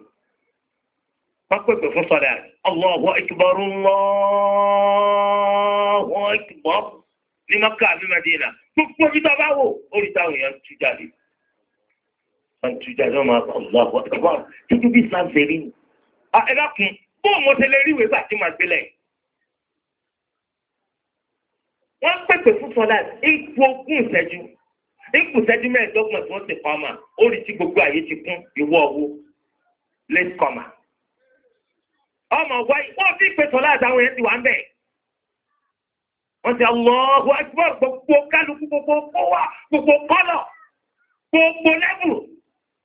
wọ́n pèpè fún sọ́dà Allahu akbar Allahu akbar ní Mẹ́kà àbí Mẹ́dínà gbogbo ibi tó bá wò orí táwọn èèyàn tú jáde wọ́n tú jáde wọ́n máa bá Allahu akbar títí bí Islam ṣe rí ni. Ah, ẹ dákun bó mo ṣe lè rí ìwé bá ti máa gbélé. wọ́n pèpè fún sọ́dà ipò ogún ìṣẹ́jú ipò ìṣẹ́jú mẹ́ẹ̀ẹ́dọ́gbọ̀n tí wọ́n ti pa ọmọ orí tí gbogbo àyè ti kún ìwọ́ owó late ọmọ wá ìwọ́n sí ìpèsọ̀ láàtàwọn ẹ̀ ti wà ń bẹ̀. wọ́n ti Allahu Akbar gbogbo kálukú gbogbo kọ́wà gbogbo kọ́lọ̀ gbogbo lẹ́bù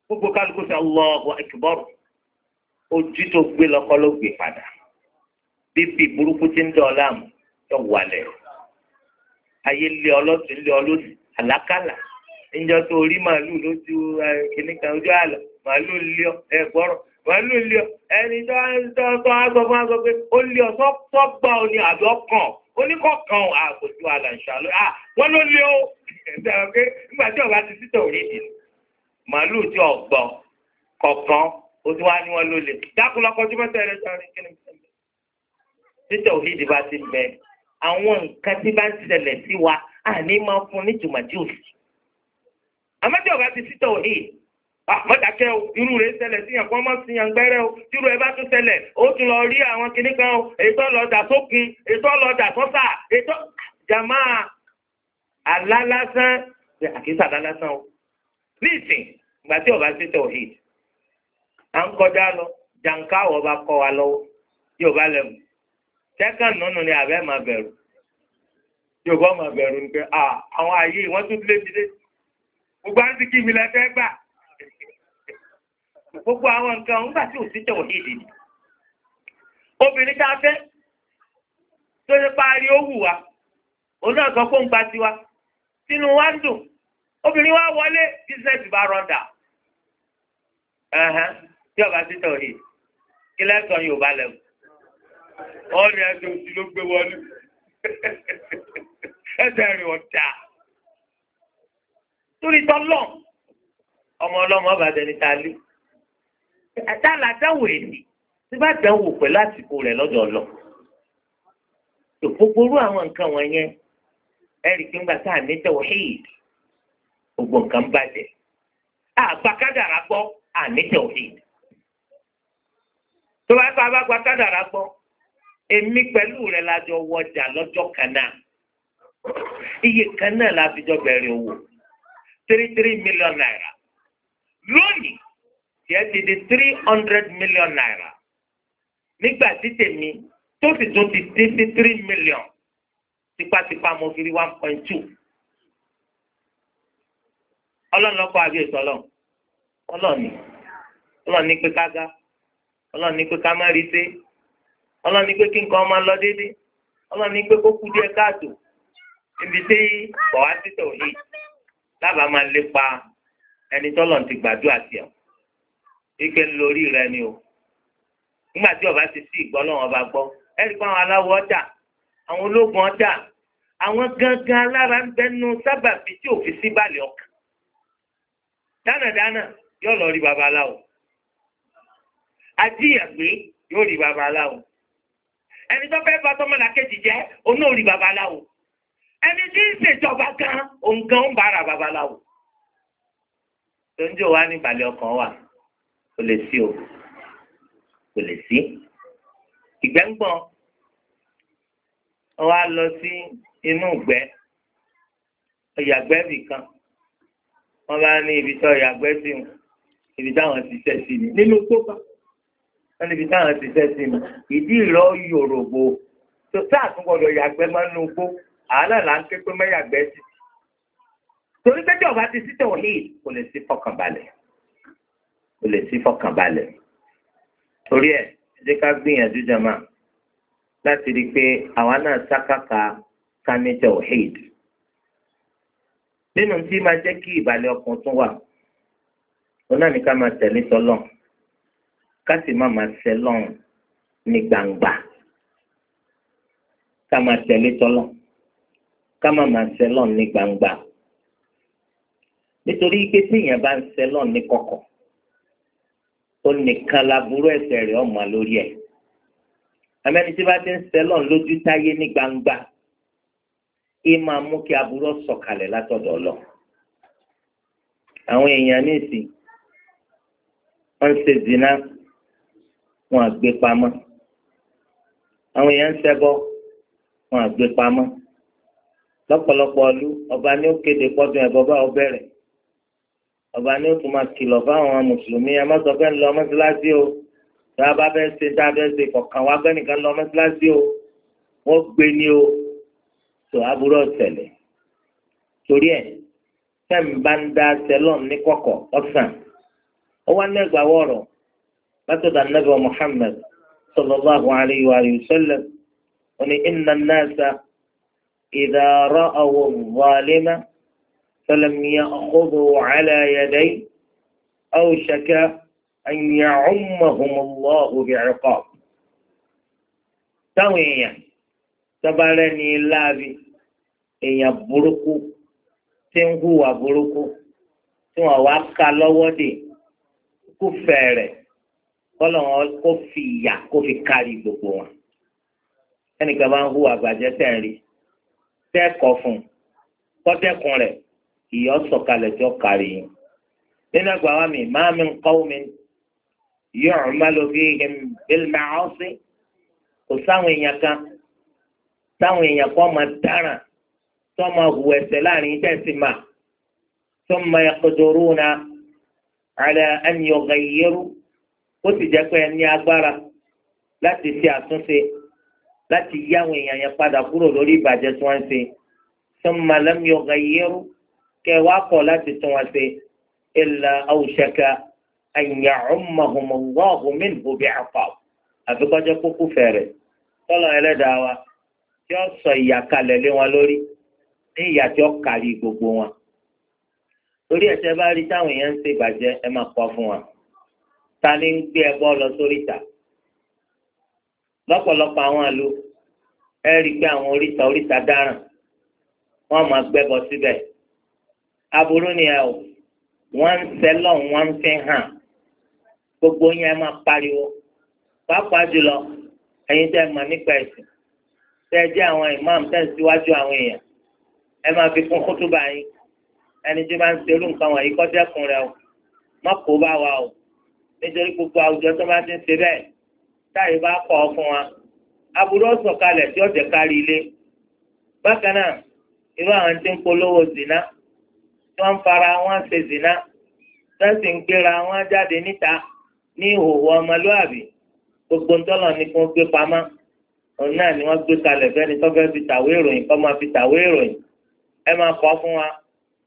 gbogbo kálukú sí Allahu Akbar ojú tó gbé lọ́kọ́ ló gbé padà bíbí burúkú ti ń dọ̀ láàmú tó wàlẹ̀ ayé lé ọlọ́sìn lé ọlọ́sìn àlákàlà ìjọ tó rí màálù lójú kìnnìkan ojú àlọ́ màálù lé ẹ̀ pẹ̀lú ilé ẹni tó aṣọ fún aṣọ pé ó lé ọ̀sọ́ tọ́gbà ó ní àbí ọkàn oníkọ̀ọ̀kan àkójú àlàǹṣà ló à wọ́n ló lé ó ẹ̀sẹ̀ pé nígbà tí ọba ti títọ̀ òní dì màálù tí ọ̀gbọ́ kọ̀ọ̀kan ó ti wá ní wọ́n ló lè dákúlọ́kọ́ tí mọ́tò ẹ̀rẹ́ sọ̀rọ̀ kí ni títọ̀ òní dì bá ti bẹ̀ àwọn nǹkan tí bá ń ṣẹlẹ̀ sí wa àní máa fún nítumọ̀ Ah, mọ́tàkẹ́ o irú rẹ̀ ṣẹlẹ̀ sí yàn kó mọ́ sí yàn gbẹ́rẹ́ o tírú ẹ bá tún ṣẹlẹ̀ ó tún lọ rí àwọn kinní kan o ètò lọ́dà sókun ètò lọ́dà sọ́sà ètò jàmá alálásán àkísà alálásán o ní ìsìn ìgbà tí ọba ṣe tọ̀ hìd à ń kọjá lọ jàǹká ọba kọ́ wa lọ́wọ́ yóò bá lẹ̀ mú sẹ́kàn nínú ni àbẹ́ máa bẹ̀rù yóò bá máa bẹ̀rù ni pé àwọn ààyè wọ́n tún lé mi lé gbogbo àti gbogbo àwọn nǹkan nígbà tí ò sí tẹ̀wọ̀ ìdì ni obìnrin tá fẹ́ tó ṣe parí ó wù òun náà sọ pé tiwa sínú wa ń dùn obìnrin wa wọlé bísíǹsì bá tí ọba sí tẹ̀wọ̀ ìdì kí yóò bá ẹ̀sẹ̀ òsì ló gbé wọlé ẹ̀sẹ̀ rẹ̀ ọmọ ọlọ́mọ ọba dẹni ta lé àtàlà àdáwò èdè tí bá dánwò pẹ̀lú àsìkò rẹ̀ lọ́dọ̀ lọ. òpópórú àwọn nǹkan wọ̀nyẹn ẹ̀rì pé ńgbà tá à ní tẹ̀wọ̀ híìdì gbogbo nǹkan bàjẹ́ àgbà kádàrà gbọ́ àní tẹ̀wọ̀ híìdì. tó bá bá bá kádàrà gbọ́ èmi pẹ̀lú rẹ̀ la jọ wọjà lọ́jọ́ kan náà iye kan náà la fi jọ bẹ̀rẹ̀ owó three three million naira lónìí tiẹ̀ ti di three hundred million naira nígbà tí tèmi tó sì tún ti dín sí three million tipátipá mo fi rí one point two ọlọ́run lọ́kọ́ àbí ètò ọlọ́run ọlọ́run ni ọlọ́run ní pé ká ga ọlọ́run ní pé ká má rí sé ọlọ́run ní pé kí nǹkan máa lọ déédéé ọlọ́run pé kó kú díẹ̀ káàtó ibi tí bọ̀wá títọ̀ yìí dábàá máa lépa ẹni tọ́lọ̀ ti gbàdúrà tiẹ̀ ike ń lórí rẹ ni o nígbà tí ọba ti sí ìgbọ́ náà ọba gbọ́ ẹ̀rí pa àwọn aláwọ̀ ọjà àwọn ológun ọjà àwọn gangan alára ń bẹnu sábàbí tí òfin sí balẹ̀ ọkàn dánàdánà yóò lọ rí babaláwo ajíyàgbé yóò rí babaláwo ẹni tó fẹ́ bá tọ́mọ̀lá kejì jẹ́ òun náà rí babaláwo ẹni tí ń ṣèjọba gan òun gan ń bára babaláwo tó ń jò wá ní ìbàlẹ̀ ọkàn wa kò lè sí o kò lè sí. ìgbẹ́ngbọ̀n wọ́n á lọ sí inú ìgbẹ́ ọ̀yàgbẹ́ nìkan wọ́n bá ní ibi tí ọ̀yàgbẹ́ sí wọn ibi táwọn ti ṣẹ́ sí ni nínú sófà wọ́n níbi táwọn ti ṣẹ́ sí ni ìdí ìrọ̀ yòròbó tó sáà tún gbọ́dọ̀ máa ń nu gbó àálà là ń ké pé mẹ́yàgbẹ́ sí torí pé tí ọba ti sí tẹ̀wọ̀hìn kò lè sí fọkànbalẹ̀ kò lè sí fọkànbalẹ̀ torí ẹ̀ jẹ́ ká gbìyànjú jama láti rí i pé àwa náà sákàkà ká ní tẹ̀wọ̀hìn nínú tí máa jẹ́ kí ìbàlẹ̀ ọkàn tún wà òun náà ní ká máa tẹ̀lé tọ́lọ̀ ká sì má máa ṣẹ lọ́rùn ní gbangba ká máa tẹ̀lé tọ́lọ̀ ká má máa ṣẹ lọ́rùn ní gbangba nítorí pé téèyàn bá ń sẹlọ ní kọ̀kọ̀ ó nìkan laburú ẹ̀ṣẹ̀ rẹ̀ ọmọ lórí ẹ amẹni tí bá ti ń sẹlọ lójú táyé ní gbangba ẹ máa mú kí aburú sọ̀kalẹ̀ látọ̀dọ̀ lọ àwọn èèyàn ní wọn ń ṣe zina wọn àgbé pamọ́ àwọn èèyàn ń ṣẹbọ wọn àgbé pamọ́ lọ́pọ̀lọpọ̀ ọlú ọba ní ó kéde pọdún ẹbọ bá ọ bẹ̀rẹ̀ ọba ní o tún máa kìlọ̀ fáwọn mùsùlùmí ẹ má sọ pé ń lọ mọ́síláṣí o tá a bá fẹ́ ṣe tá a fẹ́ ṣe kọ̀ọ̀kan wá pé nìkan lọ mọ́síláṣí o wọ́n gbé ni o tó aburú ọ̀sẹ̀lẹ̀ torí ẹ̀ sẹ́mi bá ń da sẹlọ̀m ní kọ̀kọ̀ ọ̀sán ó wá ní wọ̀rọ̀ látọ̀dọ̀ anábì Muhammad sallallahu alayhi wa sallam ó فلم يأخذوا على يديه أوشك أن يعمهم الله بعقاب táwọn èèyàn tọ́balẹ̀ ní láàbì èèyàn burúkú tí ń hùwà burúkú tí wọ́n wá ka lọ́wọ́ dè kú fẹ̀rẹ̀ kọ́lọ̀ wọn kó fi ìyà kó fi kárí gbogbo wọn. ẹnìkan bá ń hùwà bàjẹ́ tẹ̀ ń rí tẹ́ẹ̀kọ́ fún un kọ́tẹ́kùn rẹ̀ ìyọ́ sọ̀kalẹ̀ tí ó kárí yín nínú ẹgbẹ́ àwọn mi máa mi ń kọ́ omi yu'malu fihim bil ma'asi kò sáwọn èèyàn kan táwọn èèyàn kan máa dáràn tó máa hu ẹsẹ̀ láàrin iṣẹ́ sì máa thumma yaqdiruna ala an yughayyiru ó sì jẹ́ pé ẹni agbára láti ṣe àtúnṣe láti yí àwọn èèyàn yẹn padà kúrò lórí ìbàjẹ́ tí wọ́n ń ṣe thumma lam yughayyiru kẹ wá kọ̀ láti tún wọn ṣe illa awshaka an ya'ummahum Allahu minhu bi'aqab àfikọ́jọ́ kúkú fẹ̀rẹ̀ tọ́lọ̀ ẹlẹ́dàá wa tí ó sọ ìyà kalẹ̀ lé wọn lórí ní ìyà tí ó kárí gbogbo wọn torí ẹ̀ṣẹ̀ bá rí táwọn èèyàn ń ṣe ìbàjẹ́ ẹ máa kọ́ fún wa ta ni ń gbé ẹbọ lọ sóríta lọ́pọ̀lọpọ̀ àwọn àlò ẹ rí i pé àwọn oríta oríta dáràn wọ́n máa gbẹ́bọ síbẹ̀ aburú ni ẹ o wọ́n ń sẹ́lọ̀ wọ́n ń fi hàn gbogbo yẹn máa pariwo pàápàá jùlọ ẹ̀yin tẹ́ mọ̀ nípa ẹ̀sìn tẹ́ ẹ àwọn imam tẹ́ ń síwájú àwọn èèyàn ẹ máa fi kún kútùbà yín ẹni tí bá ń serú nǹkan wọ̀nyí kọ́ dẹ́kun rẹ o má kó bá wa o nítorí gbogbo àwùjọ tó bá ti ń ṣe bẹ́ẹ̀ táyì bá kọ́ ọ fún wa aburú ọ̀sán kalẹ̀ tí ọ̀jẹ̀ kárí ilé bákan náà irú àwọn tí ń polówó zina tí wọ́n ń fara wọn ṣe zina tó sì ń gbéra wọn jáde níta ní ìhòòhò ọmọlúàbí gbogbo ńtọ́lọ̀ ni kí wọ́n gbé pamọ́ òun náà ni wọ́n gbé kalẹ̀ fẹ́ni tó fẹ́ fi tàwé ìròyìn kọ́ máa fi tàwé ìròyìn ẹ máa kọ́ fún wa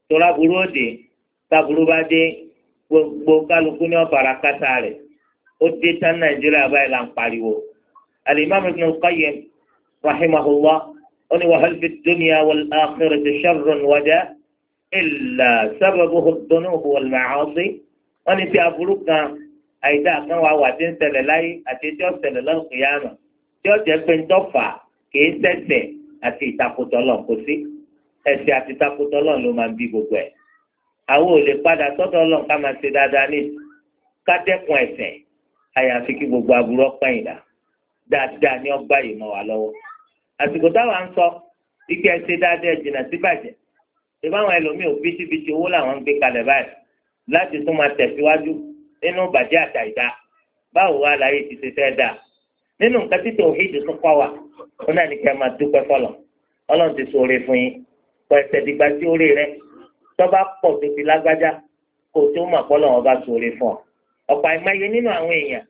tóra burú òde táburú bá dé gbogbo kálukú ní ọ̀fàrà kásá rẹ̀ ó dé tán nàìjíríà báyìí là ń pariwo alimami ibn al-qayyim rahimahullah ó ní wàhálà fi dunya wal akhirati sharrun wada ìlà sábàbò dunu wọlmà ọsẹ wọn ni tí aburú kan àìdá kan wà wà tí ń ṣẹlẹ̀ láyé àti tí ó ṣẹlẹ̀ lọ́kùnyàmà tí ó jẹ́ pé ń tọ́fà kì í ṣẹ̀ṣẹ̀ àti ìtakùtọ̀lọ̀ kò sí ẹ̀ṣẹ̀ àti ìtakùtọ̀lọ̀ ló máa ń bí gbogbo ẹ̀ àwọn ò lè padà sọ́dọ̀ ọlọ́run ká máa ṣe dáadáa ní kádẹ́kun ẹ̀ṣẹ̀ àyàfi kí gbogbo aburú ọ̀pẹ̀yìn dà dáadáa ní ọgbà yìí mọ́ wa lọ́wọ́ àsìkò táwa ń sọ ike ẹ̀ṣẹ̀ ìbáwọn ẹlòmíì òbítíbitì owó làwọn ń gbé kalẹ̀ báyìí láti tún máa tẹ̀síwájú nínú bàjẹ́ àtà ìdá báwo wá láyé ti ṣe fẹ́ dà nínú nǹkan títí òhídìí tún kọ́ wa ó náà ní kí ẹ máa dúpẹ́ fọlọ̀ ọlọ́run ti ṣoore fún yín pẹ̀sẹ̀ dìgbà tí ó rí rẹ tó pọ̀ tó fi lágbájá kò tó mà pọ́lọ̀ wọn bá ṣoore fún ọ ọ̀pọ̀ àìmáyé nínú àwọn èèyàn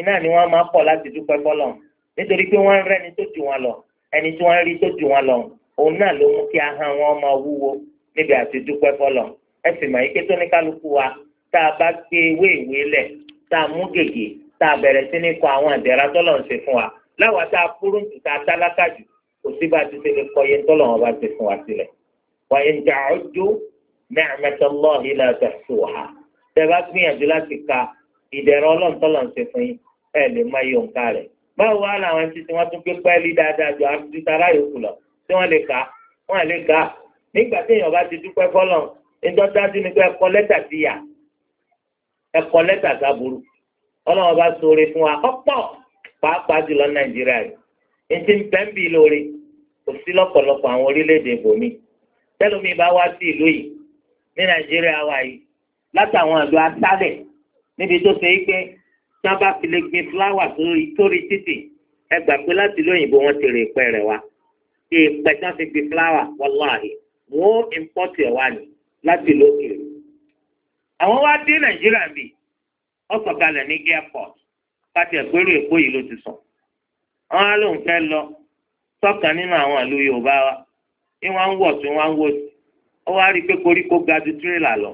iná ni wọ́n máa pọ̀ láti dúpẹ́ fọlọ̀ nítorí pé wọ́n ń rẹ́ni tó ju wọn lọ ẹni tí wọ́n rí tó ju wọn lọ òun náà ló mú kí ahọ́n wọn máa wúwo níbi àti dúpẹ́ fọlọ́ ẹ sì mọ̀ ike tó ní kálukú wa tá a bá gbé ewé ìwé lẹ̀ tá a mú gègé tá a bẹ̀rẹ̀ sí ní kọ àwọn àdẹ̀rà tọ́lọ̀ ń ṣe fún wa láwa tá a kúrú tá a tálákà jù kò sí bá a ti ṣe lè kọ yẹn tọ́lọ̀ wọn bá ṣe fún wa sílẹ̀. wa in ta'uddu ni'matallahi la tuhsuha tẹ bá gbìyànjú láti ka ìdẹ̀rọ̀ ọlọ́run ń ṣe fún yín ẹ lè má yọ nǹkan rẹ̀. báwo wá làwọn nígbà tí èèyàn bá ti dúpẹ́ fọlọ́n níjọ́ dájú ni pé ẹ kọ lẹ́tà sí yà ẹ kọ lẹ́tà sábúrú ọlọ́run bá ṣoore fún wa ọ̀pọ̀ pàápàá jùlọ nàìjíríà yìí ètí ń bẹ́ẹ̀ ń bì lóore kò sí lọ́pọ̀lọpọ̀ àwọn orílẹ̀-èdè bòmí tẹ́lómi bá wá sí ìlú yìí ní nàìjíríà wa yìí látàwọn ìlú aṣálẹ̀ níbi tó ṣe é pé tí wọ́n gbin fúláwà sórí títì ẹ pé láti ìlú wọn ti rè pẹ́ rẹ̀ wá èèpẹ̀ tí wọ́n fi gbin fúláwà wọ́láhìí wọ́n ìmpọ́tì ẹ̀ wá ní láti lókè. àwọn wá dé nàìjíríà bì wọ́n sọ̀kalẹ̀ ní airport láti ẹ̀gbẹ́rù èkó yìí ló ti sọ. wọ́n á lóun fẹ́ lọ sọ́kàn nínú àwọn ìlú yorùbá wa ní wọ́n ń wọ̀ sí wọ́n ń wò sí. ó wá rí i pé koríko ga ju tírélà lọ.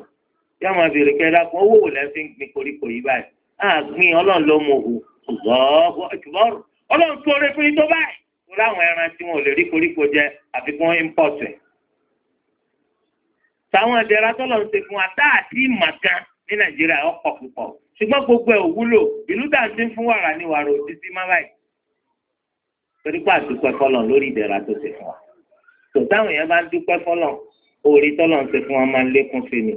yóò máa bèrè kẹ́ dákun owó wò lẹ́sìn ń gbin koríko yìí báyìí. á gbin ọlọ́run ló mọ òhù ọlọ́run tó rẹ fún yín tó báyìí. ó láwọn ẹran tí wọn ò lè rí koríko jẹ àfikún import táwọn ìdẹ̀ra tọ́lọ̀ ń ṣe fún wa tá àti ìmọ̀ká ní nàìjíríà ọ̀pọ̀ púpọ̀ ṣùgbọ́n gbogbo ẹ̀ òwúlò ìlú dàǹtí fún wàrà ni wàrà òtítí má báyìí torí pé àdúpẹ́ fọlọ̀ lórí ìdẹ̀ra tó ṣe fún wa tó táwọn èèyàn bá ń dúpẹ́ fọlọ̀ òòrè tọ́lọ̀ ń ṣe fún wa máa ń lékún sí ni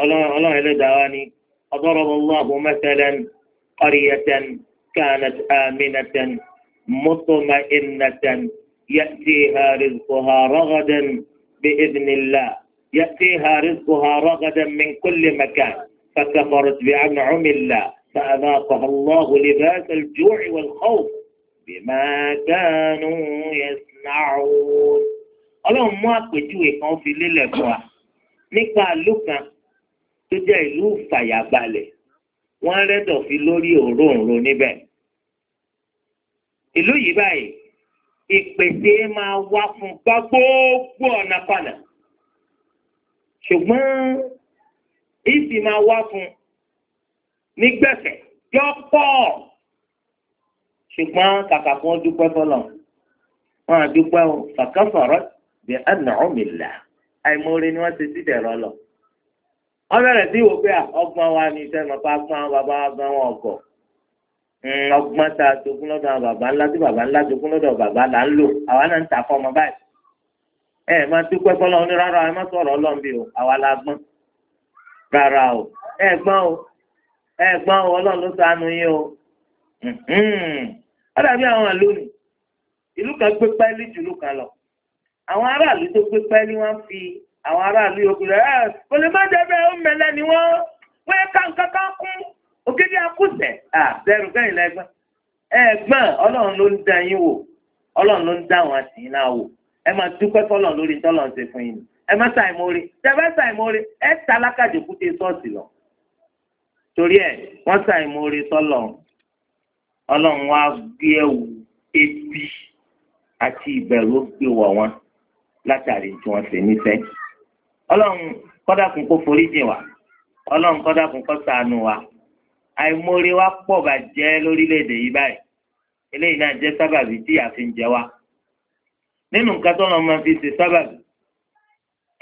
ọlọ́run ẹlẹ́dàá wa ni ọ̀dọ́rọ̀bọ̀ Allahu mathalan qaryatan kanat aminatan mutma'innatan ya'tiha rizquha ragadan بإذن الله يأتيها رزقها رغدا من كل مكان فكفرت بأنعم الله فأذاقها الله لباس الجوع والخوف بما كانوا يصنعون ọlọ́run mú àpèjúwe kan fi lélẹ̀ fún wa nípa ìlú kan tó jẹ́ ìlú fàyàbalẹ̀ wọ́n rẹ́dọ̀ fi lórí òróǹro níbẹ̀ ìlú yìí báyìí ìpèsè máa wá fún gbá gbogbo ọ̀nà padà ṣùgbọ́n ìsì máa wá fún nígbẹ̀fẹ̀ yọ pọ̀ ṣùgbọ́n kàkà fún dúpẹ́ fọlọ́ wọn àdúpẹ́ o kàkà fọ̀rọ̀ bí ẹnà ọ̀mìlà àìmọ̀ọ́rẹ́ ni wọ́n ti ti dẹ̀rọ lọ. wọ́n bẹ̀rẹ̀ sí ìwò pé ọgbọ́n wa ni sẹ́nu pa gbọ́n bàbá wa gbọ́n wọn ọ̀gọ̀. Mm, ọgbọ́n tá jogún lọ́dọ̀ àwọn bàbá ńlá tí bàbá ńlá jogún lọ́dọ̀ bàbá là ń lò àwa náà ń fún o àwa la gbọ́n rárá o ẹ gbọ́n o ẹ gbọ́n o ọlọ́run ló ṣàánú yín o. Mm-hmm. ó dàbí àwọn àlónì ìlú kan gbé pẹ́ẹ́lí kan lọ àwọn aráàlú tó gbé pẹ́ẹ́lí fi àwọn aráàlú yòókù rẹ̀ ẹ̀ ògidì akúṣẹ̀ àbẹ̀rù kẹ́yìn lẹ́gbẹ́ ẹ̀gbọ́n ọlọ́run ló ń dá yín wò ọlọ́run ló ń dá àwọn àtìyín náà wò ẹ máa dúpẹ́ fọlọ́run lórí tọ́lọ́run ṣe fún yín ẹ má ṣàìmóore tẹ̀fẹ́ ṣàìmóore ẹ ta alákàjọ kúté sọ́ọ̀sì lọ torí ẹ wọ́n ṣàìmóore tọ́lọ́run ọlọ́run wá gbé ẹ̀wù ebi àti ìbẹ̀rù ó gbé wọ̀ wọn látàrí tí wọ́n ṣe nífẹ̀ẹ́ ọlọ́run kọ́dà kún kó foríjì wa ọlọ́run kọ́dà kó ṣàánú wa àìmọ̀re wa pọ̀ bàjẹ́ lórílẹ̀‐èdè yìí báyìí eléyìí náà jẹ́ sábàbí tí a fi ń jẹ wa nínú nǹkan tó lọ́ọ́ máa fi ṣe sábàbí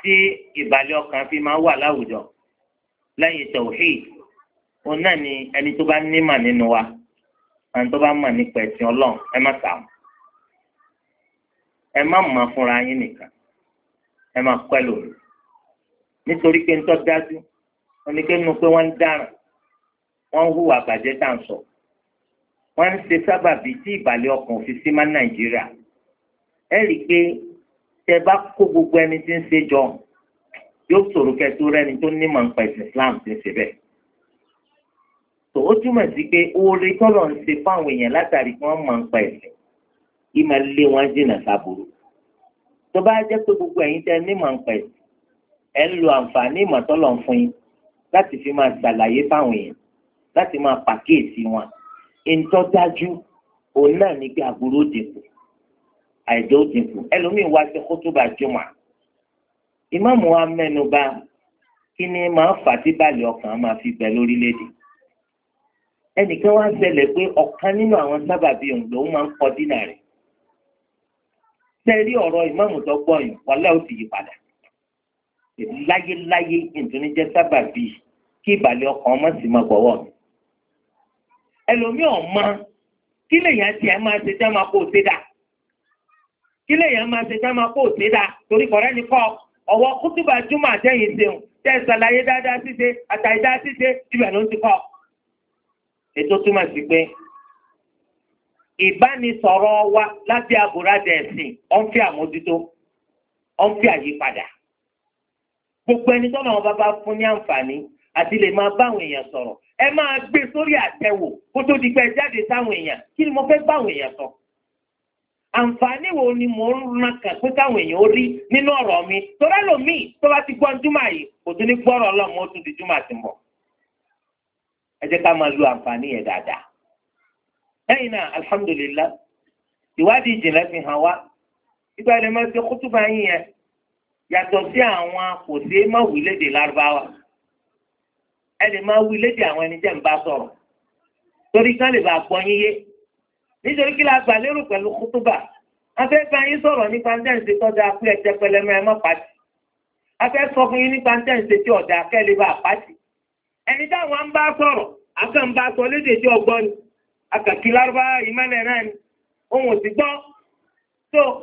tí ìbàlẹ̀ ọkàn fi máa wà láwùjọ lẹ́yìn tauhid òun náà ni ẹni tó bá nímà nínú wa ẹni tó bá mọ̀ nípa ẹ̀sìn ọlọ́run ẹ má sàmù ẹ má mọ̀ fúnra yín nìkan ẹ má kọ́ ẹ lòrùn nítorí pé ń tọ́ dájú oníkénu pé wọ́n ń dáràn wọ́n hùwà bàjẹ́ tá à ń sọ wọ́n ń ṣe sábàbí tí ìbàlẹ̀ ọkàn fi sí má nàìjíríà ẹ rí i pé tẹ́ bá kó gbogbo ẹni tí ń ṣe jọ yóò ṣòro kẹtó rẹni tó ní mọ̀ nípa ẹ̀sìn Islam ti ń ṣe bẹ́ẹ̀ tó ó túmọ̀ sí pé oore tọ́lọ̀ ń ṣe fáwọn èèyàn látàrí kí wọ́n mọ̀ nípa ẹ̀sìn ìmọ̀ lé wọn jìnnà sábòrò tó bá jẹ́ pé gbogbo ẹ̀yin tẹ́ ní mọ̀ nípa ẹ̀sìn ẹ̀ ń lo àǹfààní ìmọ̀ fún yín láti fi máa ṣàlàyé fáwọn èèyàn láti máa pàkíyèsí wọn ntọ́ dájú òun náà ní pé aburú dínkù àìjọ dínkù ẹlòmíín wá sí kótóbà jùmọ̀ ìmáàmù wa mẹ́nu bà kí ni máa fà sí balẹ̀ ọkàn máa fi bẹ lórílẹ̀‐èdè ẹnìkan wá ṣẹlẹ̀ pé ọ̀kan nínú àwọn sábàbí òun lòun máa ń kọ dínà rẹ̀ tẹ́rí ọ̀rọ̀ ìmáàmù tó gbọ́ yìí wàhálà ó sì yí padà láyéláyé ìtúnijẹ́ sábàbí kí ìbàlẹ̀ ọkàn ọmọ sì máa gbọ́wọ́ mi ẹlòmíì ọ̀mọ kí lèèyàn tiẹ̀ máa ṣe jẹ́ máa kó o ṣe dà kí lèèyàn máa ṣe jẹ́ máa kó o ṣe dà torí kọ̀rẹ́ ni kọ́ ọ̀wọ́ kútùbà júmọ̀ àtẹ̀yìn ṣeun tẹ́ ẹ ṣàlàyé dáadáa ṣíṣe àtàìdá ṣíṣe ibẹ̀ ló ti kọ́ ètò túmọ̀ sí pé ìbánisọ̀rọ̀ wa lábẹ́ àbúradà ẹ̀sìn ọ̀n fi àmójútó ọ̀n fi àyípadà gbogbo ẹni tọ́nà wọn bá bá fún ní àǹfààní àti lè máa bá àwọn èèyàn sọ̀rọ̀ ẹ máa gbé sórí àtẹ̀wò kó tó di pé ẹ jáde sáwọn èèyàn kí ni mo fẹ́ báwọn èèyàn sọ. àǹfààní wo ni mò ń ran kàn pé káwọn èèyàn ó rí nínú ọ̀rọ̀ mi torí lòmíì tó bá ti gbọ́ júmọ̀ yìí kò tún ní gbọ́rọ̀ ọlọ́mọ ó tún di júmọ̀ àti mọ̀. ẹ jẹ́ ká máa lo àǹfààní yẹn dáadáa. lẹ́yìn náà alhamdulillah ìwádìí ìjìnlẹ̀ fi hàn wá ìgbà ilẹ̀ máa kútùbà yín yẹn yàtọ̀ sí àwọn kò sí máwìlédè lárúbáwá ẹ lè máa wí léde àwọn ẹni tẹ́ ń bá sọ̀rọ̀ torí ká lè bá gbọ́ yín yé nítorí kí la gbà lérò pẹ̀lú kútúbà afẹ́ bá yín sọ̀rọ̀ nípa ntẹ́ǹsì tọ́jà kú ẹ̀jẹ̀ pẹlẹmú ẹ má pàtì afẹ́ sọ fún yín nípa ntẹ́ǹsì tí ọ̀dà kẹ́ lè bá pàtì ẹni táwọn ń bá sọ̀rọ̀ akẹ́ ń bá sọ léde tí ọgbọ́n akàkí lárúbá ìmọ̀lẹ̀ náà ni òun ò sì gbọ́ so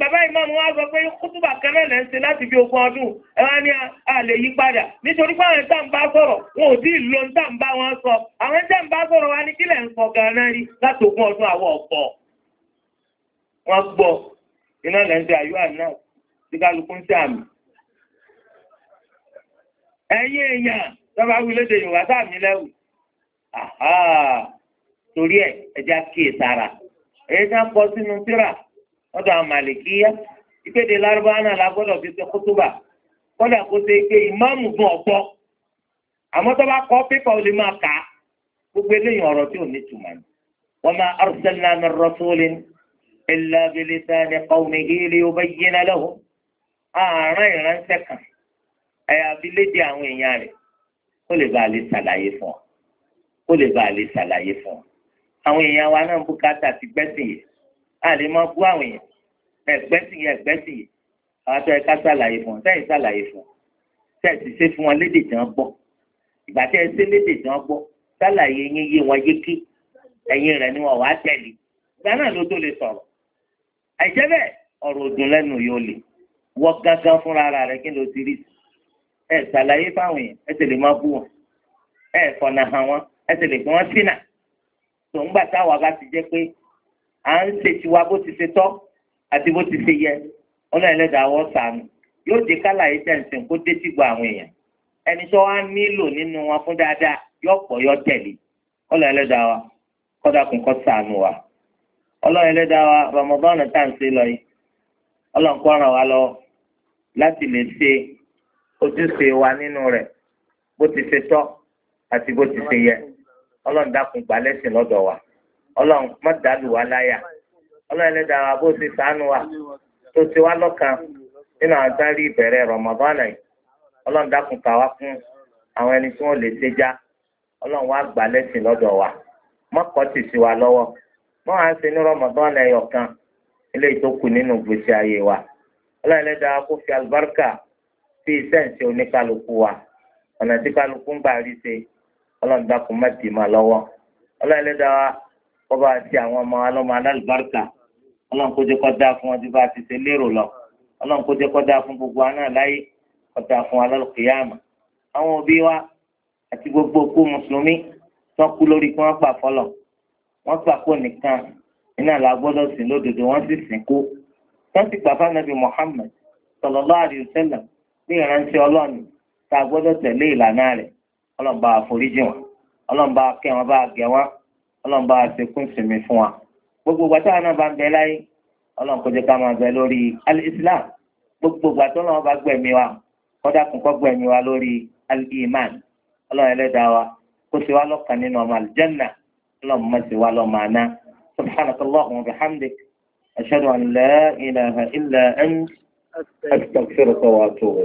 bàbá ìmáàmù wá sọ pé kútùbà kẹ́lẹ́ lẹ́ ń ṣe láti bí ogún ọdún ẹwà ní àlè yí padà nítorí pé àwọn ìtàǹbá sọ̀rọ̀ wọn ò díì lọ ìtàǹbá wọn sọ àwọn ìtàǹbá sọ̀rọ̀ wa ní kílẹ̀ ń sọ gan-an rí láti ogún ọdún àwọn ọ̀pọ̀ wọn gbọ́ iná lẹ́ ń ṣe àyúwà náà tí kálukú ń ṣe àmì ẹ̀yìn èèyàn lọ́ba wí lédè Yorùbá sáàmì lẹ́wù torí ẹ̀ ẹja kíyè sára èyí ká kọ sínú tíra lọ́dọ̀ àwọn màlìkíyà ìkéde lárúbáwá náà la gbọ́dọ̀ fi ṣe kótóbà kódà kó ṣe pé ìmáàmù gun ọ̀gbọ́ àmọ́ tó bá kọ́ pépà ó lè máa kà á gbogbo eléyìí ọ̀rọ̀ tí ò ní tùmọ̀ ní. wa ma arsalna min rasulin illa bi lisani qawmihi liyubayyina lahum ààrẹ ìránṣẹ́ kan ẹ̀yà abilédi àwọn èèyàn rẹ̀ kó lè bàa lè ṣàlàyé fún ọ kó lè bàa lè ṣàlàyé fún ọ àwọn èèyàn wa náà bùkátà ti gbẹ́sìn yìí a lè máa bú àwọn èèyàn ẹgbẹ́ sì yẹ ẹgbẹ́ sì yẹ àwọn àti ẹ̀ka ṣàlàyé fún wọn sẹ́yìn ṣàlàyé fún wọn sẹ́yìn sì ṣe fún wọn lédè tí wọ́n gbọ́ ìgbà tí ẹ ṣe lédè tí wọ́n gbọ́ ṣàlàyé yín yé wọn yékè ẹ̀yìn rẹ̀ ni wọn wàá tẹ̀lé ìgbà náà ló tó lè sọ̀rọ̀ àìjẹ́ bẹ́ẹ̀ ọ̀rọ̀ òdùn lẹ́nu yóò lè wọ gángan fúnra ara rẹ̀ kí ló ti rí ẹ ṣàlàyé fáwọn èèyàn ẹ tẹ̀lé má bú wọn ẹ fọ̀nà hàn wọn ẹ tẹ̀lé gbọ́n sínà tòun gbà táwa bá ti jẹ́ pé à ń ṣe tiwa bó ti ṣe tọ́ àti bó ti ṣe yẹ ọlọ́run ẹlẹ́dàá wọ́n sànù yóò dé kálàyé tẹ̀sán kó dé tìgbà àwọn èèyàn ẹni tó wá nílò nínú wọn fún dáadáa yóò pọ̀ yóò tẹ̀lé ọlọ́run ẹlẹ́dàá wa kọ́dàkùn kọ́ sànù wa wa Ramadan tá à ń ṣe lọ yìí ọlọ́run ràn wá lọ láti lè ṣe ojúṣe wa nínú rẹ̀ bó ti ṣe tọ́ àti bó ti ṣe yẹ ọlọ́run dákun gbà lọ́dọ̀ wa. ọlọ́run má dàlù láyà ọlọ́run ẹlẹ́dàá wa bó ti wa tó ti wá lọ́kàn nínú àwọn tá rí ìbẹ̀rẹ̀ yìí ọlọ́run dákun kà fún àwọn ẹni tí wọ́n lè ṣe já ọlọ́run wá gbà lẹ́sìn wa mọ́kọ́ sí wa lọ́wọ́ mọ́ à ń ṣe ní ilé tó kù nínú gbèsè fi sí iṣẹ́ ìṣe oníkálukú wa ọ̀nà tí kálukú ń gbà rí ṣe kọ́ba àti àwọn ọmọ alọ́mọ alálùbáríkà ọlọ́run kó jẹ́ kó dáa fún wọn ju bá a ti ṣe lérò lọ ọlọ́run kó jẹ́ kó dáa fún gbogbo aná láyé kó dáa fún alálùkìyàmà àwọn òbí wa àti gbogbo òkú mùsùlùmí tó kú lórí kí wọ́n gbà fọlọ̀ wọ́n gbà kó nìkan iná la gbọ́dọ̀ sìn lódodo wọ́n sì sìn kú wọ́n sì gbà fánàbí Muhammad sallallahu alaihi wasallam ní ìránṣẹ́ ọlọ́run tá a gbọ́dọ̀ tẹ̀lé ìlànà rẹ̀ ọlọ́run bá a foríjì wọn ọlọ́run bá a kẹ́ bá a gẹ̀ ọlọ́run bá ti kún ìsinmi fún wa gbogbo ìgbà táwọn náà bá ń bẹ láyé ọlọ́run kò jẹ́ ká máa bẹ lórí al-islam gbogbo ìgbà tó lọ́wọ́ bá gbẹ̀mí wa kọ́dà kún kọ́ gbẹ̀mí wa lórí al-iman ọlọ́run ẹlẹ́dàá wa kó sì wá lọ́kàn nínú ọmọ aljanna ọlọ́run má sì wá lọ́mọ àná subhanakallahumma wa bihamdik ashhadu an ilaha illa ant astaghfiruka wa atubu